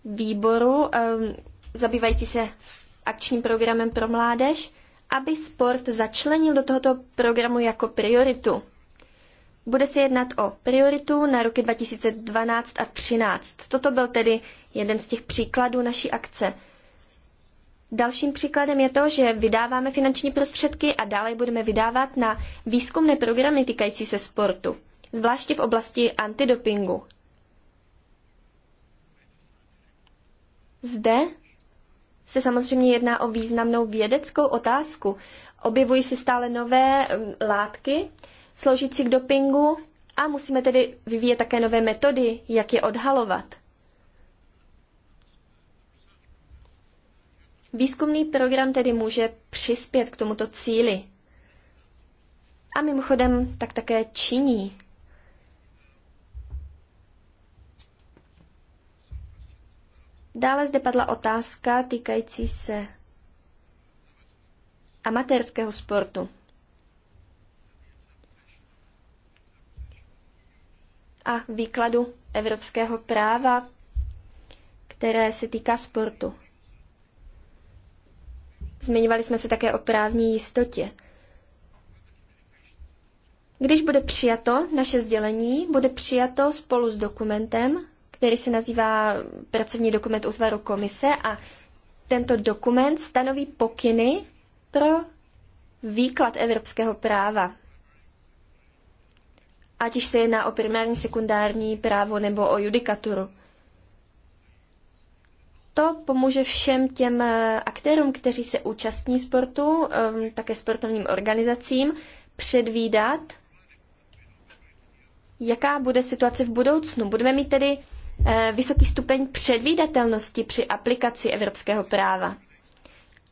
výboru ehm, zabývající se akčním programem pro mládež, aby sport začlenil do tohoto programu jako prioritu. Bude se jednat o prioritu na roky 2012 a 2013. Toto byl tedy jeden z těch příkladů naší akce. Dalším příkladem je to, že vydáváme finanční prostředky a dále budeme vydávat na výzkumné programy týkající se sportu, zvláště v oblasti antidopingu Zde se samozřejmě jedná o významnou vědeckou otázku. Objevují se stále nové um, látky sloužící k dopingu a musíme tedy vyvíjet také nové metody, jak je odhalovat. Výzkumný program tedy může přispět k tomuto cíli. A mimochodem tak také činí. Dále zde padla otázka týkající se amatérského sportu. a výkladu evropského práva, které se týká sportu. Zmiňovali jsme se také o právní jistotě. Když bude přijato naše sdělení, bude přijato spolu s dokumentem, který se nazývá pracovní dokument útvaru komise a tento dokument stanoví pokyny pro výklad evropského práva. Ať už se jedná o primární, sekundární právo nebo o judikaturu. To pomůže všem těm eh, aktérům, kteří se účastní sportu, eh, také sportovním organizacím, předvídat, jaká bude situace v budoucnu. Budeme mít tedy Eh, vysoký stupeň předvídatelnosti při aplikaci evropského práva.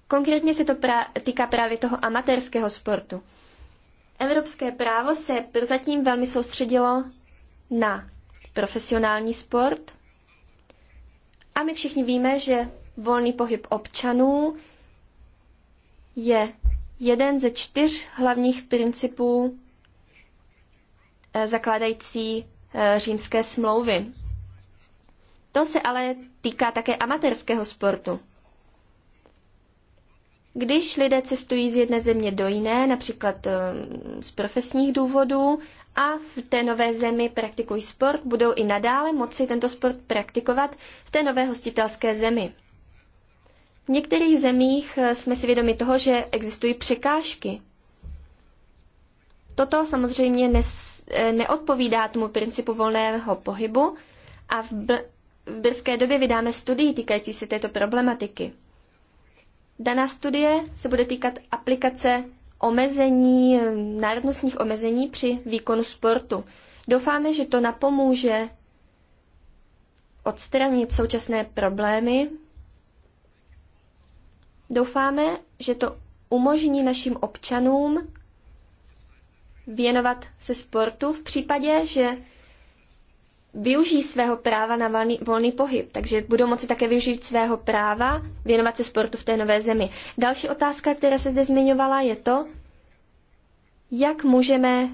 Konkrétně se to týká právě toho amatérského sportu. Evropské právo se prozatím velmi soustředilo na profesionální sport. A my všichni víme, že volný pohyb občanů je jeden ze čtyř hlavních principů eh, zakládající eh, římské smlouvy. To se ale týká také amatérského sportu. Když lidé cestují z jedné země do jiné, například eh, z profesních důvodů, a v té nové zemi praktikují sport, budou i nadále moci tento sport praktikovat v té nové hostitelské zemi. V některých zemích eh, jsme si vědomi toho, že existují překážky. Toto samozřejmě eh, neodpovídá tomu principu volného pohybu a v, v brzké době vydáme studii týkající se této problematiky. Daná studie se bude týkat aplikace omezení, eh, národnostních omezení při výkonu sportu. Doufáme, že to napomůže odstranit současné problémy. Doufáme, že to umožní našim občanům věnovat se sportu v případě, že využijí svého práva na volný, volný pohyb, takže budou moci také využít svého práva věnovat se sportu v té nové zemi. Další otázka, která se zde zmiňovala, je to, jak můžeme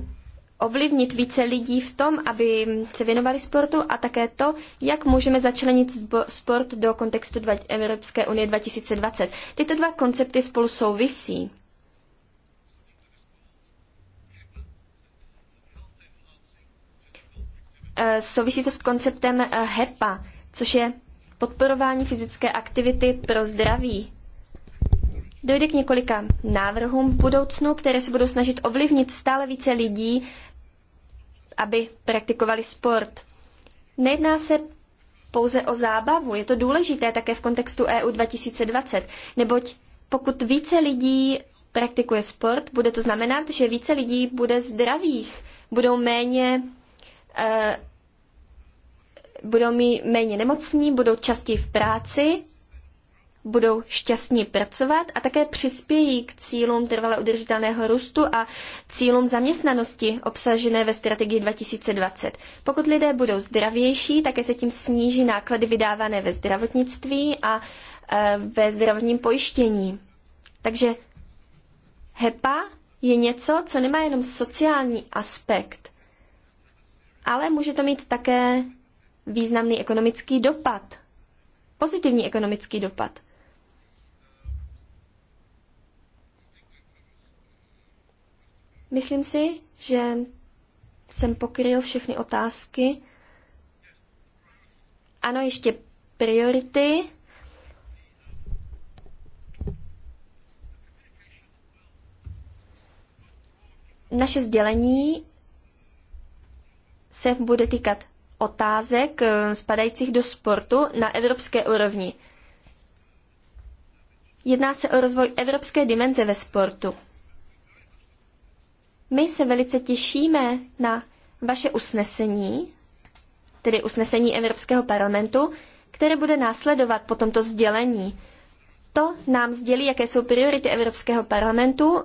ovlivnit více lidí v tom, aby se věnovali sportu a také to, jak můžeme začlenit sport do kontextu Evropské unie 2020. Tyto dva koncepty spolu souvisí. Eh, souvisí to s konceptem eh, HEPA, což je podporování fyzické aktivity pro zdraví. Dojde k několika návrhům v budoucnu, které se budou snažit ovlivnit stále více lidí, aby praktikovali sport. Nejedná se pouze o zábavu, je to důležité také v kontextu EU 2020, neboť pokud více lidí praktikuje sport, bude to znamenat, že více lidí bude zdravých, budou méně Eh, budou mít méně nemocní, budou častěji v práci, budou šťastně pracovat a také přispějí k cílům trvale udržitelného růstu a cílům zaměstnanosti obsažené ve strategii 2020. Pokud lidé budou zdravější, také se tím sníží náklady vydávané ve zdravotnictví a eh, ve zdravotním pojištění. Takže HEPA je něco, co nemá jenom sociální aspekt, ale může to mít také významný ekonomický dopad. Pozitivní ekonomický dopad. Myslím si, že jsem pokryl všechny otázky. Ano, ještě priority. Naše sdělení se bude týkat otázek eh, spadajících do sportu na evropské úrovni. Jedná se o rozvoj evropské dimenze ve sportu. My se velice těšíme na vaše usnesení, tedy usnesení Evropského parlamentu, které bude následovat po tomto sdělení. To nám sdělí, jaké jsou priority Evropského parlamentu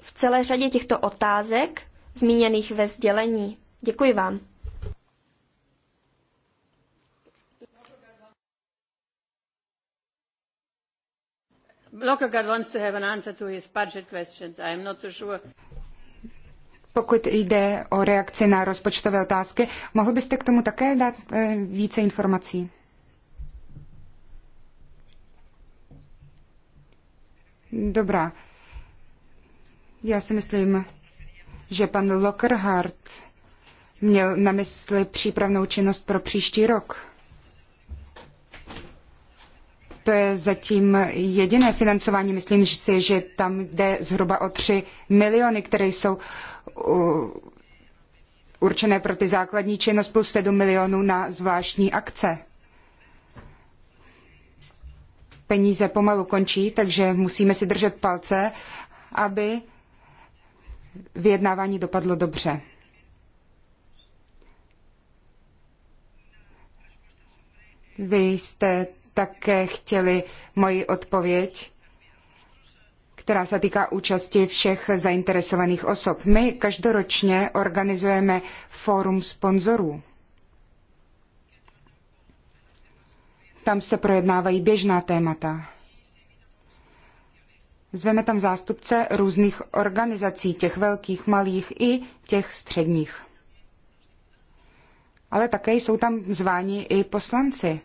v celé řadě těchto otázek zmíněných ve sdělení. Děkuji vám. Lockergard wants to have an answer to his budget questions. I am not so sure. Pokud jde o reakci na rozpočtové otázky, mohl byste k tomu také dát eh, více informací? Dobrá. Já si myslím, že pan Lockerhart měl na mysli přípravnou činnost pro příští rok. To je zatím jediné financování. Myslím že si, že tam jde zhruba o 3 miliony, které jsou určené pro ty základní činnost plus 7 milionů na zvláštní akce. Peníze pomalu končí, takže musíme si držet palce, aby vyjednávání dopadlo dobře. Vy jste také chtěli moji odpověď, která se týká účasti všech zainteresovaných osob. My každoročně organizujeme fórum sponzorů. Tam se projednávají běžná témata. Zveme tam zástupce různých organizací, těch velkých, malých i těch středních. Ale také jsou tam zváni i poslanci.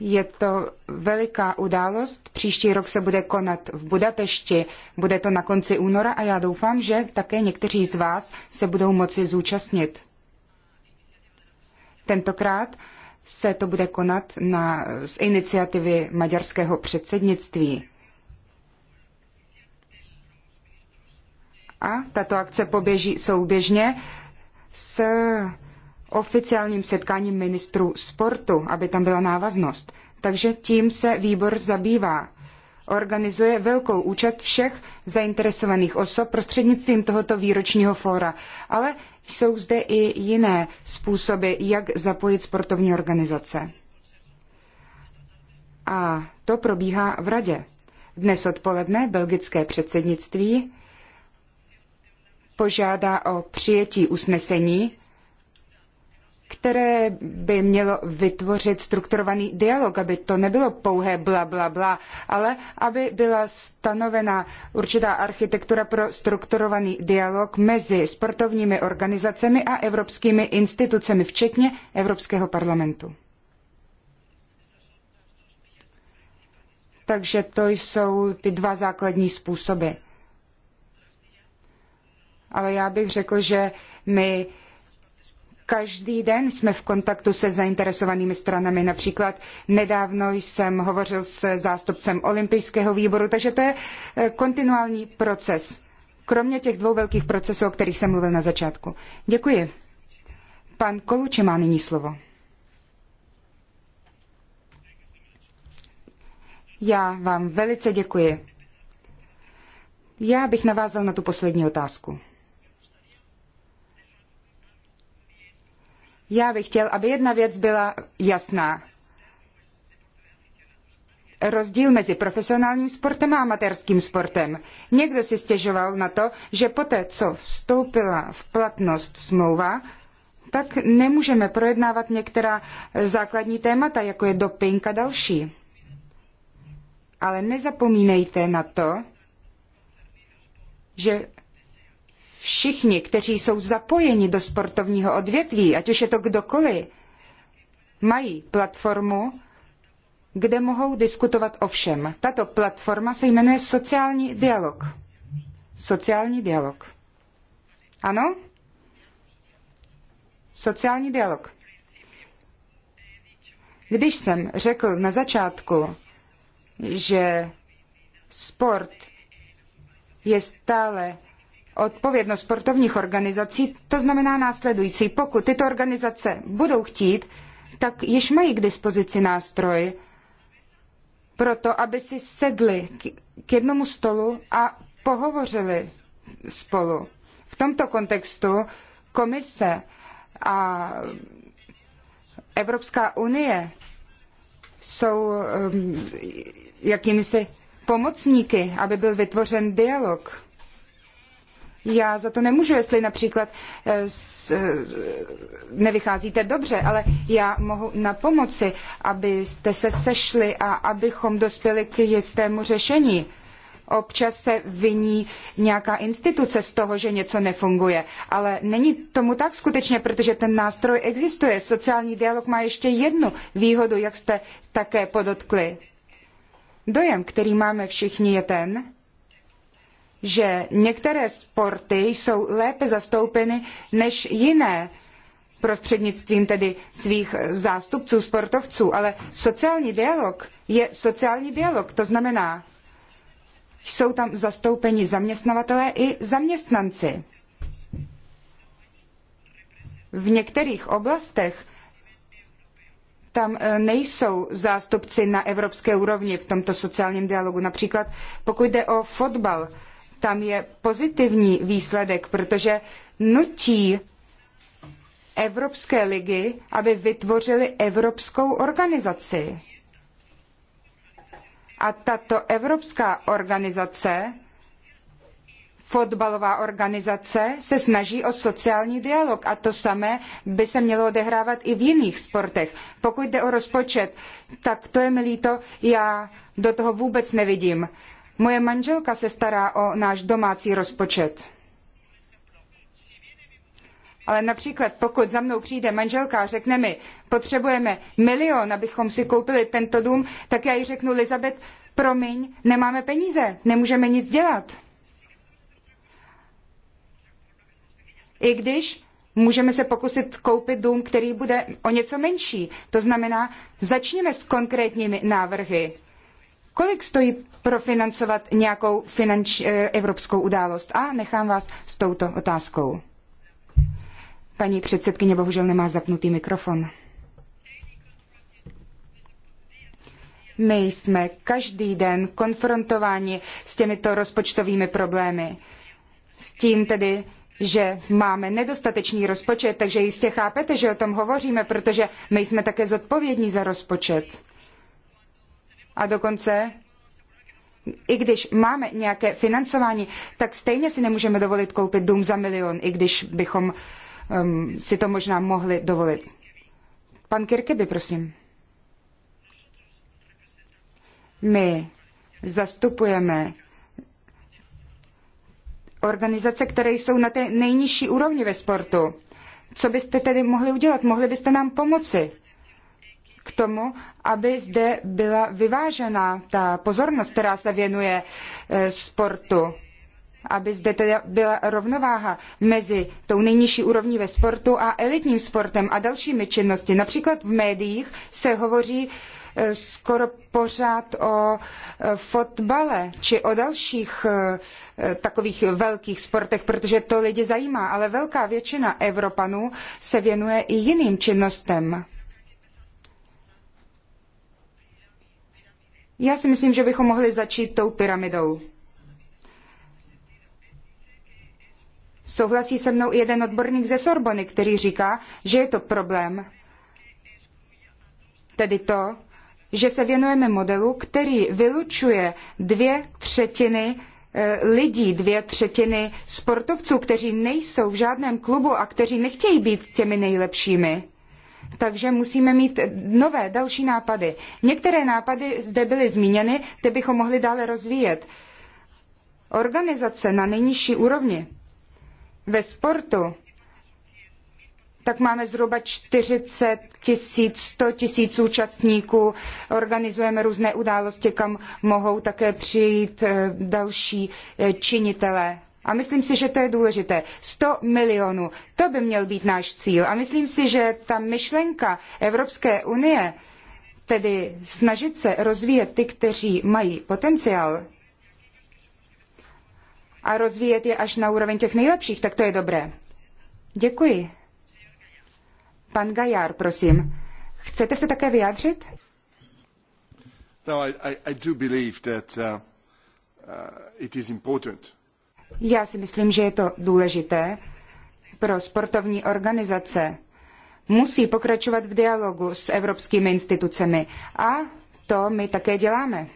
Je to veliká událost. Příští rok se bude konat v Budapešti. Bude to na konci února a já doufám, že také někteří z vás se budou moci zúčastnit. Tentokrát se to bude konat na, z iniciativy maďarského předsednictví. A tato akce poběží souběžně s oficiálním setkáním ministrů sportu, aby tam byla návaznost. Takže tím se výbor zabývá. Organizuje velkou účast všech zainteresovaných osob prostřednictvím tohoto výročního fóra. Ale jsou zde i jiné způsoby, jak zapojit sportovní organizace. A to probíhá v Radě. Dnes odpoledne belgické předsednictví požádá o přijetí usnesení, které by mělo vytvořit strukturovaný dialog, aby to nebylo pouhé bla, bla, bla, ale aby byla stanovena určitá architektura pro strukturovaný dialog mezi sportovními organizacemi a evropskými institucemi, včetně Evropského parlamentu. Takže to jsou ty dva základní způsoby. Ale já bych řekl, že my Každý den jsme v kontaktu se zainteresovanými stranami. Například nedávno jsem hovořil se zástupcem olympijského výboru, takže to je eh, kontinuální proces. Kromě těch dvou velkých procesů, o kterých jsem mluvil na začátku. Děkuji. Pan Koluče má nyní slovo. Já vám velice děkuji. Já bych navázal na tu poslední otázku. Já bych chtěl, aby jedna věc byla jasná. Rozdíl mezi profesionálním sportem a amatérským sportem. Někdo si stěžoval na to, že poté, co vstoupila v platnost smlouva, tak nemůžeme projednávat některá základní témata, jako je doping a další. Ale nezapomínejte na to, že všichni, kteří jsou zapojeni do sportovního odvětví, ať už je to kdokoliv, mají platformu, kde mohou diskutovat o všem. Tato platforma se jmenuje Sociální dialog. Sociální dialog. Ano? Sociální dialog. Když jsem řekl na začátku, že sport je stále odpovědnost sportovních organizací, to znamená následující. Pokud tyto organizace budou chtít, tak již mají k dispozici nástroj pro to, aby si sedli k jednomu stolu a pohovořili spolu. V tomto kontextu komise a Evropská unie jsou um, jakýmisi pomocníky, aby byl vytvořen dialog já za to nemůžu, jestli například eh, eh, nevycházíte dobře, ale já mohu na pomoci, abyste se sešli a abychom dospěli k jistému řešení. Občas se viní nějaká instituce z toho, že něco nefunguje, ale není tomu tak skutečně, protože ten nástroj existuje. Sociální dialog má ještě jednu výhodu, jak jste také podotkli. Dojem, který máme všichni, je ten, že některé sporty jsou lépe zastoupeny než jiné prostřednictvím tedy svých zástupců, sportovců, ale sociální dialog je sociální dialog, to znamená, jsou tam zastoupeni zaměstnavatelé i zaměstnanci. V některých oblastech tam e, nejsou zástupci na evropské úrovni v tomto sociálním dialogu. Například pokud jde o fotbal, tam je pozitivní výsledek, protože nutí Evropské ligy, aby vytvořili evropskou organizaci. A tato evropská organizace, fotbalová organizace, se snaží o sociální dialog a to samé by se mělo odehrávat i v jiných sportech. Pokud jde o rozpočet, tak to je mi líto, já do toho vůbec nevidím. Moje manželka se stará o náš domácí rozpočet. Ale například pokud za mnou přijde manželka a řekne mi, potřebujeme milion, abychom si koupili tento dům, tak já jí řeknu, Elizabeth, promiň, nemáme peníze, nemůžeme nic dělat. I když můžeme se pokusit koupit dům, který bude o něco menší. To znamená, začněme s konkrétními návrhy kolik stojí profinancovat nějakou finanč, eh, evropskou událost? A nechám vás s touto otázkou. Paní předsedkyně bohužel nemá zapnutý mikrofon. My jsme každý den konfrontováni s těmito rozpočtovými problémy. S tím tedy, že máme nedostatečný rozpočet, takže jistě chápete, že o tom hovoříme, protože my jsme také zodpovědní za rozpočet a dokonce i když máme nějaké financování, tak stejně si nemůžeme dovolit koupit dům za milion, i když bychom um, si to možná mohli dovolit. Pan Kirkeby, prosím. My zastupujeme organizace, které jsou na té nejnižší úrovni ve sportu. Co byste tedy mohli udělat? Mohli byste nám pomoci? k tomu, aby zde byla vyvážená ta pozornost, která se věnuje e, sportu aby zde teda byla rovnováha mezi tou nejnižší úrovní ve sportu a elitním sportem a dalšími činnostmi. Například v médiích se hovoří e, skoro pořád o e, fotbale či o dalších takových velkých sportech, protože to lidi zajímá, ale velká většina Evropanů se věnuje i jiným činnostem. Já si myslím, že bychom mohli začít tou pyramidou. Souhlasí se mnou i jeden odborník ze Sorbony, který říká, že je to problém. Tedy to, že se věnujeme modelu, který vylučuje dvě třetiny eh, lidí, dvě třetiny sportovců, kteří nejsou v žádném klubu a kteří nechtějí být těmi nejlepšími takže musíme mít nové, další nápady. Některé nápady zde byly zmíněny, ty bychom mohli dále rozvíjet. Organizace na nejnižší úrovni ve sportu, tak máme zhruba 40 tisíc, 100 tisíc účastníků, organizujeme různé události, kam mohou také přijít eh, další eh, činitelé a myslím si, že to je důležité. 100 milionů, to by měl být náš cíl. A myslím si, že ta myšlenka Evropské unie, tedy snažit se rozvíjet ty, kteří mají potenciál, a rozvíjet je až na úroveň těch nejlepších, tak to je dobré. Děkuji. Pan Gajar, prosím. Chcete se také vyjádřit? No, I, I, I do believe that uh, uh, it is important já si myslím, že je to důležité pro sportovní organizace. Musí pokračovat v dialogu s evropskými institucemi a to my také děláme.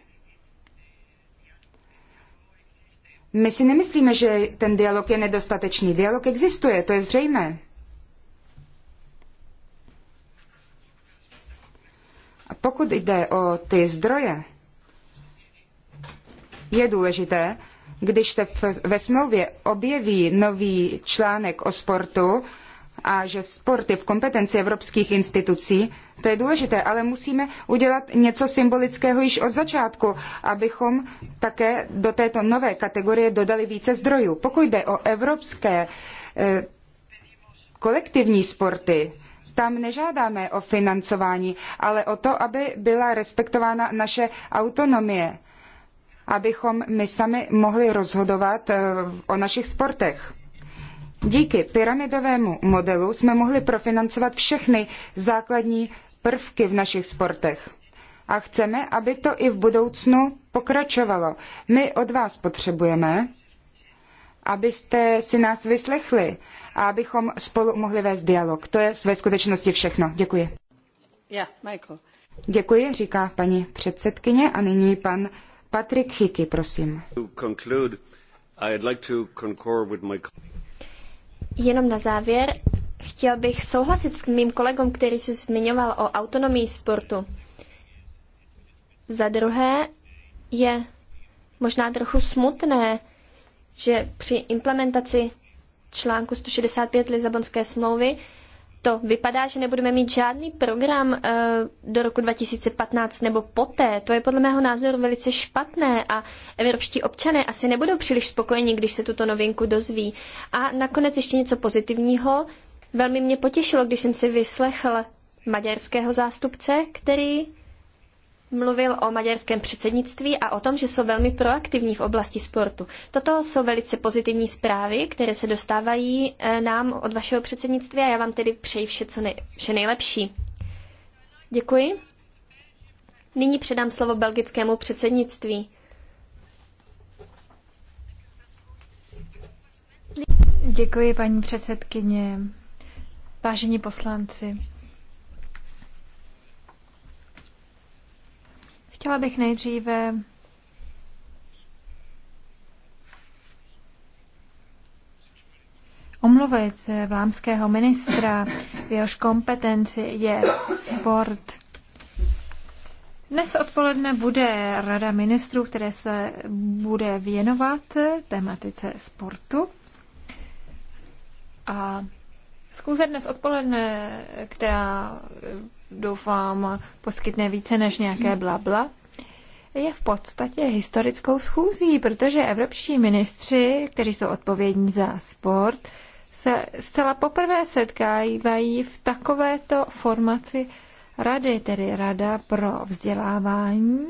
My si nemyslíme, že ten dialog je nedostatečný. Dialog existuje, to je zřejmé. A pokud jde o ty zdroje, je důležité, když se v, ve smlouvě objeví nový článek o sportu a že sport je v kompetenci evropských institucí, to je důležité, ale musíme udělat něco symbolického již od začátku, abychom také do této nové kategorie dodali více zdrojů. Pokud jde o evropské eh, kolektivní sporty, tam nežádáme o financování, ale o to, aby byla respektována naše autonomie abychom my sami mohli rozhodovat eh, o našich sportech. Díky pyramidovému modelu jsme mohli profinancovat všechny základní prvky v našich sportech. A chceme, aby to i v budoucnu pokračovalo. My od vás potřebujeme, abyste si nás vyslechli a abychom spolu mohli vést dialog. To je ve skutečnosti všechno. Děkuji. Yeah, Michael. Děkuji, říká paní předsedkyně a nyní pan Patrik prosím. Jenom na závěr, chtěl bych souhlasit s mým kolegom, který se zmiňoval o autonomii sportu. Za druhé je možná trochu smutné, že při implementaci článku 165 Lisabonské smlouvy to vypadá, že nebudeme mít žádný program eh, do roku 2015 nebo poté. To je podle mého názoru velice špatné a evropští občané asi nebudou příliš spokojeni, když se tuto novinku dozví. A nakonec ještě něco pozitivního. Velmi mě potěšilo, když jsem si vyslechl maďarského zástupce, který mluvil o maďarském předsednictví a o tom, že jsou velmi proaktivní v oblasti sportu. Toto jsou velice pozitivní zprávy, které se dostávají e, nám od vašeho předsednictví a já vám tedy přeji vše, co nej- vše nejlepší. Děkuji. Nyní předám slovo belgickému předsednictví. Děkuji, paní předsedkyně. Vážení poslanci, Chtěla bych nejdříve omluvit eh, vlámského ministra, v jehož kompetenci je sport. Dnes odpoledne bude Rada ministrů, které se bude věnovat tematice sportu. A zkouze dnes odpoledne, která doufám poskytne více než nějaké blabla, je v podstatě historickou schůzí, protože evropští ministři, kteří jsou odpovědní za sport, se zcela poprvé setkávají v takovéto formaci rady, tedy Rada pro vzdělávání,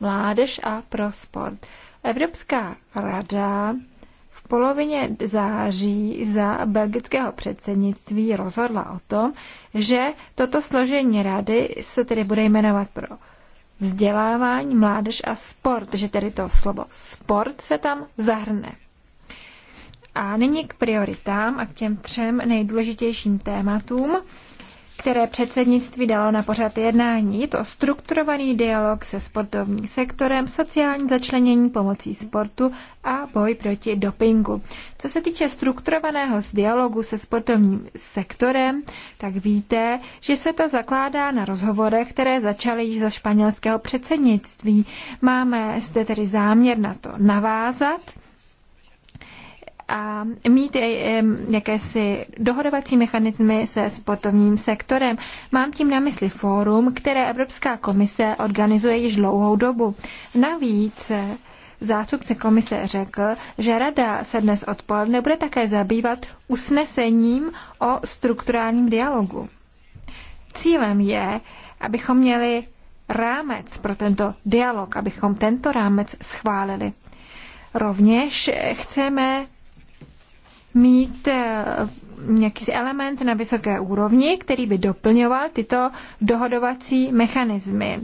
mládež a pro sport. Evropská rada polovině září za belgického předsednictví rozhodla o tom, že toto složení rady se tedy bude jmenovat pro vzdělávání, mládež a sport, že tedy to slovo sport se tam zahrne. A nyní k prioritám a k těm třem nejdůležitějším tématům, které předsednictví dalo na pořad jednání. Je to strukturovaný dialog se sportovním sektorem, sociální začlenění pomocí sportu a boj proti dopingu. Co se týče strukturovaného dialogu se sportovním sektorem, tak víte, že se to zakládá na rozhovorech, které začaly již za španělského předsednictví. Máme zde tedy záměr na to navázat a mít jakési dohodovací mechanismy se sportovním sektorem. Mám tím na mysli fórum, které Evropská komise organizuje již dlouhou dobu. Navíc eh, Zástupce komise řekl, že rada se dnes odpoledne bude také zabývat usnesením o strukturálním dialogu. Cílem je, abychom měli rámec pro tento dialog, abychom tento rámec schválili. Rovněž chceme mít eh, nějaký element na vysoké úrovni, který by doplňoval tyto dohodovací mechanismy.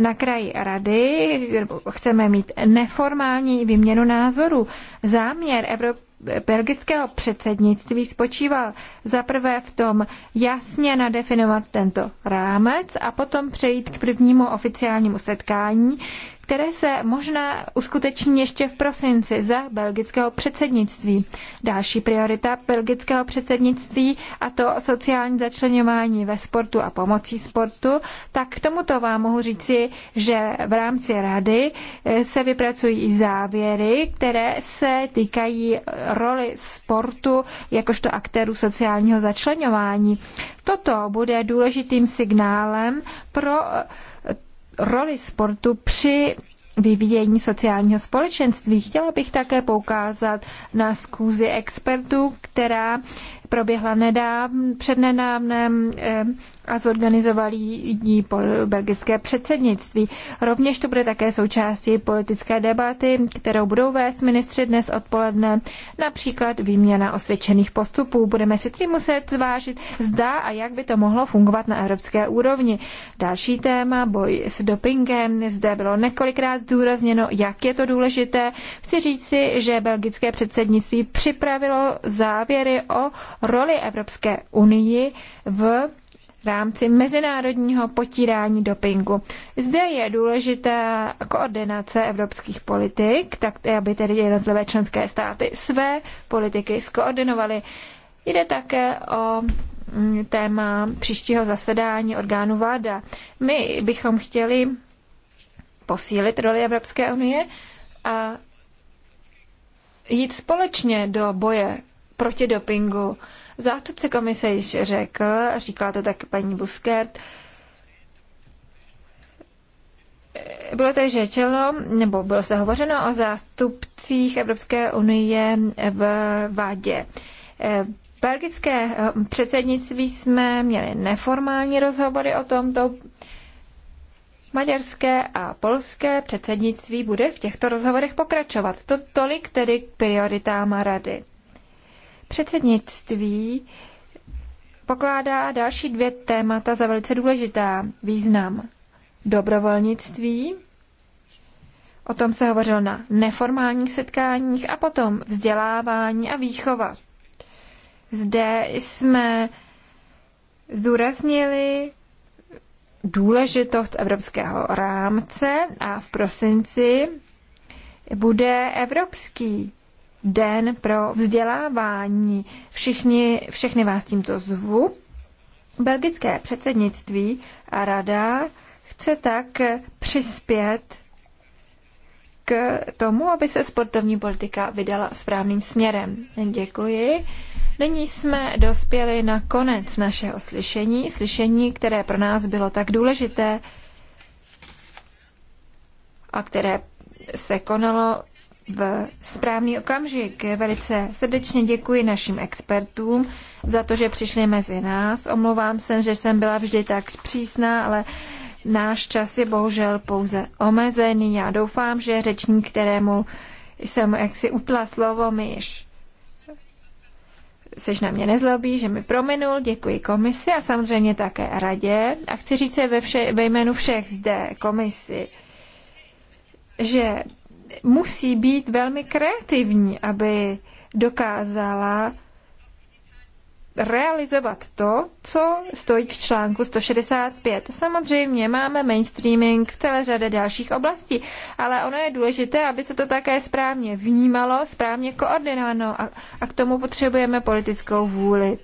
Na kraji rady chceme mít neformální výměnu názorů. Záměr Evropy belgického předsednictví spočíval zaprvé v tom jasně nadefinovat tento rámec a potom přejít k prvnímu oficiálnímu setkání, které se možná uskuteční ještě v prosinci za belgického předsednictví. Další priorita belgického předsednictví a to sociální začlenování ve sportu a pomocí sportu, tak k tomuto vám mohu říci, že v rámci rady e, se vypracují závěry, které se týkají roli sportu jakožto aktéru sociálního začlenování. Toto bude důležitým signálem pro roli sportu při vyvíjení sociálního společenství. Chtěla bych také poukázat na zkůzi expertů, která proběhla nedávn, před nedávnem eh, a zorganizoval ji belgické předsednictví. Rovněž to bude také součástí politické debaty, kterou budou vést ministři dnes odpoledne, například výměna osvědčených postupů. Budeme si tedy muset zvážit, zda a jak by to mohlo fungovat na evropské úrovni. Další téma, boj s dopingem, zde bylo několikrát zdůrazněno, jak je to důležité. Chci říct si, že belgické předsednictví připravilo závěry o roli Evropské unii v rámci mezinárodního potírání dopingu. Zde je důležitá koordinace evropských politik, tak aby tedy jednotlivé členské státy své politiky skoordinovaly. Jde také o mm, téma příštího zasedání orgánu vláda. My bychom chtěli posílit roli Evropské unie a jít společně do boje proti dopingu. Zástupce komise již řekl, říkala to tak paní Buskert, bylo tady řečeno, nebo bylo se hovořeno o zástupcích Evropské unie v vádě. Eh, belgické eh, předsednictví jsme měli neformální rozhovory o tomto. Maďarské a polské předsednictví bude v těchto rozhovorech pokračovat. To tolik tedy k prioritám rady. Předsednictví pokládá další dvě témata za velice důležitá. Význam dobrovolnictví, o tom se hovořilo na neformálních setkáních, a potom vzdělávání a výchova. Zde jsme zdůraznili důležitost evropského rámce a v prosinci bude evropský den pro vzdělávání. Všichni, všechny vás tímto zvu. Belgické předsednictví a rada chce tak přispět k tomu, aby se sportovní politika vydala správným směrem. Děkuji. Nyní jsme dospěli na konec našeho slyšení, slyšení, které pro nás bylo tak důležité a které se konalo v správný okamžik. Velice srdečně děkuji našim expertům za to, že přišli mezi nás. Omlouvám se, že jsem byla vždy tak přísná, ale náš čas je bohužel pouze omezený. Já doufám, že řečník, kterému jsem jaksi utla slovo, mi již sež na mě nezlobí, že mi prominul, děkuji komisi a samozřejmě také radě. A chci říct ve, vše, ve jménu všech zde komisi, že musí být velmi kreativní, aby dokázala realizovat to, co stojí v článku 165. Samozřejmě máme mainstreaming v celé řadě dalších oblastí, ale ono je důležité, aby se to také správně vnímalo, správně koordinováno a, a k tomu potřebujeme politickou vůli.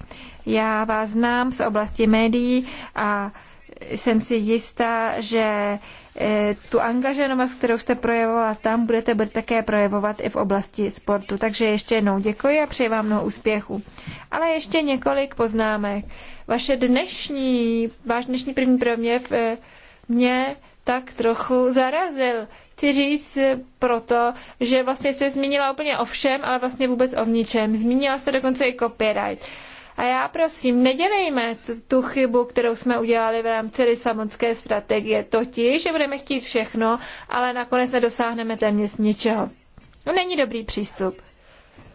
Já vás znám z oblasti médií a jsem si jistá, že e, tu angažovanost, kterou jste projevovala tam, budete také projevovat i v oblasti sportu. Takže ještě jednou děkuji a přeji vám mnoho úspěchu. Ale ještě několik poznámek. Vaše dnešní, váš dnešní první proměv e, mě tak trochu zarazil. Chci říct proto, že vlastně se zmínila úplně o všem, ale vlastně vůbec o ničem. Zmínila se dokonce i copyright. A já prosím, nedělejme tu chybu, kterou jsme udělali v rámci Lisabonské strategie, totiž, že budeme chtít všechno, ale nakonec nedosáhneme téměř ničeho. No, není dobrý přístup.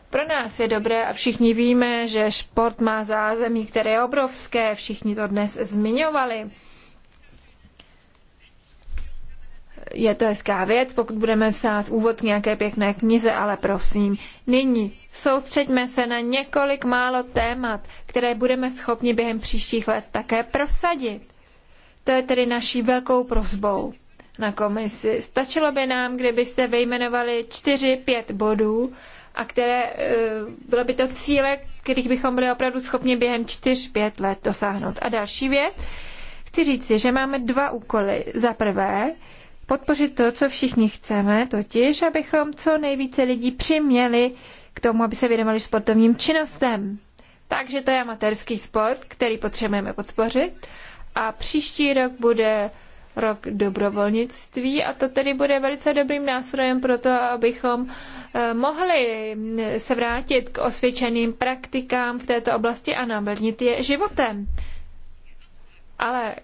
Pro nás je dobré a všichni víme, že šport má zázemí, které je obrovské, všichni to dnes zmiňovali. je to hezká věc, pokud budeme psát úvod k nějaké pěkné knize, ale prosím, nyní soustřeďme se na několik málo témat, které budeme schopni během příštích let také prosadit. To je tedy naší velkou prozbou na komisi. Stačilo by nám, kdybyste vyjmenovali čtyři, pět bodů, a které, e, bylo by to cíle, kterých bychom byli opravdu schopni během čtyř, pět let dosáhnout. A další věc, chci říci, že máme dva úkoly. Za prvé, podpořit to, co všichni chceme, totiž abychom co nejvíce lidí přiměli k tomu, aby se věnovali sportovním činnostem. Takže to je amatérský sport, který potřebujeme podpořit. A příští rok bude rok dobrovolnictví a to tedy bude velice dobrým nástrojem pro to, abychom eh, mohli eh, se vrátit k osvědčeným praktikám v této oblasti a naplnit je životem. Ale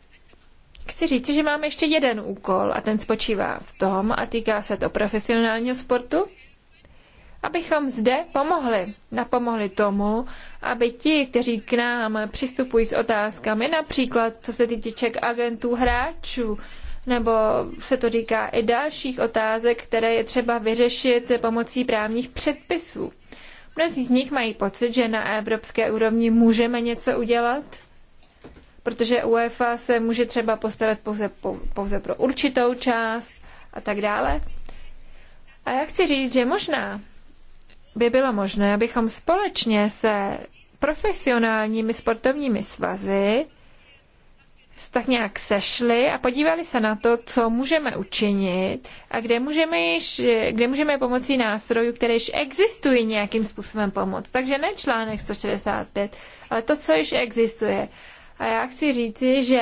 Chci říct, že máme ještě jeden úkol a ten spočívá v tom, a týká se to profesionálního sportu, abychom zde pomohli. Napomohli tomu, aby ti, kteří k nám přistupují s otázkami, například co se týče agentů hráčů, nebo se to říká i dalších otázek, které je třeba vyřešit pomocí právních předpisů. Mnozí z nich mají pocit, že na evropské úrovni můžeme něco udělat, protože UEFA se může třeba postarat pouze, pouze pro určitou část a tak dále. A já chci říct, že možná by bylo možné, abychom společně se profesionálními sportovními svazy tak nějak sešli a podívali se na to, co můžeme učinit a kde můžeme, již, kde můžeme pomocí nástrojů, které již existují nějakým způsobem pomoct. Takže ne článek 165, ale to, co již existuje. A já chci říci, že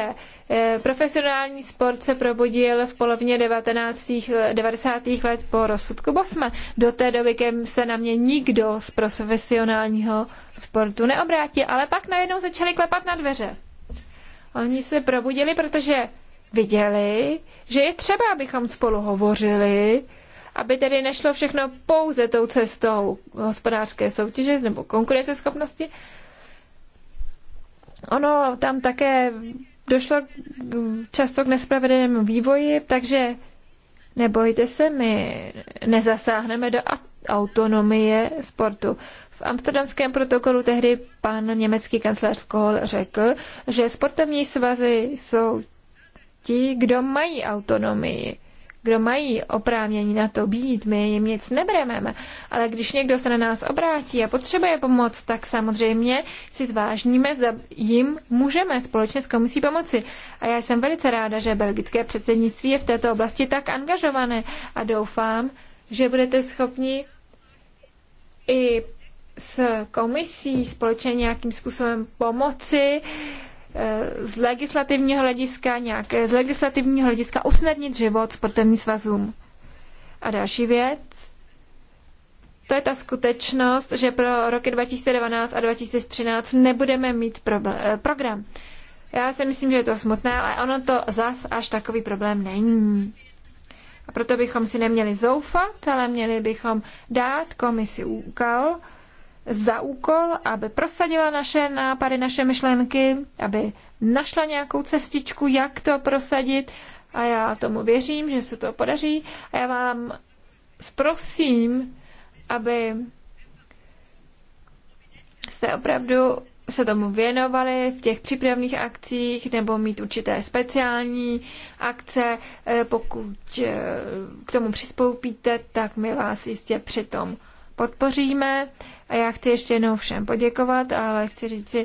eh, profesionální sport se probudil v polovině 19. 90. let po rozsudku Bosma. Do té doby kem se na mě nikdo z profesionálního sportu neobrátil, ale pak najednou začali klepat na dveře. Oni se probudili, protože viděli, že je třeba, abychom spolu hovořili, aby tedy nešlo všechno pouze tou cestou hospodářské soutěže nebo konkurenceschopnosti, ono tam také došlo často k nespravedlnému vývoji, takže nebojte se, my nezasáhneme do autonomie sportu. V amsterdamském protokolu tehdy pan německý kancléř Kohl řekl, že sportovní svazy jsou ti, kdo mají autonomii kdo mají oprávnění na to být, my jim nic nebrememe. Ale když někdo se na nás obrátí a potřebuje pomoc, tak samozřejmě si zvážníme, zda jim můžeme společně s komisí pomoci. A já jsem velice ráda, že belgické předsednictví je v této oblasti tak angažované a doufám, že budete schopni i s komisí společně nějakým způsobem pomoci Eh, z legislativního hlediska nějak, eh, z legislativního hlediska usnadnit život sportovním svazům. A další věc, to je ta skutečnost, že pro roky 2012 a 2013 nebudeme mít problém, eh, program. Já si myslím, že je to smutné, ale ono to zas až takový problém není. A proto bychom si neměli zoufat, ale měli bychom dát komisi úkol, za úkol, aby prosadila naše nápady, naše myšlenky, aby našla nějakou cestičku, jak to prosadit. A já tomu věřím, že se to podaří. A já vám zprosím, aby jste opravdu se tomu věnovali v těch přípravných akcích nebo mít určité speciální akce. E, pokud e, k tomu přispoupíte, tak my vás jistě přitom podpoříme. A já chci ještě jednou všem poděkovat, ale chci říct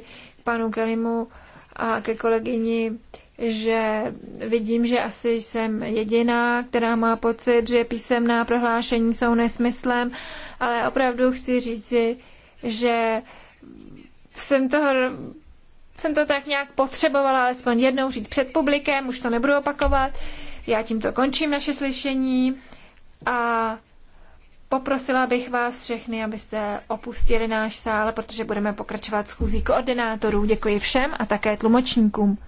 k panu Kelimu a ke kolegyni, že vidím, že asi jsem jediná, která má pocit, že písemná prohlášení jsou nesmyslem, ale opravdu chci říci, že jsem toho jsem to tak nějak potřebovala alespoň jednou říct před publikem, už to nebudu opakovat. Já tímto končím naše slyšení a Poprosila bych vás všechny, abyste opustili náš sál, protože budeme pokračovat schůzí koordinátorů. Děkuji všem a také tlumočníkům.